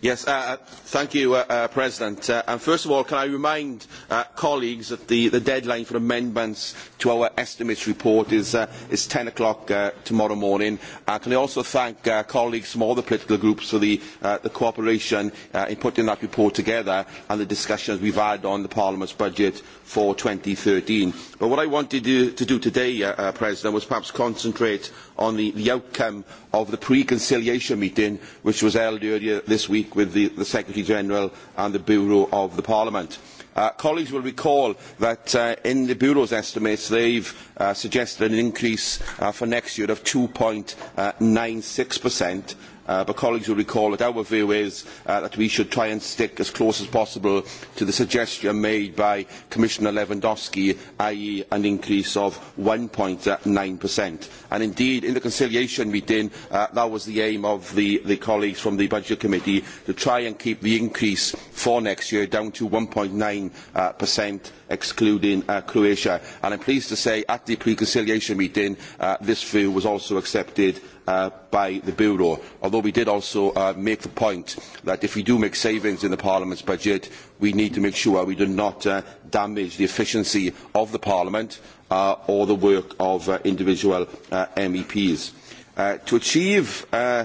Yes, uh, uh, thank you, uh, uh, President. Uh, and first of all, can I remind uh, colleagues that the, the deadline for amendments to our estimates report is, uh, is 10 o'clock uh, tomorrow morning. Uh, can I also thank uh, colleagues from all the political groups for the, uh, the cooperation uh, in putting that report together and the discussions we've had on the Parliament's budget for 2013. But what I wanted to, to do today, uh, uh, President, was perhaps concentrate on the, the outcome of the pre-conciliation meeting which was held earlier this week link with the, the Secretary General and the Bureau of the Parliament. Uh, colleagues will recall that uh, in the Bureau's estimates they've uh, suggested an increase uh, for next year of 2.96%. Uh, but colleagues will recall that our view is uh, that we should try and stick as close as possible to the suggestion made by Commissioner Lewandowski, i.e. an increase of 1.9%. Uh, and indeed, in the conciliation meeting, uh, that was the aim of the, the colleagues from the Budget Committee, to try and keep the increase for next year down to 1.9%, uh, percent, excluding uh, Croatia. And I'm pleased to say at the pre-conciliation meeting, uh, this view was also accepted uh, by the Bureau, although we did also uh, make the point that if we do make savings in the Parliament's budget, we need to make sure we do not uh, damage the efficiency of the Parliament uh, or the work of uh, individual uh, MEPs. Uh, to achieve uh,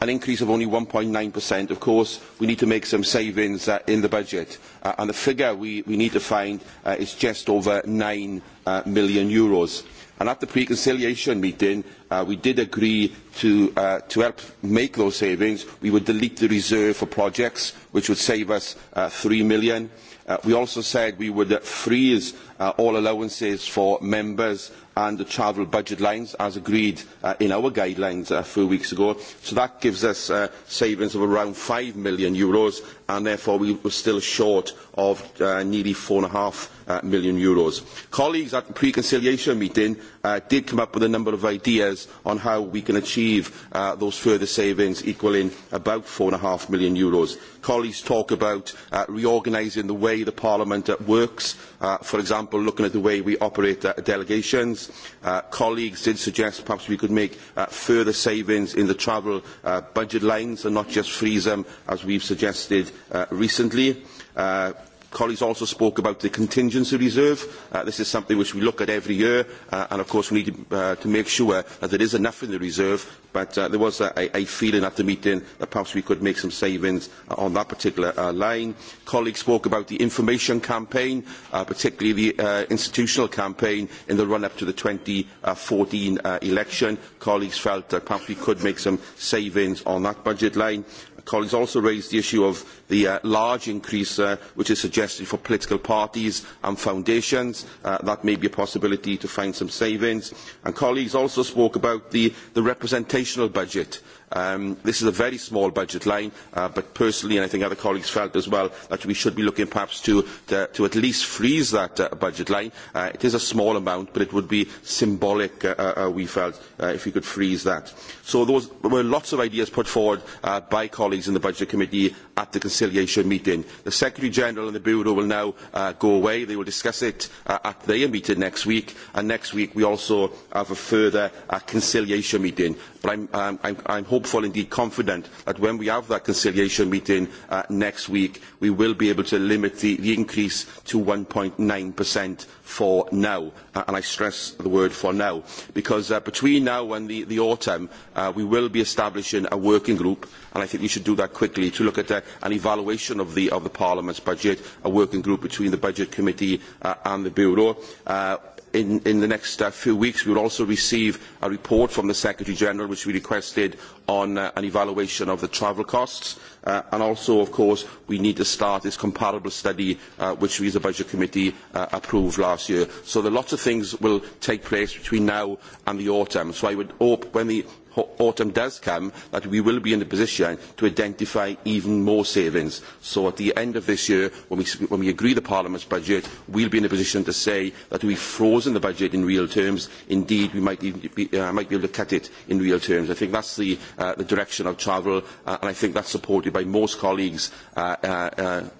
an increase of only 1.9%. Of course, we need to make some savings uh, in the budget. Uh, and the figure we, we need to find uh, is just over 9 uh, million euros. And at the pre-conciliation meeting, uh, we did agree to, uh, to help make those savings, we would delete the reserve for projects, which would save us uh, 3 million. Uh, we also said we would uh, freeze uh, all allowances for members and the travel budget lines as agreed uh, in our guidelines uh, a few weeks ago. So that gives us uh, savings of around 5 million euros and therefore we were still short of uh, nearly 4.5 uh, million euros. Colleagues at the pre-conciliation meeting uh, did come up with a number of ideas ideas on how we can achieve uh, those further savings equaling about €4.5 million. Euros. Colleagues talk about uh, reorganising the way the Parliament uh, works, uh, for example, looking at the way we operate uh, delegations. Uh, colleagues did suggest perhaps we could make uh, further savings in the travel uh, budget lines and not just freeze them as we've suggested uh, recently. Uh, Colleagues also spoke about the contingency reserve. Uh, this is something which we look at every year, uh, and of course we need to, uh, to make sure that there is enough in the reserve, but uh, there was a, a feeling at the meeting that perhaps we could make some savings uh, on that particular uh, line. Colleagues spoke about the information campaign, uh, particularly the uh, institutional campaign in the run-up to the 2014 uh, election. Colleagues felt that perhaps we could make some savings on that budget line colleagues also raised the issue of the uh, large increase uh, which is suggested for political parties and foundations. Uh, that may be a possibility to find some savings. And colleagues also spoke about the, the representational budget Um, this is a very small budget line, uh, but personally, and I think other colleagues felt as well, that we should be looking perhaps to, to, to at least freeze that uh, budget line. Uh, it is a small amount, but it would be symbolic, uh, uh, uh we felt, uh, if we could freeze that. So those were lots of ideas put forward uh, by colleagues in the Budget Committee at the conciliation meeting. The Secretary General and the Bureau will now uh, go away. They will discuss it uh, at their meeting next week, and next week we also have a further uh, conciliation meeting. But I'm, um, I'm, I'm hoping hopeful, indeed confident, that when we have that conciliation meeting uh, next week, we will be able to limit the, the increase to 1.9% for now. Uh, and I stress the word for now, because uh, between now and the, the autumn, uh, we will be establishing a working group, and I think we should do that quickly, to look at uh, an evaluation of the, of the Parliament's budget, a working group between the Budget Committee uh, and the Bureau. Uh, in, in the next uh, few weeks we will also receive a report from the Secretary General which we requested on uh, an evaluation of the travel costs uh, and also of course we need to start this comparable study uh, which we as a Budget Committee uh, approved last year. So there are lots of things will take place between now and the autumn. So I would hope when the autumn does come that we will be in a position to identify even more savings. So at the end of this year, when we, when we agree the Parliament's budget, we'll be in a position to say that we've frozen the budget in real terms. Indeed, we might, even be, uh, might be able to cut it in real terms. I think that's the, uh, the direction of travel, uh, and I think that's supported by most colleagues uh, uh,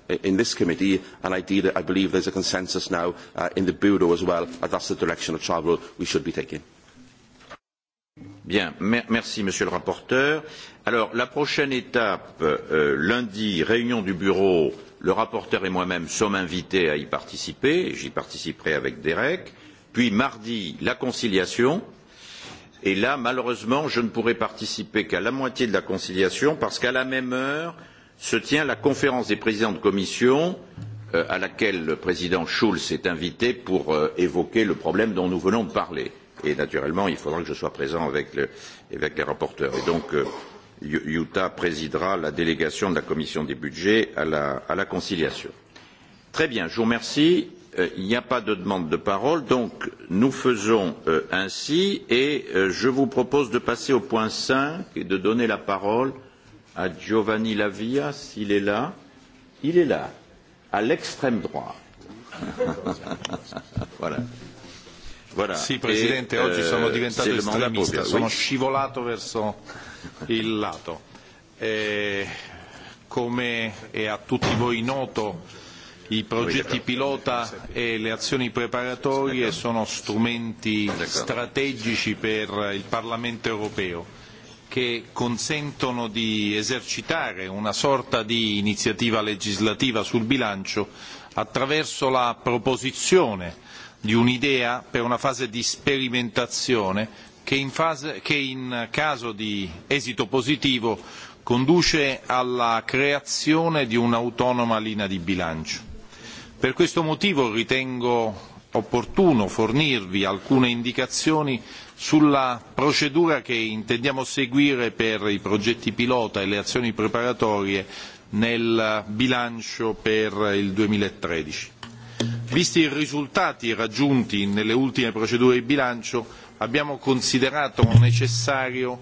uh, in this committee, and indeed I believe there's a consensus now uh, in the Bureau as well that that's the direction of travel we should be taking. Bien, mer merci Monsieur le rapporteur. Alors la prochaine étape, euh, lundi, réunion du bureau, le rapporteur et moi-même sommes invités à y participer, j'y participerai avec Derek, puis mardi, la conciliation, et là, malheureusement, je ne pourrai participer qu'à la moitié de la conciliation parce qu'à la même heure se tient la conférence des présidents de commission euh, à laquelle le président Schulz est invité pour euh, évoquer le problème dont nous venons de parler. Euh, et naturellement, il faudra que je sois présent avec, le, avec les rapporteurs. Et donc, euh, Utah présidera la délégation de la commission des budgets à la, à la conciliation. Très bien, je vous remercie. Euh, il n'y a pas de demande de parole, donc nous faisons euh, ainsi et euh, je vous propose de passer au point 5 et de donner la parole à Giovanni Lavia, s'il est là. Il est là, à l'extrême droite. voilà. Voilà. Sì, e, Presidente, e, oggi eh, sono diventato estremista, propria, sono oui. scivolato verso il lato. Eh, come è a tutti voi noto, i progetti pilota e le azioni preparatorie sono strumenti strategici per il Parlamento europeo che consentono di esercitare una sorta di iniziativa legislativa sul bilancio attraverso la proposizione di un'idea per una fase di sperimentazione che in, fase, che in caso di esito positivo conduce alla creazione di un'autonoma linea di bilancio. Per questo motivo ritengo opportuno fornirvi alcune indicazioni sulla procedura che intendiamo seguire per i progetti pilota e le azioni preparatorie nel bilancio per il 2013. Visti i risultati raggiunti nelle ultime procedure di bilancio, abbiamo considerato necessario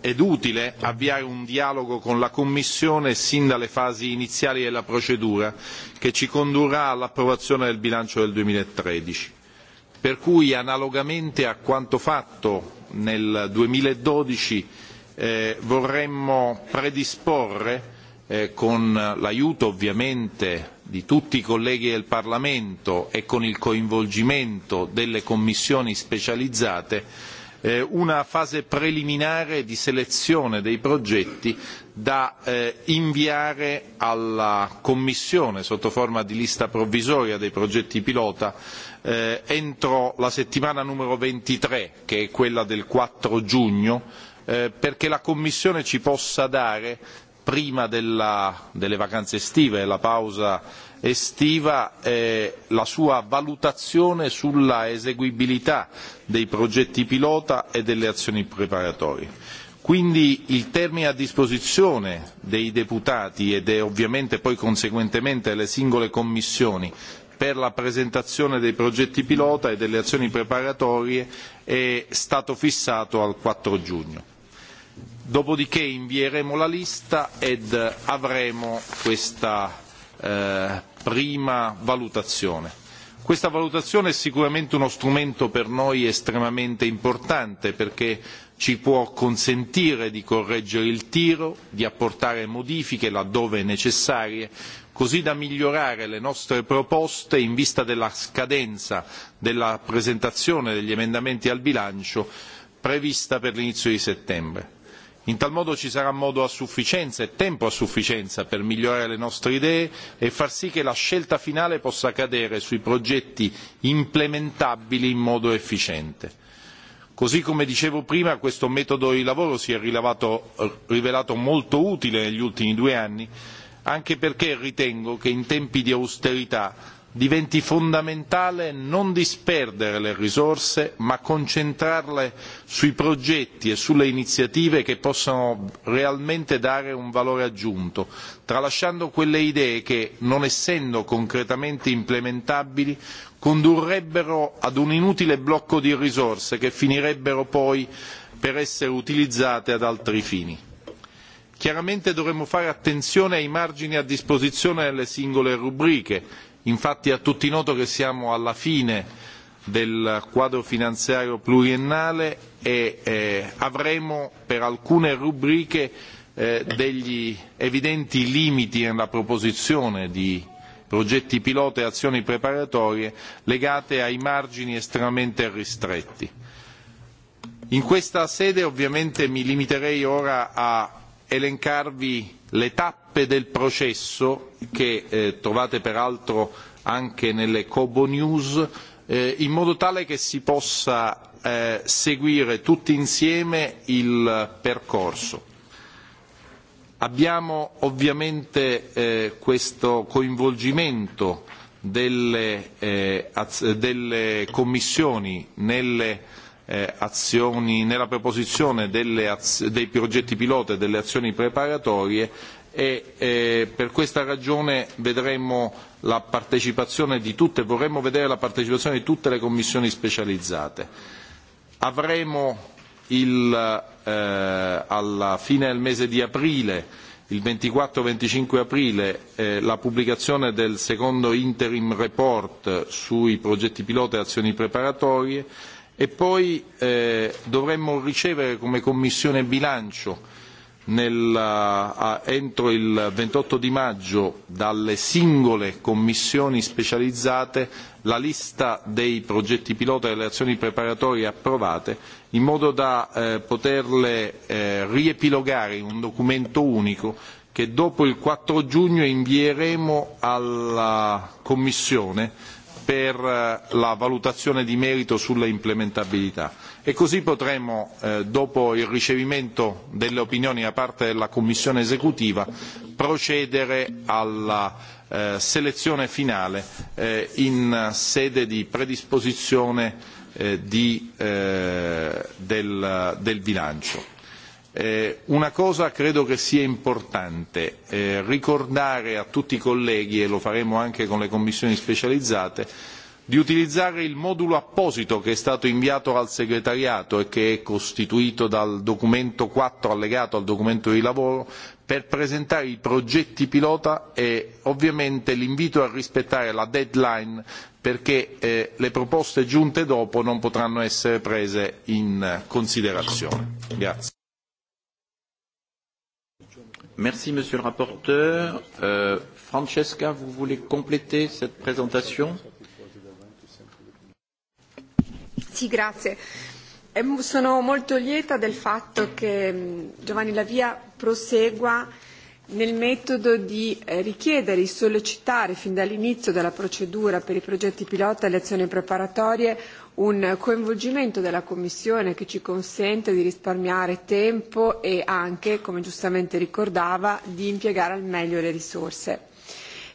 ed utile avviare un dialogo con la Commissione sin dalle fasi iniziali della procedura, che ci condurrà all'approvazione del bilancio del 2013. Per cui, analogamente a quanto fatto nel 2012, eh, vorremmo predisporre eh, con l'aiuto ovviamente di tutti i colleghi del Parlamento e con il coinvolgimento delle commissioni specializzate, eh, una fase preliminare di selezione dei progetti da eh, inviare alla Commissione sotto forma di lista provvisoria dei progetti pilota eh, entro la settimana numero 23, che è quella del 4 giugno, eh, perché la Commissione ci possa dare prima della, delle vacanze estive, della pausa estiva, eh, la sua valutazione sulla eseguibilità dei progetti pilota e delle azioni preparatorie. Quindi il termine a disposizione dei deputati ed è ovviamente poi conseguentemente alle singole commissioni per la presentazione dei progetti pilota e delle azioni preparatorie è stato fissato al 4 giugno dopodiché invieremo la lista ed avremo questa eh, prima valutazione. Questa valutazione è sicuramente uno strumento per noi estremamente importante perché ci può consentire di correggere il tiro, di apportare modifiche laddove necessarie, così da migliorare le nostre proposte in vista della scadenza della presentazione degli emendamenti al bilancio prevista per l'inizio di settembre In tal modo ci sarà modo a sufficienza e tempo a sufficienza per migliorare le nostre idee e far sì che la scelta finale possa cadere sui progetti implementabili in modo efficiente. Così come dicevo prima, questo metodo di lavoro si è rilevato, rivelato molto utile negli ultimi due anni, anche perché ritengo che in tempi di austerità diventi fondamentale non disperdere le risorse ma concentrarle sui progetti e sulle iniziative che possono realmente dare un valore aggiunto tralasciando quelle idee che non essendo concretamente implementabili condurrebbero ad un inutile blocco di risorse che finirebbero poi per essere utilizzate ad altri fini. chiaramente dovremo fare attenzione ai margini a disposizione delle singole rubriche Infatti è a tutti noto che siamo alla fine del quadro finanziario pluriennale e eh, avremo per alcune rubriche eh, degli evidenti limiti nella proposizione di progetti pilota e azioni preparatorie legate ai margini estremamente ristretti. In questa sede ovviamente mi limiterei ora a elencarvi le tappe del processo che eh, trovate peraltro anche nelle Cobo News, eh, in modo tale che si possa eh, seguire tutti insieme il percorso. Abbiamo ovviamente eh, questo coinvolgimento delle, eh, az- delle commissioni nelle eh, azioni, nella proposizione delle az- dei progetti pilota e delle azioni preparatorie e eh, per questa ragione vedremo la partecipazione di tutte, vorremmo vedere la partecipazione di tutte le commissioni specializzate. Avremo il, eh, alla fine del mese di aprile il 24-25 aprile eh, la pubblicazione del secondo interim report sui progetti pilota e azioni preparatorie e poi eh, dovremmo ricevere come Commissione bilancio nel, eh, a, entro il 28 di maggio dalle singole commissioni specializzate la lista dei progetti pilota e delle azioni preparatorie approvate in modo da eh, poterle eh, riepilogare in un documento unico che dopo il 4 giugno invieremo alla Commissione per eh, la valutazione di merito sulla implementabilità e così potremo, eh, dopo il ricevimento delle opinioni da parte della Commissione esecutiva, procedere alla eh, selezione finale eh, in sede di predisposizione eh, di, eh, del, del bilancio Eh, una cosa credo che sia importante eh, ricordare a tutti i colleghi e lo faremo anche con le commissioni specializzate di utilizzare il modulo apposito che è stato inviato al segretariato e che è costituito dal documento 4 allegato al documento di lavoro per presentare i progetti pilota e ovviamente l'invito a rispettare la deadline perché eh, le proposte giunte dopo non potranno essere prese in considerazione. Grazie. Merci, monsieur le rapporteur. Euh, Francesca, vous voulez compléter cette présentation Sì, grazie. Sono molto lieta del fatto che mm, Giovanni Lavia prosegua Nel metodo di eh, richiedere e sollecitare fin dall'inizio della procedura per i progetti pilota e le azioni preparatorie un coinvolgimento della Commissione che ci consente di risparmiare tempo e anche, come giustamente ricordava, di impiegare al meglio le risorse.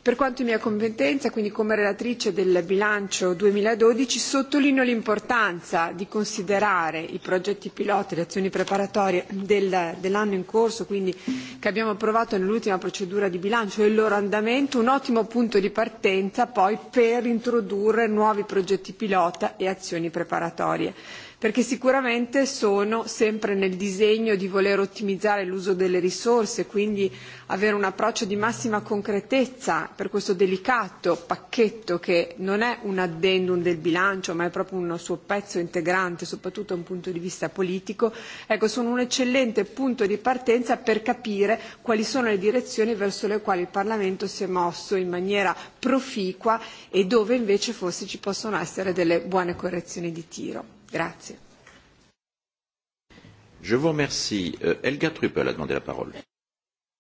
Per quanto mia competenza, quindi come relatrice del bilancio 2012, sottolineo l'importanza di considerare i progetti pilota e le azioni preparatorie del, dell'anno in corso, quindi che abbiamo approvato nell'ultima procedura di bilancio e il loro andamento, un ottimo punto di partenza poi per introdurre nuovi progetti pilota e azioni preparatorie perché sicuramente sono sempre nel disegno di voler ottimizzare l'uso delle risorse, quindi avere un approccio di massima concretezza per questo delicato pacchetto che non è un addendum del bilancio ma è proprio un suo pezzo integrante, soprattutto da un punto di vista politico, ecco, sono un eccellente punto di partenza per capire quali sono le direzioni verso le quali il Parlamento si è mosso in maniera proficua e dove invece forse ci possono essere delle buone correzioni di tiro. Grazie. Je vous remercie. Euh, Helga Truppel a demandé la parole.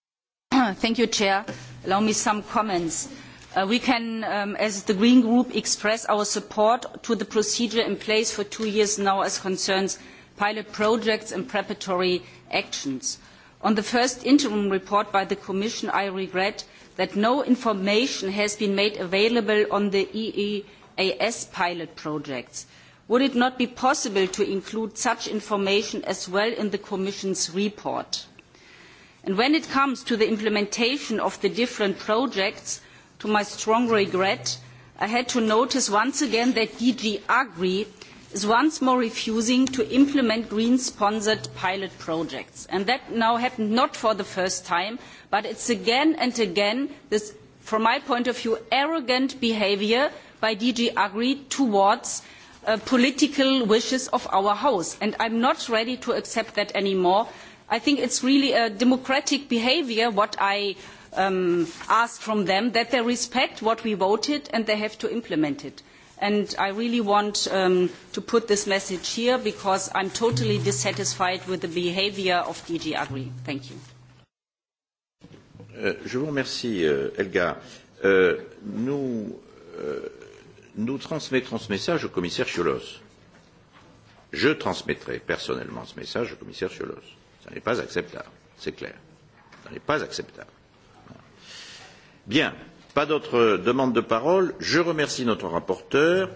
Thank you, Chair. Allow me some comments. Uh, we can, um, as the Green Group, express our support to the procedure in place for two years now as concerns pilot projects and preparatory actions. On the first interim report by the Commission, I regret that no information has been made available on the EEAS pilot projects. Uh, would it not be possible to include such information as well in the Commission's report? And when it comes to the implementation of the different projects, to my strong regret, I had to notice once again that DG Agri is once more refusing to implement green-sponsored pilot projects. And that now happened not for the first time, but it's again and again this, from my point of view, arrogant behavior by DG Agri towards uh, uh, political wishes of our house. And I'm not ready to accept that anymore. I think it's really a democratic behavior what I um, ask from them, that they respect what we voted and they have to implement it. And I really want um, to put this message here because I'm totally dissatisfied with the behavior of DG Agri. Thank you. Euh, je vous remercie, euh, Elga. Euh, nous, euh, nous transmettrons ce message au commissaire Ciolos. Je transmettrai personnellement ce message au commissaire Ciolos. Ce n'est pas acceptable, c'est clair. Ce n'est pas acceptable. Bien, pas d'autres euh, demandes de parole. Je remercie notre rapporteur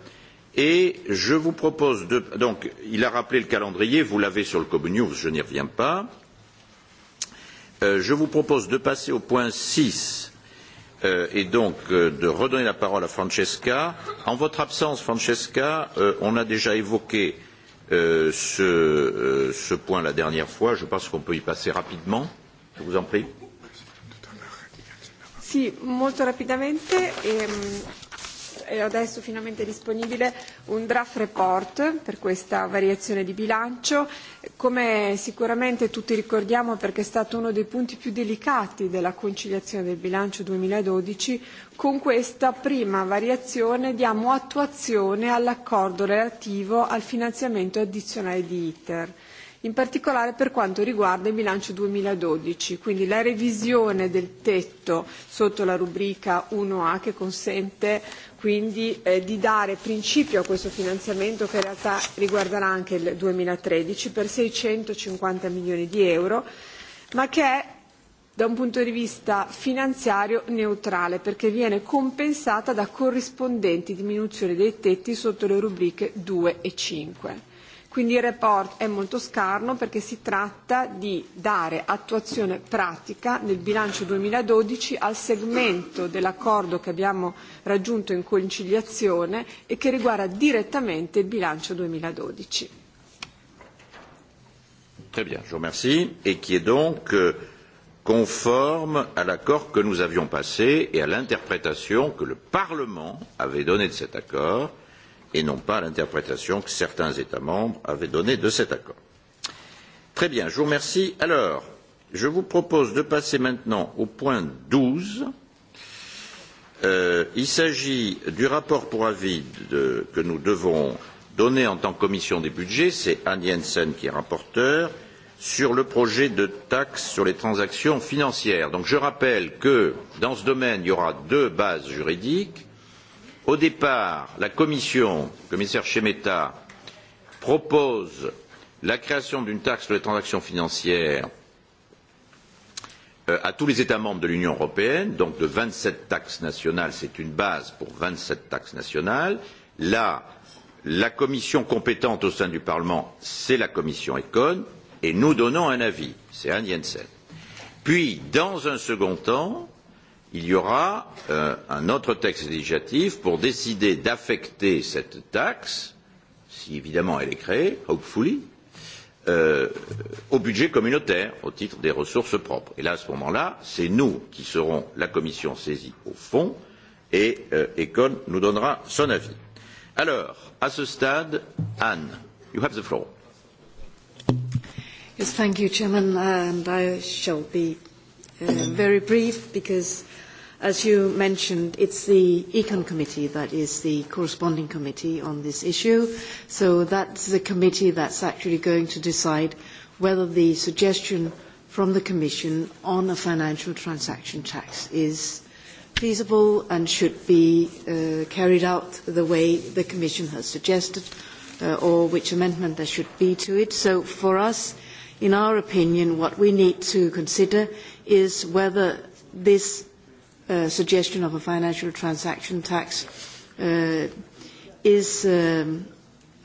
et je vous propose de. Donc, il a rappelé le calendrier, vous l'avez sur le Common News, je n'y reviens pas. Euh, je vous propose de passer au point 6 euh, et donc euh, de redonner la parole à Francesca. En votre absence, Francesca, euh, on a déjà évoqué euh, ce, euh, ce point la dernière fois. Je pense qu'on peut y passer rapidement. Je vous en prie. Sì, molto rapidamente. Ehm, è adesso finalmente disponibile un draft report per questa variazione di bilancio. Come sicuramente tutti ricordiamo, perché è stato uno dei punti più delicati della conciliazione del bilancio 2012, con questa prima variazione diamo attuazione all'accordo relativo al finanziamento addizionale di ITER in particolare per quanto riguarda il bilancio 2012, quindi la revisione del tetto sotto la rubrica 1A che consente quindi eh, di dare principio a questo finanziamento che in realtà riguarderà anche il 2013 per 650 milioni di euro, ma che è da un punto di vista finanziario neutrale perché viene compensata da corrispondenti diminuzioni dei tetti sotto le rubriche 2 e 5. Quindi il report è molto scarno perché si tratta di dare attuazione pratica nel bilancio 2012 al segmento dell'accordo che abbiamo raggiunto in conciliazione e che riguarda direttamente il bilancio 2012. Très bien, je vous remercie et qui est donc euh, conforme à l'accord que nous avions passé et à l'interprétation que le Parlement avait donnée de cet accord et non pas l'interprétation que certains États membres avaient donnée de cet accord. Très bien, je vous remercie. Alors, je vous propose de passer maintenant au point 12. Euh, il s'agit du rapport pour avis de, que nous devons donné en tant que commission des budgets, c'est Anne Jensen qui est rapporteur, sur le projet de taxe sur les transactions financières. Donc je rappelle que dans ce domaine, il y aura deux bases juridiques. Au départ, la Commission, commissaire Chemeta, propose la création d'une taxe sur les transactions financières euh, à tous les États membres de l'Union européenne, donc de 27 taxes nationales, c'est une base pour 27 taxes nationales. Là, la commission compétente au sein du Parlement, c'est la commission ECON, et nous donnons un avis, c'est Anne Jensen. Puis, dans un second temps, il y aura euh, un autre texte législatif pour décider d'affecter cette taxe, si évidemment elle est créée, hopefully, euh, au budget communautaire au titre des ressources propres. Et là, à ce moment-là, c'est nous qui serons la commission saisie au fond et euh, Econ nous donnera son avis. Alors, à ce stade, Anne, you have the floor. Yes, thank you, Chairman, and I shall be uh, very brief because As you mentioned, it's the Econ Committee that is the corresponding committee on this issue. So that's the committee that's actually going to decide whether the suggestion from the Commission on a financial transaction tax is feasible and should be uh, carried out the way the Commission has suggested uh, or which amendment there should be to it. So for us, in our opinion, what we need to consider is whether this uh, suggestion of a financial transaction tax uh, is um,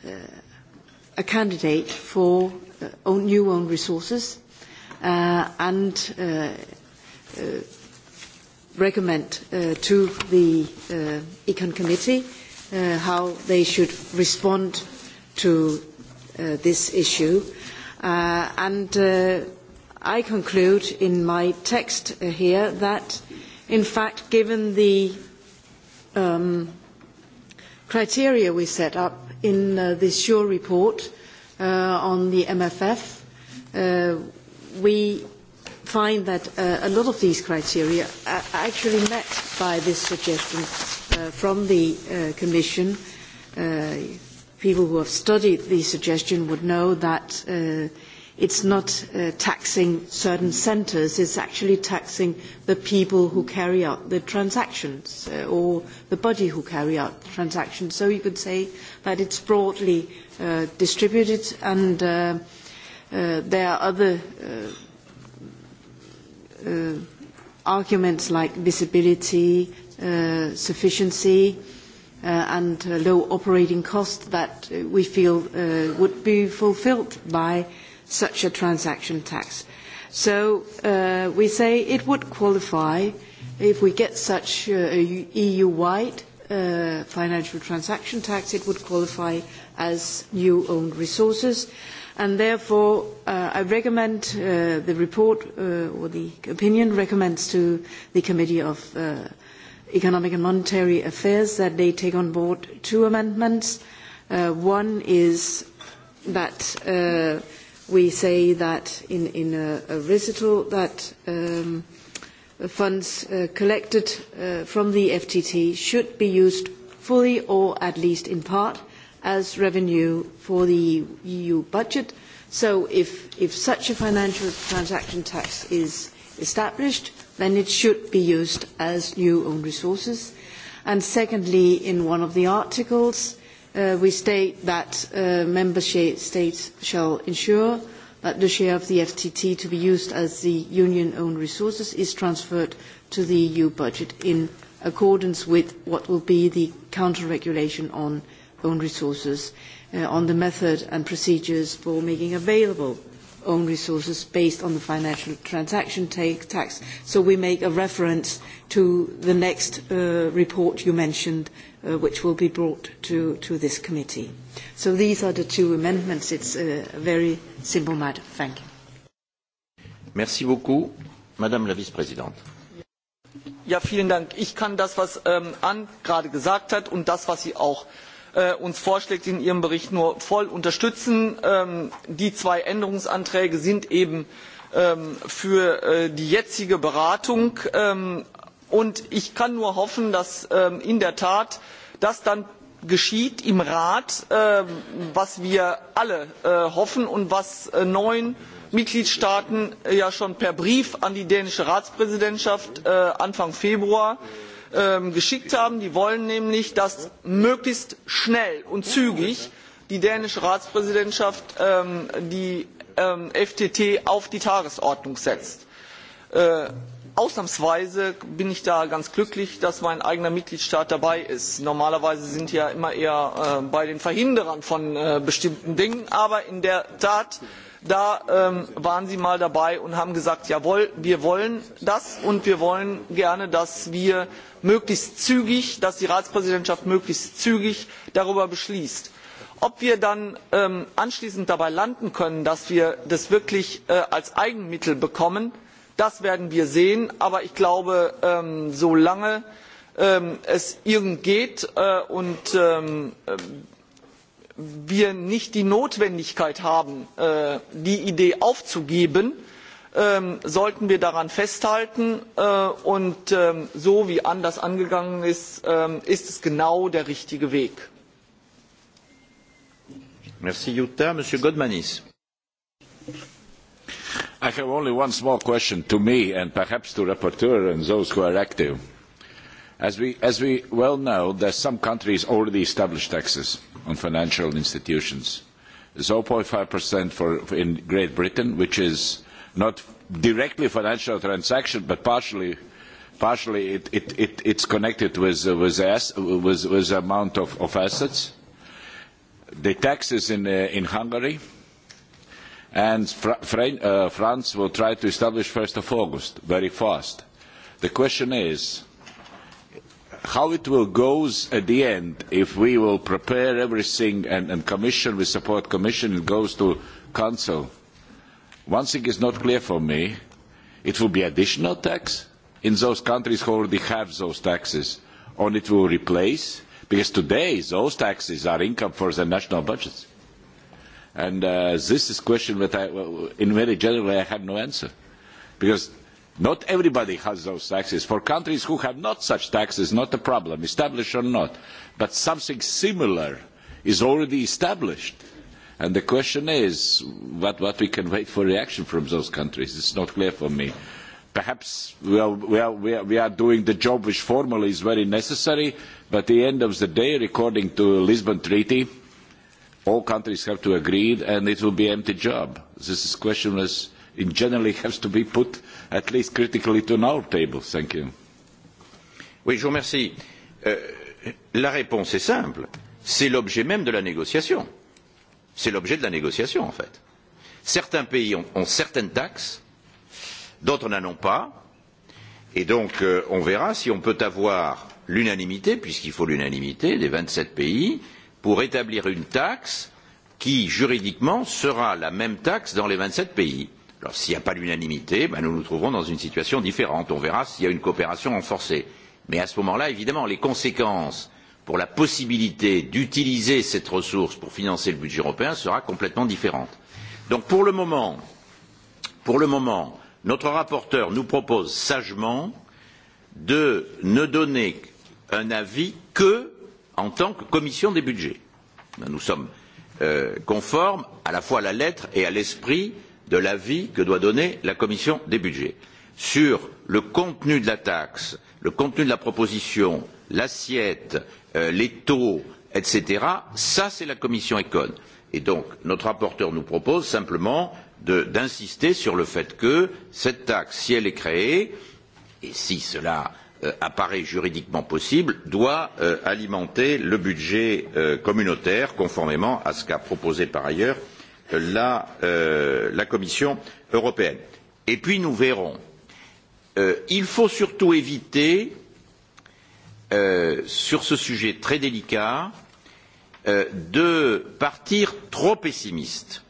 uh, a candidate for uh, own, new own resources uh, and uh, uh, recommend uh, to the uh, Econ Committee uh, how they should respond to uh, this issue. Uh, and uh, I conclude in my text uh, here that In fact, given the um, criteria we set up in uh, this SURE report uh, on the MFF, uh, we find that uh, a lot of these criteria are actually met by this suggestion uh, from the uh, Commission. Uh, people who have studied the suggestion would know that uh, it's not uh, taxing certain centers, it's actually taxing the people who carry out the transactions uh, or the body who carry out the transactions. So you could say that it's broadly uh, distributed and uh, uh, there are other uh, uh, arguments like visibility, uh, sufficiency, uh, and uh, low operating cost that uh, we feel uh, would be fulfilled by uh, such a transaction tax. So uh, we say it would qualify if we get such uh, EU-wide uh, financial transaction tax, it would qualify as new owned resources. And therefore, uh, I recommend uh, the report uh, or the opinion recommends to the Committee of uh, Economic and Monetary Affairs that they take on board two amendments. Uh, one is that uh, we say that in, in a, a recital that um, funds uh, collected uh, from the FTT should be used fully or at least in part as revenue for the EU budget. So if, if such a financial transaction tax is established, then it should be used as new own resources. And secondly, in one of the articles, uh, uh, we state that uh, member states shall ensure that the share of the FTT to be used as the union-owned resources is transferred to the EU budget in accordance with what will be the counter-regulation on own resources uh, on the method and procedures for making available own resources based on the financial transaction tax. So we make a reference to the next uh, report you mentioned uh, which will be brought to, to this committee. So these are the two amendments. It's a very simple matter. Thank you. Merci beaucoup, Madame la Vice-Présidente. Ja, vielen Dank. Ich kann das, was ähm, Anne gerade gesagt hat und das, was sie auch äh, uns vorschlägt in ihrem Bericht, nur voll unterstützen. Ähm, die zwei Änderungsanträge sind eben ähm, für äh, die jetzige Beratung ähm, und ich kann nur hoffen dass ähm, in der tat das dann geschieht im rat ähm, was wir alle äh, hoffen und was äh, neun mitgliedstaaten äh, ja schon per brief an die dänische ratspräsidentschaft anfang februar ähm, geschickt haben. die wollen nämlich dass möglichst schnell und zügig die dänische ratspräsidentschaft die ftt auf die tagesordnung setzt ausnahmsweise bin ich da ganz glücklich dass mein eigener mitgliedstaat dabei ist. normalerweise sind wir ja immer eher äh, bei den verhinderern von äh, bestimmten dingen aber in der tat da ähm, waren sie mal dabei und haben gesagt jawohl wir wollen das und wir wollen gerne dass wir möglichst zügig dass die ratspräsidentschaft möglichst zügig darüber beschließt ob wir dann ähm, anschließend dabei landen können dass wir das wirklich äh, als eigenmittel bekommen das werden wir sehen aber ich glaube ähm, solange ähm, es irgend geht äh, und ähm, wir nicht die notwendigkeit haben äh, die idee aufzugeben ähm, sollten wir daran festhalten äh, und ähm, so wie an das angegangen ist ähm, ist es genau der richtige weg. Merci, Jutta. Monsieur Godmanis. I have only one small question to me and perhaps to rapporteur and those who are active. As we, as we well know, there are some countries already established taxes on financial institutions. 0.5% for, for in Great Britain, which is not directly financial transaction, but partially, partially it, it, it, it's connected with, uh, with, ass, with, with the amount of, of assets. The taxes in, uh, in Hungary, 0.5% and Fr Fr uh, France will try to establish 1st of August, very fast. The question is how it will go at the end if we will prepare everything and, and Commission, we support Commission, it goes to Council. One thing is not clear for me, it will be additional tax in those countries who already have those taxes, or it will replace, because today those taxes are income for the national budgets. Mm And uh, this is a question that I, in very generally, I have no answer. Because not everybody has those taxes. For countries who have not such taxes, not a problem, established or not. But something similar is already established. And the question is what, what we can wait for reaction from those countries. It's not clear for me. Perhaps we are, we, are, we, are, we are doing the job which formally is very necessary, but at the end of the day, according to the Lisbon Treaty, all countries have to agree and it will be an empty job. This is question that in generally has to be put at least critically to our table. Thank you. Oui, je vous remercie. Euh, la réponse est simple. C'est l'objet même de la négociation. C'est l'objet de la négociation, en fait. Certains pays ont, ont certaines taxes, d'autres n'en ont pas, et donc euh, on verra si on peut avoir l'unanimité, puisqu'il faut l'unanimité des 27 pays, euh, pour établir une taxe qui, juridiquement, sera la même taxe dans les 27 pays. Alors, s'il n'y a pas l'unanimité, ben, nous nous trouverons dans une situation différente. On verra s'il y a une coopération renforcée. Mais à ce moment-là, évidemment, les conséquences pour la possibilité d'utiliser cette ressource pour financer le budget européen sera complètement différente. Donc, pour le moment, pour le moment, notre rapporteur nous propose sagement de ne donner un avis que en tant que commission des budgets. Nous sommes euh, conformes à la fois à la lettre et à l'esprit de l'avis que doit donner la commission des budgets. Sur le contenu de la taxe, le contenu de la proposition, l'assiette, euh, les taux, etc., ça c'est la commission ECON. Et donc notre rapporteur nous propose simplement d'insister sur le fait que cette taxe, si elle est créée, et si cela euh, euh, apparaît juridiquement possible, doit euh, alimenter le budget euh, communautaire, conformément à ce qu'a proposé par ailleurs euh, la, euh, la Commission européenne. Et puis nous verrons. Euh, il faut surtout éviter, euh, sur ce sujet très délicat, euh, de partir trop pessimiste.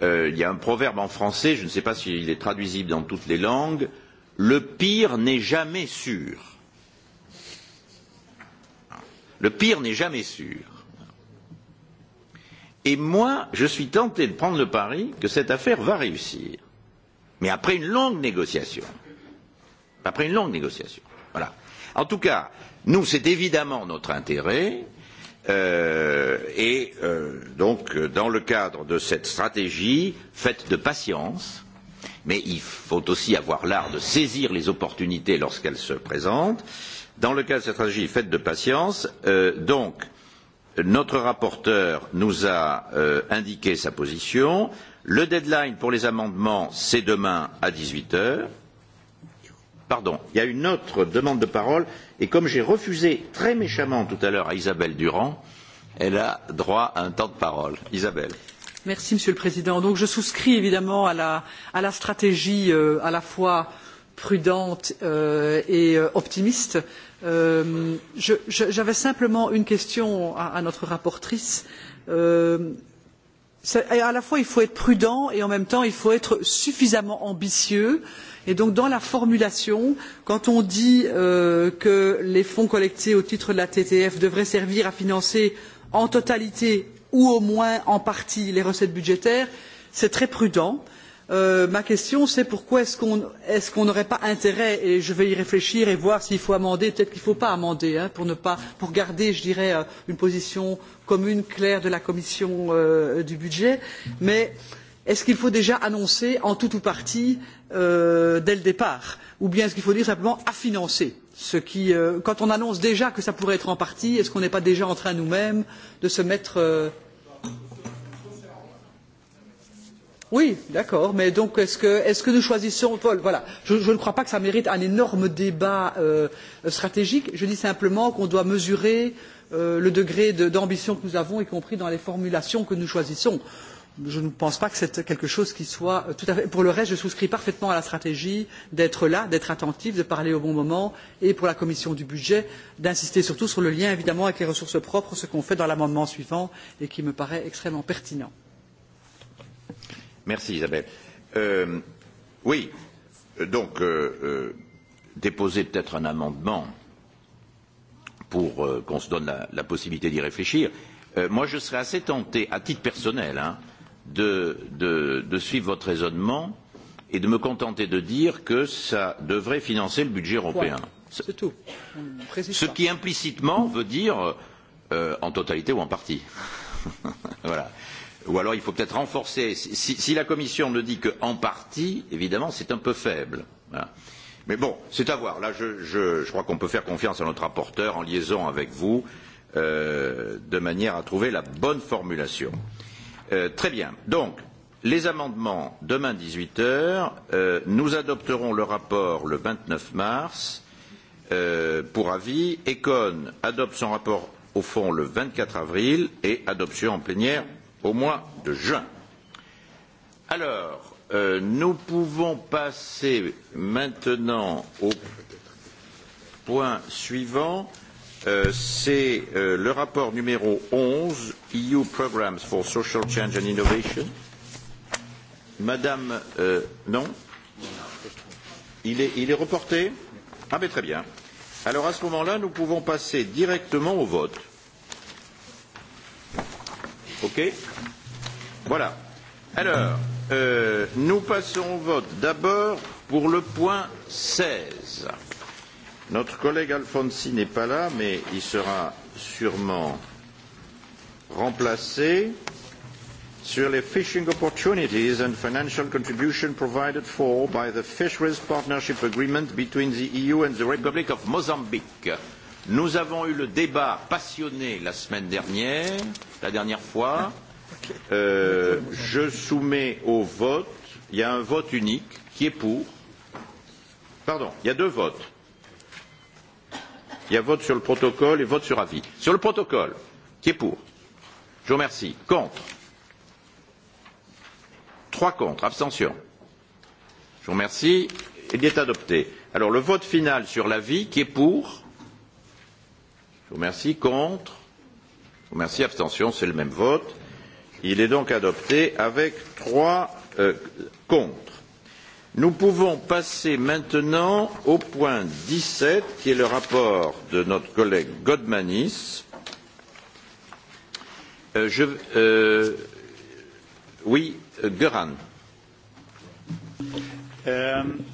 Euh, il y a un proverbe en français, je ne sais pas s'il est traduisible dans toutes les langues, euh, le pire n'est jamais sûr. Le pire n'est jamais sûr. Et moi, je suis tenté de prendre le pari que cette affaire va réussir. Mais après une longue négociation. Après une longue négociation. Voilà. En tout cas, nous, c'est évidemment notre intérêt. Euh, et euh, donc, dans le cadre de cette stratégie faite de patience, mais il faut aussi avoir l'art de saisir les opportunités lorsqu'elles se présentent. Dans le cas de cette stratégie, faites de patience. Euh, donc, notre rapporteur nous a euh, indiqué sa position. Le deadline pour les amendements, c'est demain à 18 heures. Pardon, il y a une autre demande de parole, et comme j'ai refusé très méchamment tout à l'heure à Isabelle Durand, elle a droit à un temps de parole. Isabelle. Euh, Merci, Monsieur le Président. Donc, je souscris évidemment à la, à la stratégie euh, à la fois prudente euh, et euh, optimiste. Euh, J'avais simplement une question à, à notre rapportrice. Euh, à la fois il faut être prudent et en même temps il faut être suffisamment ambitieux et donc dans la formulation quand on dit euh, que les fonds collectés au titre de la ttf devraient servir à financer en totalité ou au moins en partie les recettes budgétaires c'est très prudent. Euh, ma question c'est pourquoi est-ce qu'on est qu n'aurait pas intérêt et je vais y réfléchir et voir s'il faut amender peut-être qu'il ne faut pas amender hein, pour, ne pas, pour garder je dirais euh, une position commune claire de la commission euh, du budget mais euh, est ce qu'il faut déjà annoncer en tout ou partie euh, dès le départ ou bien est ce qu'il faut dire simplement à financer? Ce qui, euh, quand on annonce déjà que ça pourrait être en partie, est ce qu'on n'est pas déjà en train nous mêmes de se mettre euh... Oui, d'accord, mais donc est-ce que, est que nous choisissons Paul, voilà, je, je ne crois pas que ça mérite un énorme débat euh, stratégique, je dis simplement qu'on doit mesurer euh, le degré d'ambition de, que nous avons, y compris dans les formulations que nous choisissons. Euh, je ne pense pas que c'est quelque chose qui soit euh, tout à fait. Pour le reste, je souscris parfaitement à la stratégie d'être là, d'être attentif, de parler au bon moment, et pour la commission du budget, d'insister surtout sur le lien évidemment avec les ressources propres, ce qu'on fait dans l'amendement suivant et qui me paraît extrêmement pertinent. Merci Isabelle. Euh, oui, donc euh, euh, déposer peut-être un amendement pour euh, qu'on se donne la, la possibilité d'y réfléchir. Euh, moi, je serais assez tenté, à titre personnel, hein, euh, de, de, de suivre votre raisonnement et de me contenter de dire que ça devrait financer le budget européen. Voilà. C'est tout. Ce pas. qui implicitement veut dire euh, en totalité ou en partie. voilà. Ou alors il faut peut-être renforcer. Si, si la Commission ne dit qu'en partie, évidemment, c'est un peu faible. Voilà. Mais bon, c'est à voir. Là, je, je, je crois qu'on peut faire confiance à notre rapporteur en liaison avec vous euh, de manière à trouver la bonne formulation. Euh, Euh, très bien. Donc, les amendements demain 18 heures. Euh, nous adopterons le rapport le 29 mars euh, pour avis. Econ adopte son rapport au fond le 24 avril et adoption en plénière au mois de juin. Alors, euh, nous pouvons passer maintenant au point suivant. Euh, euh, c'est euh, le rapport numéro 11, EU Programs for Social Change and Innovation. Madame, euh, non il est, il est reporté Ah mais très bien. Alors à ce moment-là, nous pouvons passer directement au vote. OK Voilà. Alors, euh, nous passons au vote d'abord pour le point 16. Notre collègue Alfonsi n'est pas là, mais il sera sûrement remplacé sur les fishing opportunities and financial contribution provided for by the Fisheries Partnership Agreement between the EU and the Republic of Mozambique. Nous avons eu le débat passionné la semaine dernière, la dernière fois. Euh, je soumets au vote, il y a un vote unique qui est pour. Pardon, il y a deux votes Il y a vote sur le protocole et vote sur avis. Sur le protocole, qui est pour Je vous remercie. Contre Trois contre. Abstention. Je vous remercie. Il est adopté. Alors le vote final sur l'avis, qui est pour Je vous remercie. Contre Je vous remercie. Abstention, c'est le même vote. Il est donc adopté avec trois euh, contre. Nous pouvons passer maintenant au point 17, qui est le rapport de notre collègue Godmanis. Euh, je, euh, oui, Göran. Um,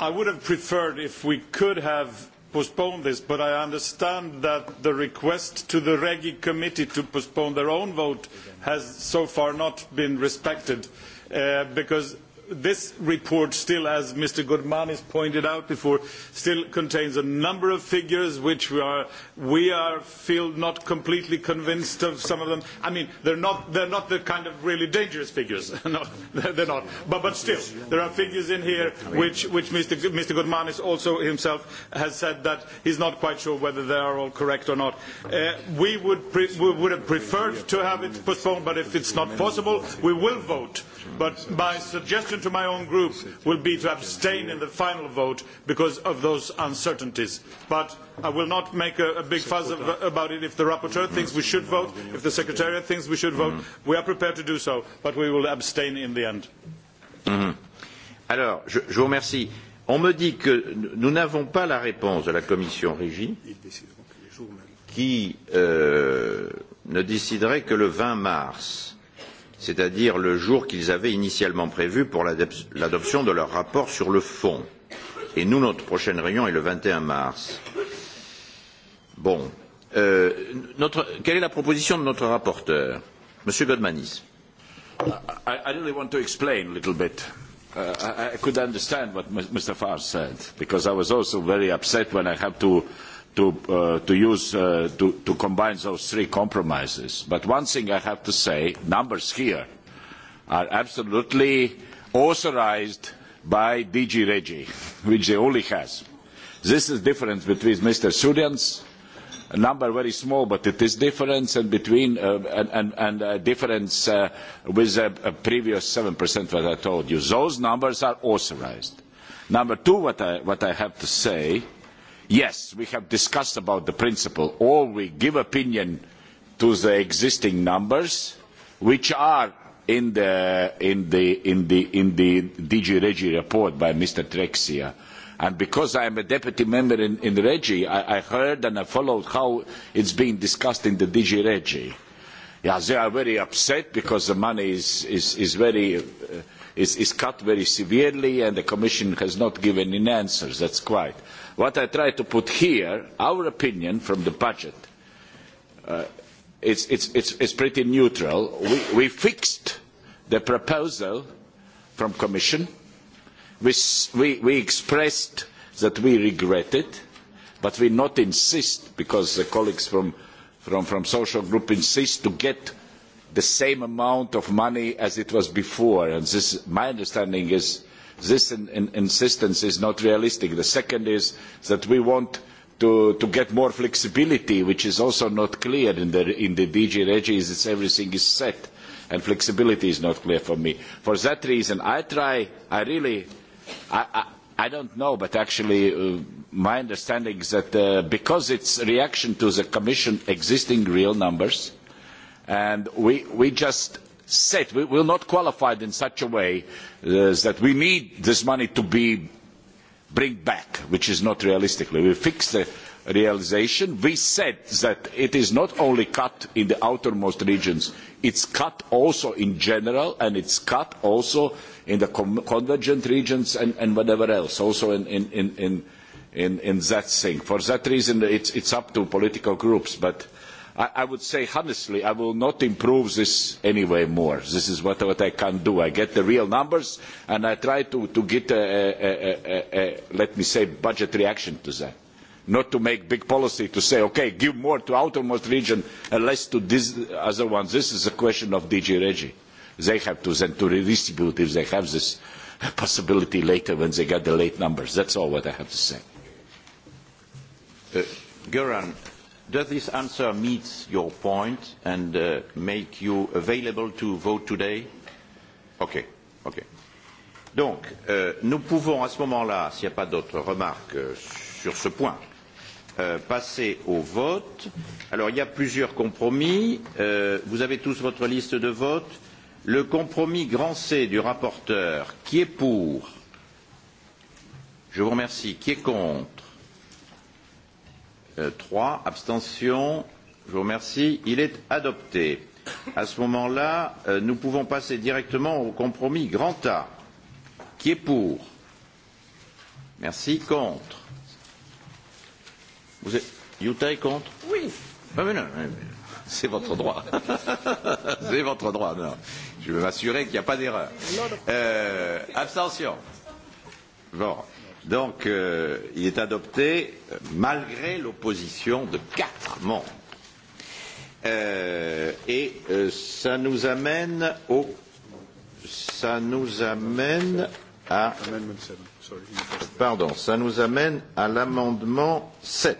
I would have preferred if we could have postponed this, but I understand that the request to the Regi committee to postpone their own vote has so far not been respected, uh, because this report still, as Mr. Godmanis pointed out before, still contains a number of figures which we are, we are feel not completely convinced of some of them. I mean, they're not, they're not the kind of really dangerous figures. no, they're not. But, but still, there are figures in here which, which Mr. G Mr. Godmanis also himself has said that he's not quite sure whether they are all correct or not. Uh, we, would pre- we would have preferred to have it postponed, but if it's not possible, we will vote. But my suggestion suggestion to my own group will be to abstain in the final vote because of those uncertainties. But I will not make a, a big fuss of, about it. If the rapporteur thinks we should vote, if the secretariat thinks we should vote, mm-hmm. we are prepared to do so, but we will abstain in the end. Mm -hmm. Alors, je, je vous remercie. On me dit que nous n'avons pas la réponse de la commission Régie, qui euh, ne déciderait que le 20 mars c'est-à-dire le jour qu'ils avaient initialement prévu pour l'adoption de leur rapport sur le fond. Et nous, notre prochaine réunion est le 21 mars. Bon. Euh, notre, quelle est la proposition de notre rapporteur Monsieur Godmanis. I, I really want to explain a little bit. Uh, I, I could understand what Mr. Farr said, because I was also very upset when I had to uh, to, uh, to use, uh, to, to combine those three compromises. But one thing I have to say, numbers here are absolutely authorized by DG Regi, which they only has. This is difference between Mr. Sudan's a number very small, but it is difference and between uh, and, and, and uh, difference uh, with a, a uh, previous 7% that I told you. Those numbers are authorized. Number two, what I, what I have to say, uh, yes, we have discussed about the principle, or we give opinion to the existing numbers, which are in the, in the, in the, in the DG Regi report by Mr. Trexia. And because I am a deputy member in, in Regi, I, I heard and I followed how it's being discussed in the DG Regi. Yeah, they are very upset because the money is, is, is very... Uh, is, is cut very severely and the Commission has not given any answers, that's quite. Uh, What I try to put here, our opinion from the budget, uh, it's, it's, it's, it's pretty neutral. We, we fixed the proposal from Commission. We, we, we expressed that we regret it, but we not insist, because the colleagues from, from, from social group insist to get the same amount of money as it was before. And this, my understanding is This in, in, insistence is not realistic. The second is that we want to, to get more flexibility, which is also not clear in the, in the DG regis. It's everything is set, and flexibility is not clear for me. For that reason, I try, I really, I, I, I don't know, but actually uh, my understanding is that uh, because it's reaction to the Commission existing real numbers, and we, we just set. We will not qualify it in such a way uh, that we need this money to be bring back, which is not realistically. We fix the realization. We said that it is not only cut in the outermost regions, it's cut also in general, and it's cut also in the convergent regions and, and whatever else, also in, in, in, in, in that thing. For that reason, it's, it's up to political groups, but I, I would say honestly, I will not improve this anyway more. This is what, what I can do. I get the real numbers and I try to, to get a, a, a, a, a, let me say, budget reaction to that. Not to make big policy to say, okay, give more to outermost region and less to this other one. This is a question of DG Regi. They have to then to redistribute if they have this possibility later when they get the late numbers. That's all what I have to say. Uh, Göran, does this answer meet your point and uh, make you available to vote today? OK. OK. Donc, euh, nous pouvons à ce moment-là, s'il n'y a pas d'autres remarques euh, sur ce point, euh, passer au vote. Alors, il y a plusieurs compromis. Euh, vous avez tous votre liste de vote. Le compromis grand C du rapporteur, qui est pour Je vous remercie. Qui est contre euh, 3, abstention, je vous remercie, il est adopté. À ce moment-là, euh, nous pouvons passer directement au compromis grand A. Qui est pour Merci. Contre Vous êtes... Utah est contre Oui. Ah, mais non, mais... C'est votre droit. C'est votre droit. Non. Je veux m'assurer qu'il n'y a pas d'erreur. Euh, abstention. Bon. Donc, euh, il est adopté malgré l'opposition de quatre membres. Euh, et euh, ça nous amène au. Ça nous amène à. Pardon, ça nous amène à l'amendement 7.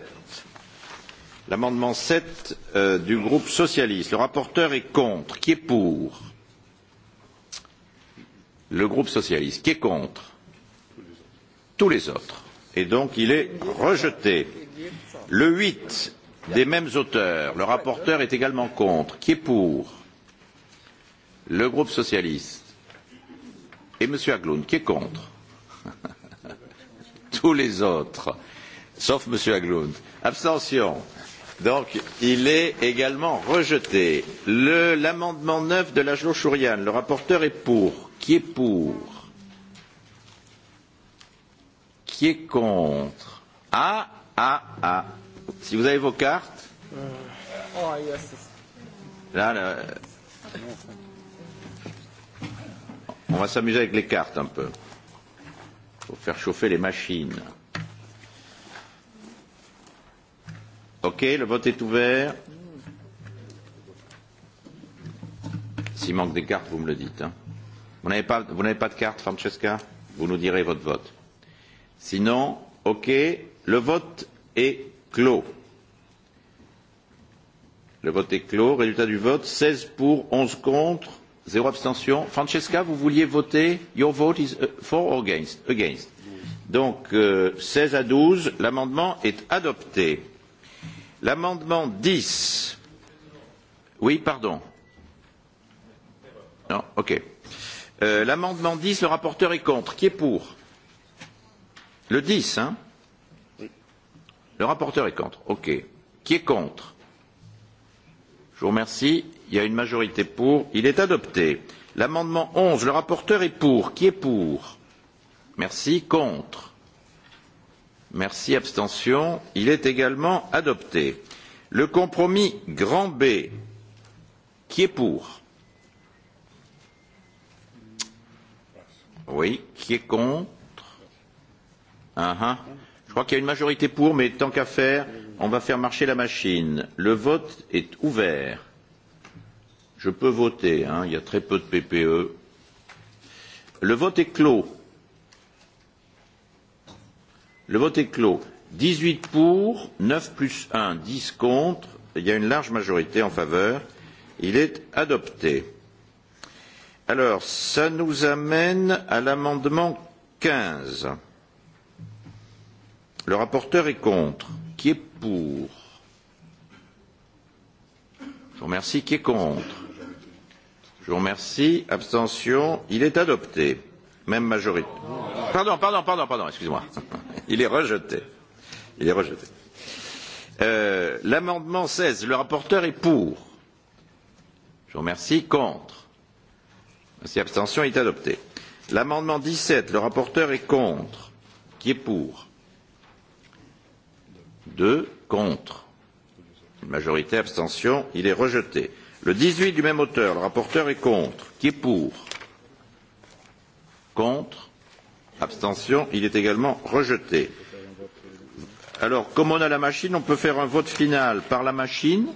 L'amendement 7 euh, du groupe socialiste. Le rapporteur est contre. Qui est pour Le groupe socialiste. Qui est contre tous les autres et donc il est rejeté. Le 8 des mêmes auteurs, le rapporteur est également contre. Qui est pour Le groupe socialiste et M. Agloun, qui est contre Tous les autres, sauf M. Agloun. Abstention. Donc, il est également rejeté. L'amendement 9 de Lajlo Chourian, le rapporteur est pour. Qui est pour Qui est contre Ah, ah, ah. Si vous avez vos cartes. Euh, oh, là, là. On va s'amuser avec les cartes un peu. Pour faire chauffer les machines. Ok, le vote est ouvert. S'il manque des cartes, vous me le dites. Hein. Vous n'avez pas, vous n'avez pas de carte, Francesca Vous nous direz votre vote. Sinon, OK, le vote est clos. Le vote est clos. Résultat du vote, 16 pour, 11 contre, 0 abstention. Francesca, vous vouliez voter Your vote is uh, for or against, against. Donc, euh, 16 à 12, l'amendement est adopté. L'amendement 10. Oui, pardon. Non, OK. Euh, l'amendement 10, le rapporteur est contre. Qui est pour Le 10, hein oui. Le rapporteur est contre. OK. Qui est contre Je vous remercie. Il y a une majorité pour. Il est adopté. L'amendement 11, le rapporteur est pour. Qui est pour Merci. Contre Merci. Abstention. Il est également adopté. Le compromis grand B, qui est pour Oui. Qui est contre Uh -huh. Je crois qu'il y a une majorité pour, mais tant qu'à faire, on va faire marcher la machine. Le vote est ouvert. Je peux voter, hein, il y a très peu de PPE. Le vote est clos. Le vote est clos. 18 pour, 9 plus 1, 10 contre. Il y a une large majorité en faveur. Il est adopté. Alors, ça nous amène à l'amendement 15. Le rapporteur est contre. Qui est pour Je vous remercie. Qui est contre Je vous remercie. Abstention. Il est adopté. Même majorité. Pardon, pardon, pardon, pardon, excusez-moi. Il est rejeté. Il est rejeté. Euh, L'amendement 16, le rapporteur est pour. Je vous remercie. Contre. Merci. Abstention. Il est adopté. L'amendement 17, le rapporteur est contre. Qui est pour deux contre une majorité abstention il est rejeté le dix huit du même auteur le rapporteur est contre qui est pour contre abstention il est également rejeté alors comme on a la machine on peut faire un vote final par la machine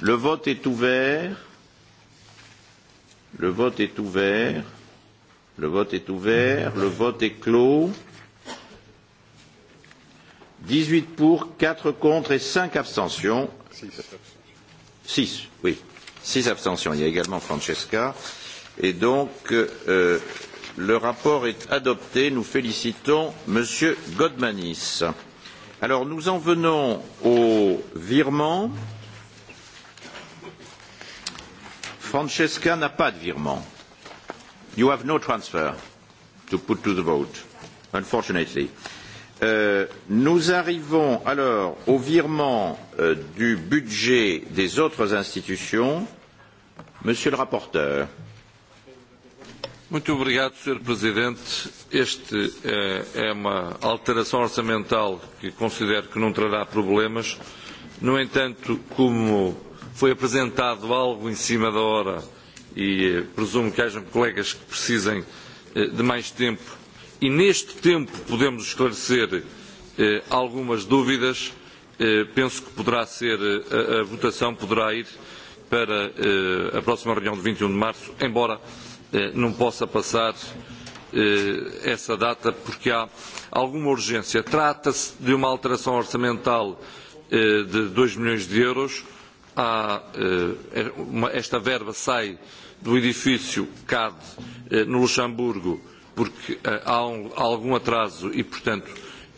le vote est ouvert le vote est ouvert le vote est ouvert le vote est clos dix huit pour quatre contre et cinq abstentions six oui six abstentions il y a également francesca et donc euh, le rapport est adopté nous félicitons m. godmanis. alors nous en venons au virement francesca n'a pas de virement you have no transfer to put to the vote unfortunately. Euh, Euh, nous arrivons alors au virement euh, du budget des autres institutions. Monsieur le rapporteur. Muito obrigado, Sr. Presidente. Este é, eh, é uma alteração orçamental que considero que não trará problemas. No entanto, como foi apresentado algo em cima da hora e eh, presumo que hajam colegas que precisem eh, de mais tempo, e neste tempo podemos esclarecer eh, algumas dúvidas. Eh, penso que poderá ser, eh, a, a votação poderá ir para eh, a próxima reunião de 21 e um de março, embora eh, não possa passar eh, essa data porque há alguma urgência. Trata-se de uma alteração orçamental eh, de 2 milhões de euros. Há, eh, uma, esta verba sai do edifício CAD eh, no Luxemburgo porque eh, há, um, há algum atraso e, portanto,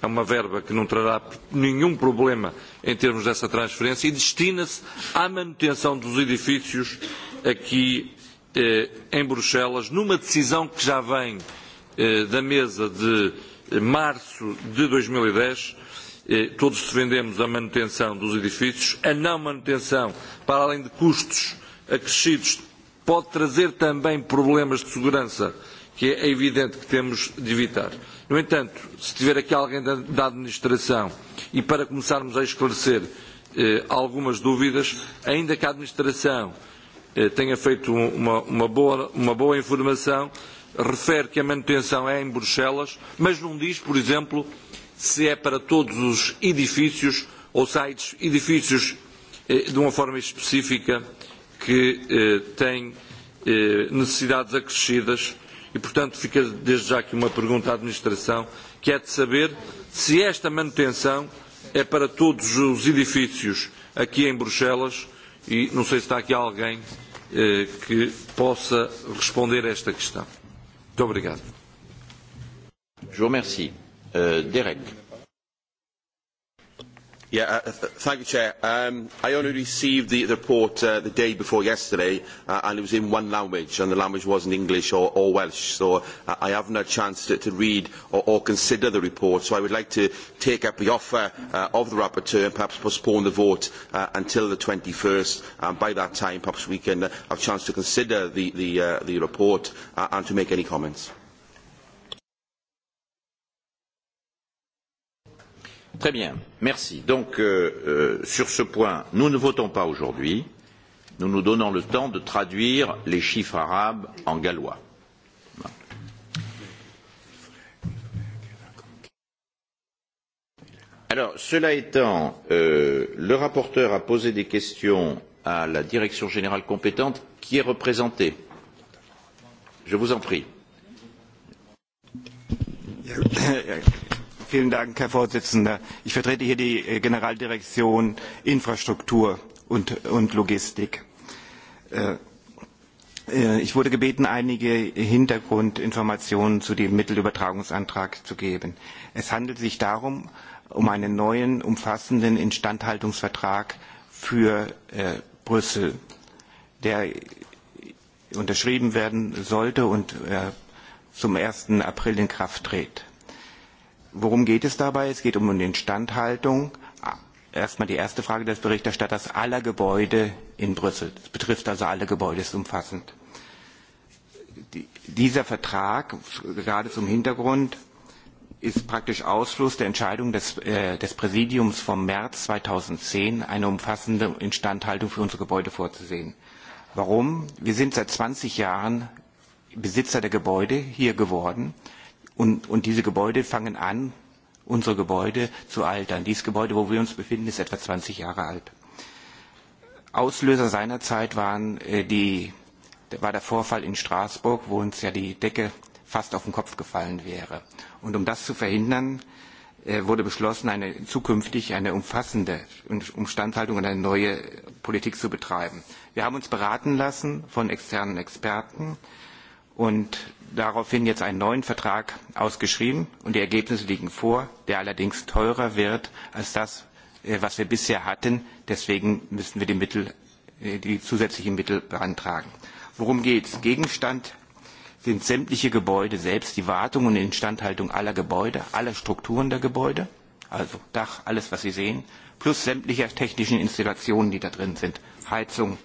é uma verba que não trará nenhum problema em termos dessa transferência e destina-se à manutenção dos edifícios aqui eh, em Bruxelas, numa decisão que já vem eh, da mesa de eh, março de 2010. E eh, todos defendemos a manutenção dos edifícios. A não manutenção, para além de custos acrescidos, pode trazer também problemas de segurança eh, que é evidente que temos de evitar. No entanto, se tiver aqui alguém da, da administração e para começarmos a esclarecer eh, algumas dúvidas, ainda que a administração eh, tenha feito um, uma, uma, boa, uma boa informação, refere que a manutenção é em Bruxelas, mas não diz, por exemplo, se é para todos os edifícios ou se há edifícios eh, de uma forma específica que eh, têm eh, necessidades acrescidas e, portanto, fica desde já aqui uma pergunta à administração, que é de saber se esta manutenção é para todos os edifícios aqui em Bruxelas e não sei se está aqui alguém eh, que possa responder a esta questão. Muito obrigado. Je vous remercie. Euh, Derek. Yeah, uh, th uh, thank you, Chair. Um, I only received the, the report uh, the day before yesterday, uh, and it was in one language, and the language wasn't English or, or Welsh, so uh, I haven't had a chance to, to read or, or consider the report. So I would like to take up the offer uh, of the rapporteur and perhaps postpone the vote uh, until the 21st, and by that time perhaps we can uh, have a chance to consider the, the, uh, the report uh, and to make any comments. Très bien, merci. Donc, euh, euh, sur ce point, nous ne votons pas aujourd'hui. Nous nous donnons le temps de traduire les chiffres arabes en gallois. Alors, cela étant, euh, le rapporteur a posé des questions à la direction générale compétente qui est représentée. Je vous en prie. Vielen Dank, Herr Vorsitzender. Ich vertrete hier die äh, Generaldirektion Infrastruktur und, und Logistik. Äh, äh, ich wurde gebeten, einige Hintergrundinformationen zu dem Mittelübertragungsantrag zu geben. Es handelt sich darum, um einen neuen, umfassenden Instandhaltungsvertrag für äh, Brüssel, der unterschrieben werden sollte und äh, zum 1. April in Kraft tritt. Worum geht es dabei? Es geht um die Instandhaltung. Erstmal die erste Frage des Berichterstatters aller Gebäude in Brüssel. Es betrifft also alle Gebäude, ist umfassend. Die, dieser Vertrag, gerade zum Hintergrund, ist praktisch Ausschluss der Entscheidung des, äh, des Präsidiums vom März 2010, eine umfassende Instandhaltung für unsere Gebäude vorzusehen. Warum? Wir sind seit 20 Jahren Besitzer der Gebäude hier geworden. Äh, Und, und diese Gebäude fangen an, unsere Gebäude zu altern. Dieses Gebäude, wo wir uns befinden, ist etwa 20 Jahre alt. Auslöser seinerzeit waren äh, die, war der Vorfall in Straßburg, wo uns ja die Decke fast auf den Kopf gefallen wäre. Und um das zu verhindern, äh, wurde beschlossen, eine, zukünftig eine umfassende Umstandhaltung und eine neue Politik zu betreiben. Wir haben uns beraten lassen von externen Experten und daraufhin jetzt einen neuen Vertrag ausgeschrieben und die Ergebnisse liegen vor, der allerdings teurer wird als das, äh, was wir bisher hatten. Deswegen müssen wir die, Mittel, äh, die zusätzlichen Mittel beantragen. Worum geht es? Gegenstand sind sämtliche Gebäude selbst, die Wartung und Instandhaltung aller Gebäude, aller Strukturen der Gebäude, also Dach, alles, was Sie sehen, plus sämtlicher technischen Installationen, die da drin sind, Heizung,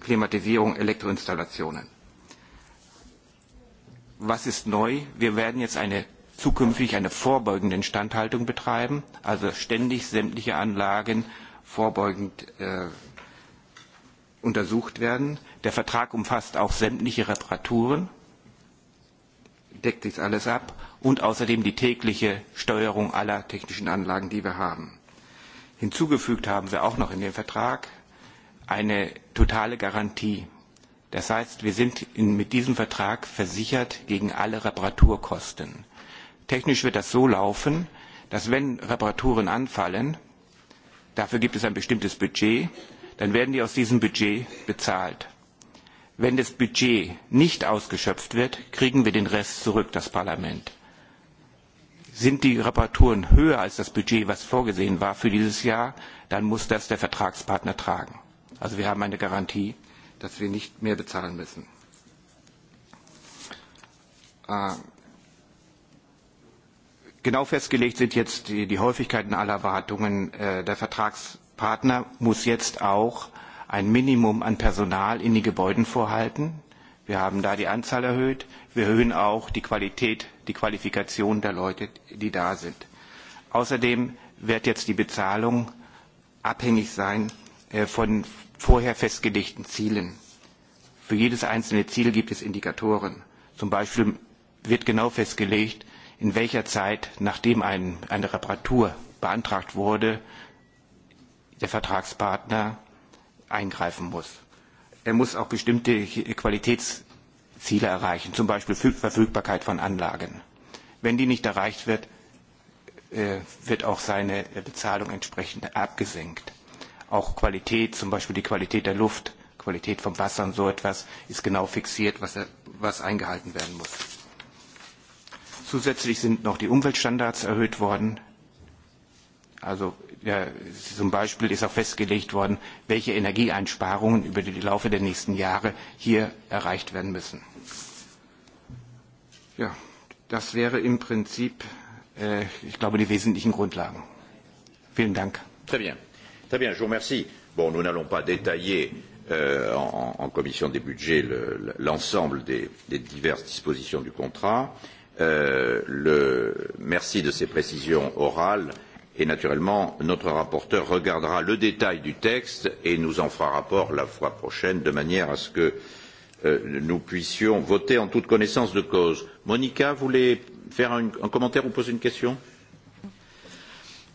Klimatisierung, Elektroinstallationen was ist neu? Wir werden jetzt eine zukünftig eine vorbeugende Instandhaltung betreiben, also ständig sämtliche Anlagen vorbeugend äh, untersucht werden. Der Vertrag umfasst auch sämtliche Reparaturen, deckt sich alles ab und außerdem die tägliche Steuerung aller technischen Anlagen, die wir haben. Hinzugefügt haben wir auch noch in den Vertrag eine totale Garantie Das heißt, wir sind in, mit diesem Vertrag versichert gegen alle Reparaturkosten. Technisch wird das so laufen, dass wenn Reparaturen anfallen, dafür gibt es ein bestimmtes Budget, dann werden die aus diesem Budget bezahlt. Wenn das Budget nicht ausgeschöpft wird, kriegen wir den Rest zurück, das Parlament. Sind die Reparaturen höher als das Budget, was vorgesehen war für dieses Jahr, dann muss das der Vertragspartner tragen. Also wir haben eine Garantie dass wir nicht mehr bezahlen müssen. Äh, genau festgelegt sind jetzt die, die Häufigkeiten aller Wartungen. Äh, der Vertragspartner muss jetzt auch ein Minimum an Personal in die Gebäuden vorhalten. Wir haben da die Anzahl erhöht. Wir erhöhen auch die Qualität, die Qualifikation der Leute, die da sind. Außerdem wird jetzt die Bezahlung abhängig sein äh, von, vorher festgelegten Zielen. Für jedes einzelne Ziel gibt es Indikatoren. Zum Beispiel wird genau festgelegt, in welcher Zeit, nachdem ein, eine Reparatur beantragt wurde, der Vertragspartner eingreifen muss. Er muss auch bestimmte Qualitätsziele erreichen, zum Beispiel Verfügbarkeit von Anlagen. Wenn die nicht erreicht wird, äh, wird auch seine Bezahlung entsprechend abgesenkt auch Qualität, zum Beispiel die Qualität der Luft, Qualität vom Wasser und so etwas, ist genau fixiert, was, was eingehalten werden muss. Zusätzlich sind noch die Umweltstandards erhöht worden. Also ja, zum Beispiel ist auch festgelegt worden, welche Energieeinsparungen über die Laufe der nächsten Jahre hier erreicht werden müssen. Ja, das wäre im Prinzip, äh, ich glaube, die wesentlichen Grundlagen. Vielen Dank. Très bien. Très bien, je vous remercie. Bon, nous n'allons pas détailler euh, en, en commission des budgets l'ensemble le, des, des diverses dispositions du contrat. Euh, le, merci de ces précisions orales et naturellement notre rapporteur regardera le détail du texte et nous en fera rapport la fois prochaine de manière à ce que euh, nous puissions voter en toute connaissance de cause. Monica voulait faire un, un commentaire ou poser une question euh,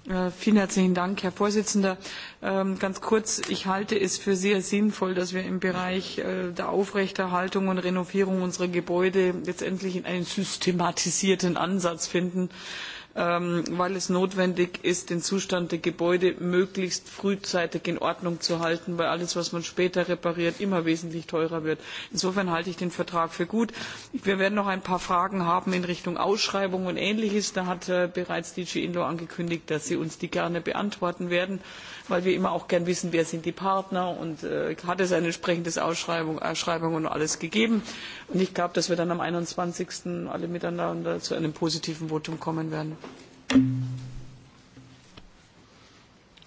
Äh, vielen herzlichen Dank, Herr Vorsitzender. Ähm, ganz kurz, ich halte es für sehr sinnvoll, dass wir im Bereich äh, der Aufrechterhaltung und Renovierung unserer Gebäude letztendlich einen systematisierten Ansatz finden ähm, weil es notwendig ist, den Zustand der Gebäude möglichst frühzeitig in Ordnung zu halten, weil alles, was man später repariert, immer wesentlich teurer wird. Insofern halte ich den Vertrag für gut. Wir werden noch ein paar Fragen haben in Richtung Ausschreibung und Ähnliches. Da hat äh, bereits DG Inlo angekündigt, dass sie uns die gerne beantworten werden. Äh, weil wir immer auch gern wissen, wer sind die Partner und äh, hat es eine entsprechende Ausschreibung, Ausschreibung und alles gegeben. Und ich glaube, dass wir dann am 21. alle miteinander zu einem positiven Votum kommen werden.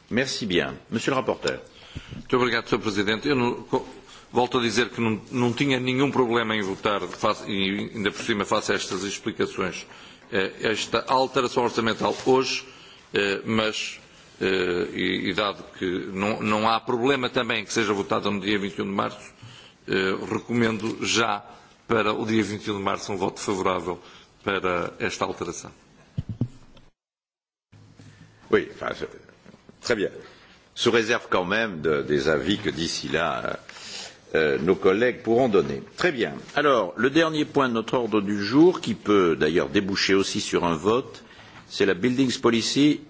Merci bien. Monsieur le rapporteur. Muito obrigado, Sr. Presidente. Eu não, volto a dizer que não, não tinha nenhum problema em votar, face, e ainda por cima faço estas explicações, eh, esta alteração orçamental hoje, eh, mas Eh, e, e dado que não, não há problema também que seja votada no dia 21 e um de março, eh, recomendo já para o dia 21 e um de março um voto favorável para esta alteração. Oui, enfin, je... très bien. Sous réserve quand même de, des avis que d'ici là euh, euh, nos collègues pourront donner. Très bien. Alors, le dernier point de notre ordre du jour, qui peut d'ailleurs déboucher aussi sur un vote, c'est la Buildings Policy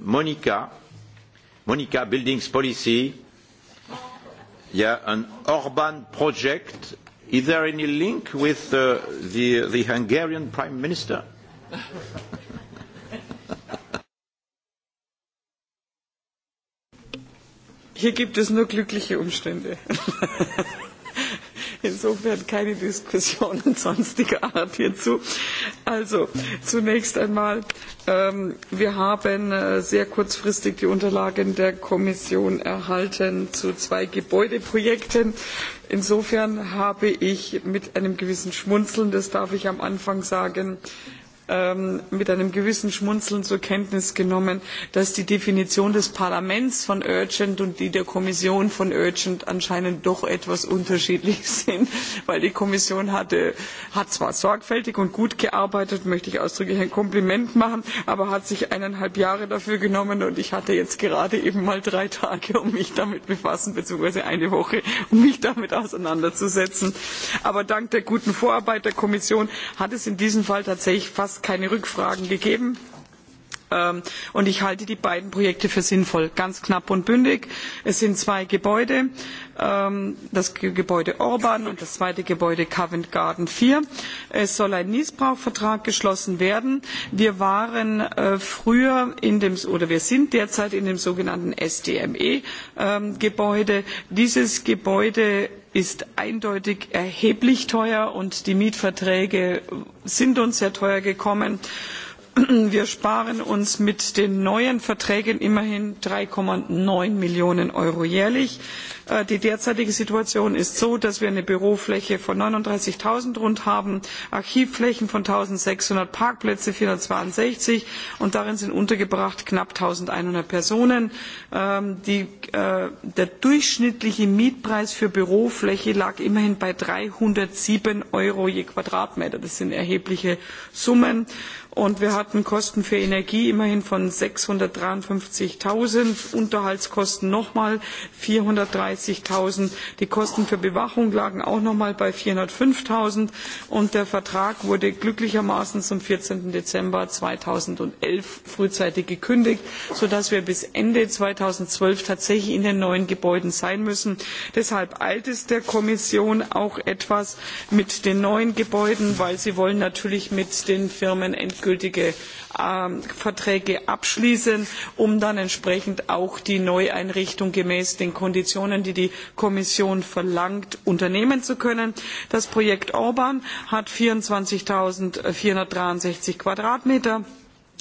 Monica, Monica Buildings Policy, il y a un Orban Project. Is there any link with uh, the, the Hungarian Prime Minister? Hier gibt es nur glückliche Umstände. Insofern keine Diskussionen sonstiger Art hierzu. Also zunächst einmal, ähm, wir haben äh, sehr kurzfristig die Unterlagen der Kommission erhalten zu zwei Gebäudeprojekten. Insofern habe ich mit einem gewissen Schmunzeln, das darf ich am Anfang sagen, äh, ähm, mit einem gewissen Schmunzeln zur Kenntnis genommen, dass die Definition des Parlaments von urgent und die der Kommission von urgent anscheinend doch etwas unterschiedlich sind, weil die Kommission hatte, hat zwar sorgfältig und gut gearbeitet, möchte ich ausdrücklich ein Kompliment machen, aber hat sich eineinhalb Jahre dafür genommen und ich hatte jetzt gerade eben mal drei Tage, um mich damit befassen, beziehungsweise eine Woche, um mich damit auseinanderzusetzen. Aber dank der guten Vorarbeit der Kommission hat es in diesem Fall tatsächlich fast fast keine Rückfragen gegeben. Ähm, und ich halte die beiden Projekte für sinnvoll, ganz knapp und bündig. Es sind zwei Gebäude, ähm, das Gebäude Orban und das zweite Gebäude Covent Garden 4. Es soll ein Niesbrauchvertrag geschlossen werden. Wir waren äh, früher in dem, oder wir sind derzeit in dem sogenannten SDME-Gebäude. Ähm, Dieses Gebäude ist eindeutig erheblich teuer und die mietverträge sind uns sehr teuer gekommen. wir sparen uns mit den neuen verträgen immerhin drei neun millionen euro jährlich. Äh, die derzeitige situation ist so dass wir eine bürofläche von neununddreißig null rund haben archivflächen von eins sechshundert parkplätze vierhundertzweiundsechzig und darin sind untergebracht knapp eins einhundert personen. Ähm, die, äh, der durchschnittliche mietpreis für bürofläche lag immerhin bei dreihundertsieben euro je quadratmeter das sind erhebliche summen. Und wir hatten Kosten für Energie immerhin von 653.000, Unterhaltskosten nochmal 430.000, die Kosten für Bewachung lagen auch nochmal bei 405.000 und der Vertrag wurde glücklichermaßen zum 14. Dezember 2011 frühzeitig gekündigt, sodass wir bis Ende 2012 tatsächlich in den neuen Gebäuden sein müssen. Deshalb eilt es der Kommission auch etwas mit den neuen Gebäuden, weil sie wollen natürlich mit den Firmen rechtsgültige ähm, verträge abschließen um dann entsprechend auch die neueinrichtung gemäß den konditionen die die kommission verlangt unternehmen zu können. das projekt orban hat vierundzwanzig vierhundertdreiundsechzig m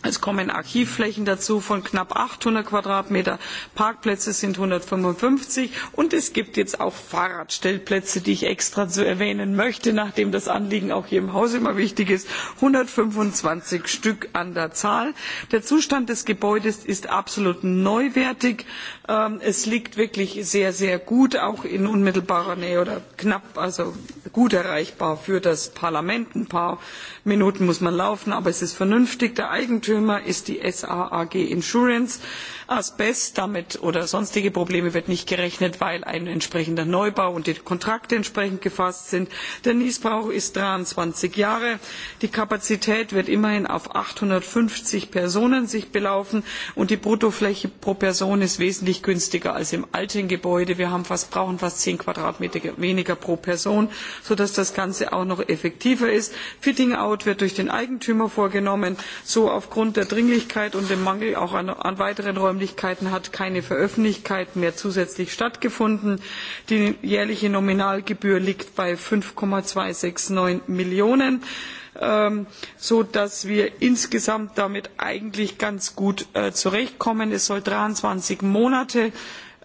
Es kommen Archivflächen dazu von knapp 800 Quadratmeter, Parkplätze sind 155 und es gibt jetzt auch Fahrradstellplätze, die ich extra zu erwähnen möchte, nachdem das Anliegen auch hier im Haus immer wichtig ist, 125 Stück an der Zahl. Der Zustand des Gebäudes ist absolut neuwertig. Ähm, es liegt wirklich sehr, sehr gut, auch in unmittelbarer Nähe oder knapp, also gut erreichbar für das Parlament. Ein paar Minuten muss man laufen, aber es ist vernünftig. Der Eigentümer Firma ist die SAAG Insurance. Äh, Asbest damit oder sonstige Probleme wird nicht gerechnet, weil ein entsprechender Neubau und die Kontrakte entsprechend gefasst sind. Der Niesbrauch ist 23 Jahre. Die Kapazität wird immerhin auf 850 Personen sich belaufen und die Bruttofläche pro Person ist wesentlich günstiger als im alten Gebäude. Wir haben fast, brauchen fast 10 Quadratmeter weniger pro Person, sodass das Ganze auch noch effektiver ist. Fitting Out wird durch den Eigentümer vorgenommen, so aufgrund der Dringlichkeit und dem Mangel auch an, an weiteren Räumen Räumlichkeiten hat keine Veröffentlichkeit mehr zusätzlich stattgefunden. Die jährliche Nominalgebühr liegt bei 5,269 Millionen ähm, so dass wir insgesamt damit eigentlich ganz gut äh, zurechtkommen. es soll dreiundzwanzig monate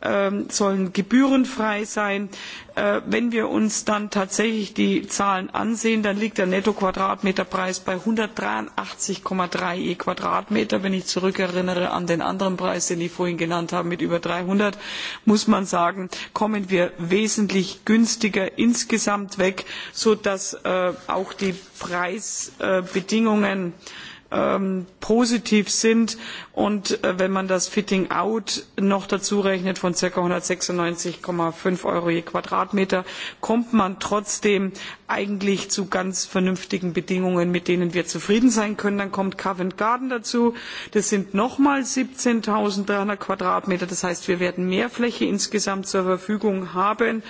Ähm, sollen gebührenfrei sein. Äh, wenn wir uns dann tatsächlich die zahlen ansehen dann liegt der netto quadratmeterpreis bei einhundertdreiundachtzig drei je quadratmeter. wenn ich zurückerinnere an den anderen preis den ich vorhin genannt habe mit über dreihundert muss man sagen kommen wir wesentlich günstiger insgesamt weg sodass äh, auch die preisbedingungen äh, ähm, positiv sind. Und äh, wenn man das Fitting Out noch dazu rechnet von ca. 196,5 Euro je Quadratmeter, kommt man trotzdem eigentlich zu ganz vernünftigen Bedingungen, mit denen wir zufrieden sein können. Dann kommt Covent Garden dazu. Das sind nochmal 17.300 Quadratmeter. Das heißt, wir werden mehr Fläche insgesamt zur Verfügung haben. Äh,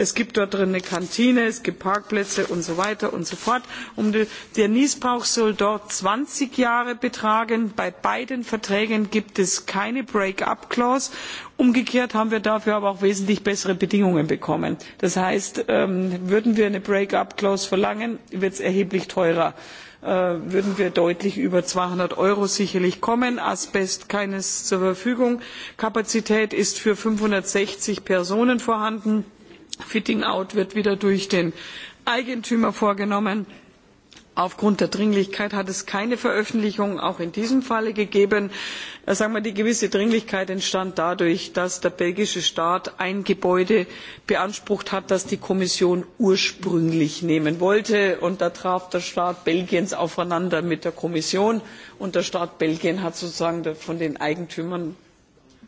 Es gibt dort drin eine Kantine, es gibt Parkplätze und so weiter und so fort. Um die, der Niesbrauch soll dort 20 Jahre betragen. Bei beiden Verträgen gibt es keine Break-up-Clause. Umgekehrt haben wir dafür aber auch wesentlich bessere Bedingungen bekommen. Das heißt, ähm, würden wir eine Break-up-Clause verlangen, wird es erheblich teurer äh, würden wir deutlich über zweihundert euro sicherlich kommen asbest keines zur verfügung kapazität ist für fünfhundertsechzig personen vorhanden Fitting Out wird wieder durch den Eigentümer vorgenommen. Aufgrund der Dringlichkeit hat es keine Veröffentlichung auch in diesem Falle gegeben. Äh, sagen wir, die gewisse Dringlichkeit entstand dadurch, dass der belgische Staat ein Gebäude beansprucht hat, das die Kommission ursprünglich nehmen wollte. Und da traf der Staat Belgiens aufeinander mit der Kommission. Und der Staat Belgien hat sozusagen von den Eigentümern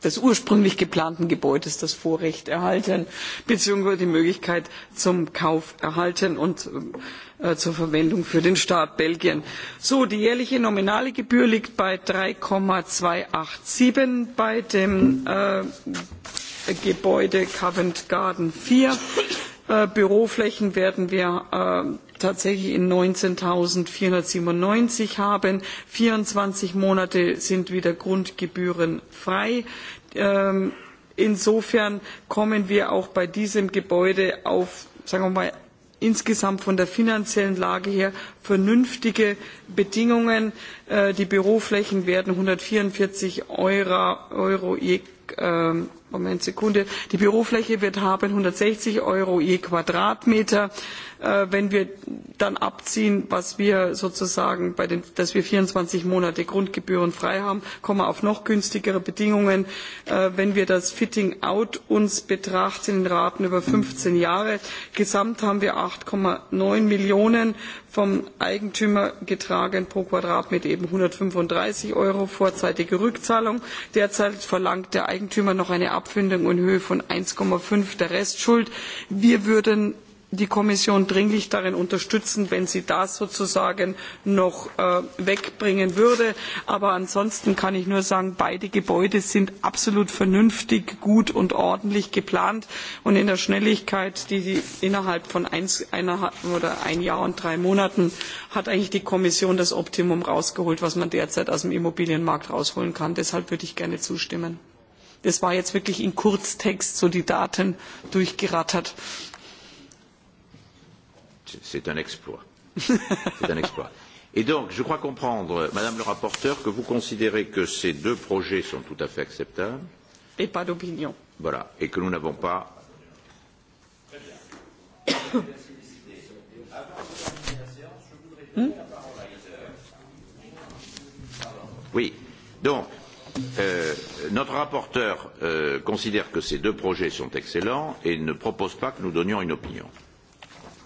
des ursprünglich geplanten Gebäudes das Vorrecht erhalten, beziehungsweise die Möglichkeit zum Kauf erhalten und äh, äh zur Verwendung für den Staat Belgien. So, die jährliche nominale Gebühr liegt bei 3,287 bei dem äh, Gebäude Covent Garden 4 Äh, Büroflächen werden wir äh, tatsächlich in 19.497 haben. 24 Monate sind wieder grundgebührenfrei. Ähm, insofern kommen wir auch bei diesem Gebäude auf, sagen wir mal, insgesamt von der finanziellen Lage her vernünftige Bedingungen. Äh, die Büroflächen werden 144 Euro, Euro je ähm, Moment, Sekunde. Die Bürofläche wird haben 160 Euro je Quadratmeter. Äh, äh, wenn wir dann abziehen, was wir sozusagen bei den, dass wir 24 Monate Grundgebühren frei haben, kommen wir auf noch günstigere Bedingungen. Äh, wenn wir das Fitting Out uns betrachten in Raten über 15 Jahre, gesamt haben wir 8,9 Millionen vom Eigentümer getragen pro Quadratmeter eben 135 Euro vorzeitige Rückzahlung. Derzeit verlangt der Eigentümer noch eine Abfindung in Höhe von 1,5 der Restschuld. Wir würden die Kommission dringlich darin unterstützen, wenn sie das sozusagen noch äh, wegbringen würde. Aber ansonsten kann ich nur sagen, beide Gebäude sind absolut vernünftig, gut und ordentlich geplant und in der Schnelligkeit, die sie innerhalb von eins, einer, oder ein Jahr und drei Monaten hat eigentlich die Kommission das Optimum rausgeholt, was man derzeit aus dem Immobilienmarkt rausholen kann. Deshalb würde ich gerne zustimmen. Das war jetzt wirklich in Kurztext so die Daten durchgerattert c'est un exploit. c'est un exploit. Et donc, je crois comprendre, Madame le rapporteur, que vous considérez que ces deux projets sont tout à fait acceptables. Et pas d'opinion. Voilà, et que nous n'avons pas. hmm oui, donc, euh, notre rapporteur euh, considère que ces deux projets sont excellents et ne propose pas que nous donnions une opinion. Euh,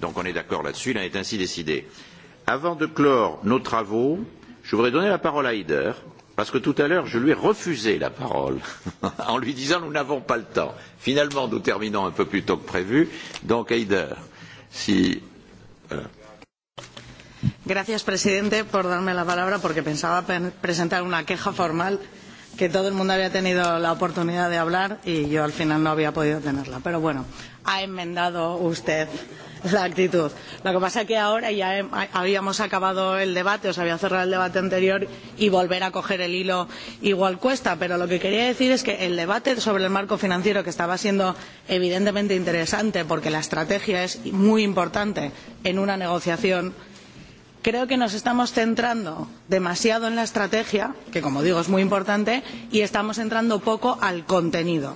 Donc on est d'accord là-dessus, il en est ainsi décidé. Avant de clore nos travaux, je voudrais donner la parole à Heider, parce que tout à l'heure je lui ai refusé la parole en lui disant nous n'avons pas le temps. Finalement, nous terminons un peu plus tôt que prévu. Donc Heider, si. Voilà. Euh. Gracias, presidente, por darme la palabra, porque pensaba presentar una queja formal que todo el mundo había tenido la oportunidad de hablar y yo al final no había podido tenerla. Pero bueno, eh, ha enmendado usted la actitud. Lo que pasa es que ahora ya he, habíamos acabado el debate, o se había cerrado el debate anterior y volver a coger el hilo igual cuesta. Pero lo que quería decir es que el debate sobre el marco financiero, que estaba siendo evidentemente interesante porque la estrategia es muy importante en una negociación, creo que nos estamos centrando demasiado en la estrategia, que como digo es muy importante, y estamos entrando poco al contenido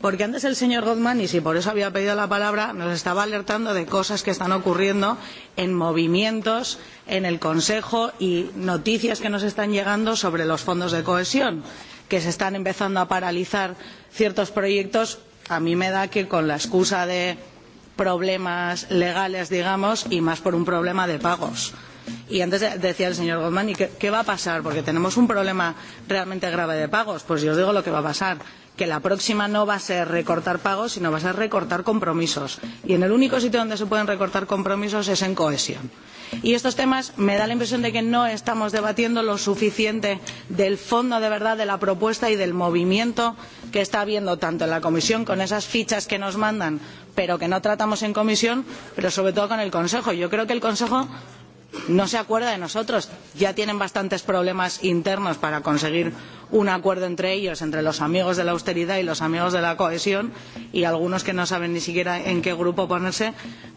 porque antes el señor Goldman, y si por eso había pedido la palabra, nos estaba alertando de cosas que están ocurriendo en movimientos en el Consejo y noticias que nos están llegando sobre los fondos de cohesión, que se están empezando a paralizar ciertos proyectos. A mí me da que con la excusa de problemas legales, digamos, y más por un problema de pagos. Y antes decía el señor Goldman, ¿y qué, qué va a pasar? Porque tenemos un problema realmente grave de pagos. Pues yo os digo lo que va a pasar que la próxima no va a ser recortar pagos, sino va a ser recortar compromisos. Y en el único sitio donde se pueden recortar compromisos es en cohesión. Y estos temas me da la impresión de que no estamos debatiendo lo suficiente del fondo de verdad de la propuesta y del movimiento que está habiendo tanto en la Comisión con esas fichas que nos mandan, pero que no tratamos en Comisión, pero sobre todo con el Consejo. Yo creo que el Consejo no se acuerda de nosotros. Ya tienen bastantes problemas internos para conseguir un acuerdo entre ellos, entre los amigos de la austeridad y los amigos de la cohesión, y algunos que no saben ni siquiera en qué grupo ponerse.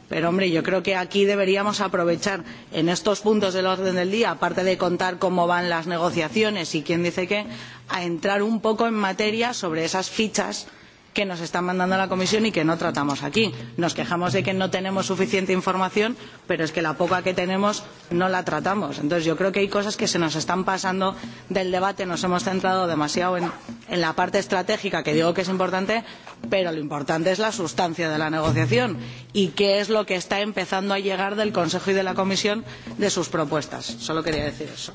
Pero, hombre, yo creo que aquí deberíamos aprovechar en estos puntos del orden del día, aparte de contar cómo van las negociaciones y quién dice qué, a entrar un poco en materia sobre esas fichas que nos está mandando la Comisión y que no tratamos aquí. Nos quejamos de que no tenemos suficiente información, pero es que la poca que tenemos no la tratamos. Entonces yo creo que hay cosas que se nos están pasando del debate, nos hemos centrado demasiado en, en la parte estratégica, que digo que es importante, pero lo importante es la sustancia de la negociación y qué es lo que está empezando a llegar del Consejo y de la Comisión de sus propuestas. Solo quería decir eso.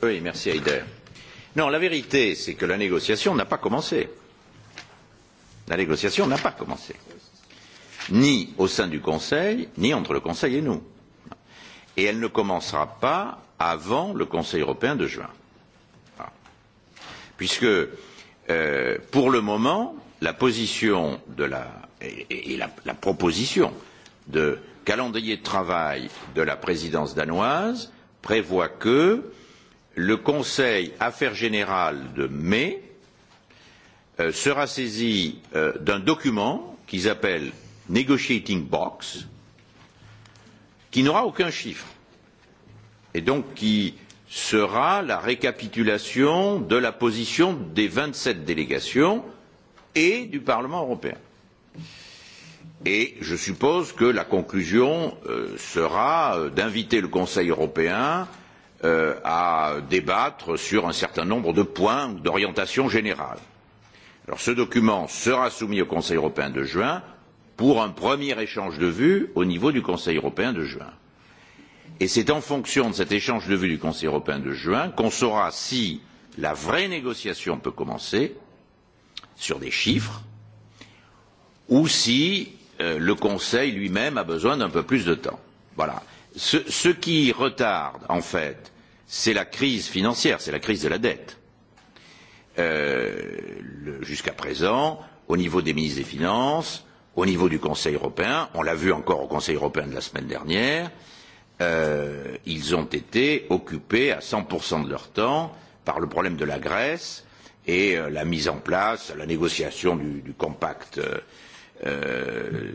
Oui, merci Heider. Non, la vérité, c'est que la négociation n'a pas commencé. Euh, La négociation n'a pas commencé, ni au sein du Conseil, ni entre le Conseil et nous. Et elle ne commencera pas avant le Conseil européen de juin. Puisque, euh, pour le moment, la position de la, et, et, et la, la proposition de calendrier de travail de la présidence danoise prévoit que le Conseil Affaires générales de mai euh, sera saisi euh, d'un document qu'ils appellent Negotiating Box, qui n'aura aucun chiffre, et donc qui sera la récapitulation de la position des 27 délégations et du Parlement européen. Et je suppose que la conclusion euh, sera euh, d'inviter le Conseil européen euh, à débattre sur un certain nombre de points d'orientation générale. Alors, ce document sera soumis au Conseil européen de juin pour un premier échange de vues au niveau du Conseil européen de juin. Et c'est en fonction de cet échange de vues du Conseil européen de juin qu'on saura si la vraie négociation peut commencer sur des chiffres ou si euh, le Conseil lui-même a besoin d'un peu plus de temps. Voilà. Ce, ce qui retarde, en fait, c'est la crise financière, c'est la crise de la dette euh, jusqu'à présent, au niveau des ministres des Finances, au niveau du Conseil européen, on l'a vu encore au Conseil européen de la semaine dernière, euh, ils ont été occupés à 100% de leur temps par le problème de la Grèce et euh, la mise en place, la négociation du, du compact euh, euh,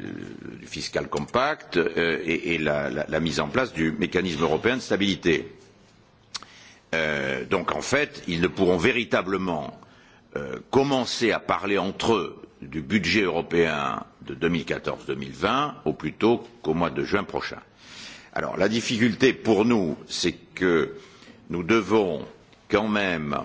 fiscal compact euh, et, et la, la, la mise en place du mécanisme européen de stabilité. Euh, donc en fait, ils ne pourront véritablement euh, commencer à parler entre eux du budget européen de 2014-2020 au plus tôt qu'au mois de juin prochain. Alors la difficulté pour nous, c'est que nous devons quand même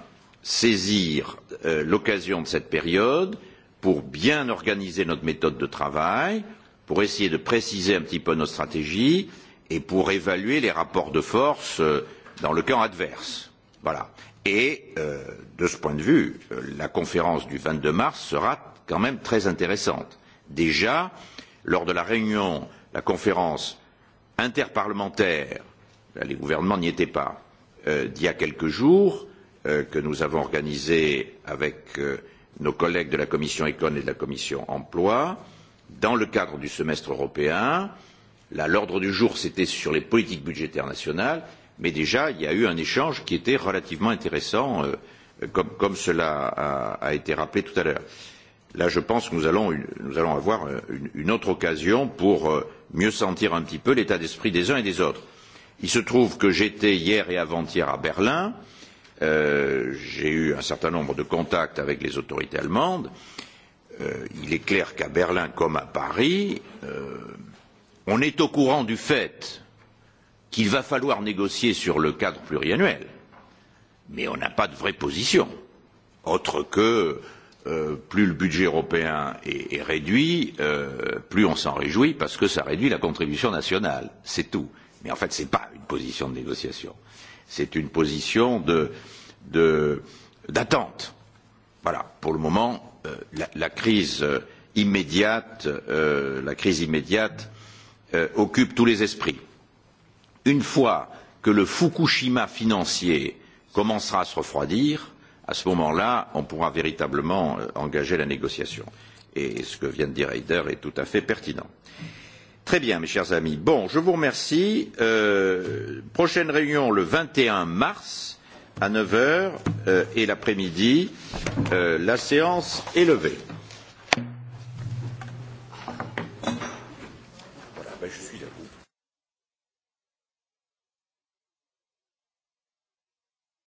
saisir euh, l'occasion de cette période pour bien organiser notre méthode de travail, pour essayer de préciser un petit peu nos stratégies et pour évaluer les rapports de force euh, dans le camp adverse. Voilà. Et euh, de ce point de vue, euh, la conférence du 22 mars sera quand même très intéressante. Déjà, lors de la réunion, la conférence interparlementaire, là, les gouvernements n'y étaient pas, euh, d'il y a quelques jours, euh, que nous avons organisée avec euh, nos collègues de la commission Econ et de la commission Emploi, dans le cadre du semestre européen, là l'ordre du jour c'était sur les politiques budgétaires nationales, mais déjà il y a eu un échange qui était relativement intéressant, euh, comme, comme cela a, a été rappelé tout à l'heure. Là, je pense que nous allons, une, nous allons avoir euh, une, une autre occasion pour euh, mieux sentir un petit peu l'état d'esprit des uns et des autres. Il se trouve que j'étais hier et avant-hier à Berlin. Euh, J'ai eu un certain nombre de contacts avec les autorités allemandes. Euh, il est clair qu'à Berlin comme à Paris, euh, on est au courant du fait qu'il va falloir négocier sur le cadre pluriannuel, mais on n'a pas de vraie position autre que euh, plus le budget européen est, est réduit, euh, plus on s'en réjouit parce que ça réduit la contribution nationale, c'est tout. Mais en fait, ce n'est pas une position de négociation, c'est une position de, de, d'attente. Voilà, pour le moment, euh, la, la crise euh, immédiate, euh, la crise immédiate euh, occupe tous les esprits une fois que le Fukushima financier commencera à se refroidir, à ce moment-là, on pourra véritablement euh, engager la négociation. Et ce que vient de dire Heider est tout à fait pertinent. Très bien, mes chers amis. Bon, je vous remercie. Euh, prochaine réunion le 21 mars à 9h euh, et l'après-midi. Euh, la séance est levée.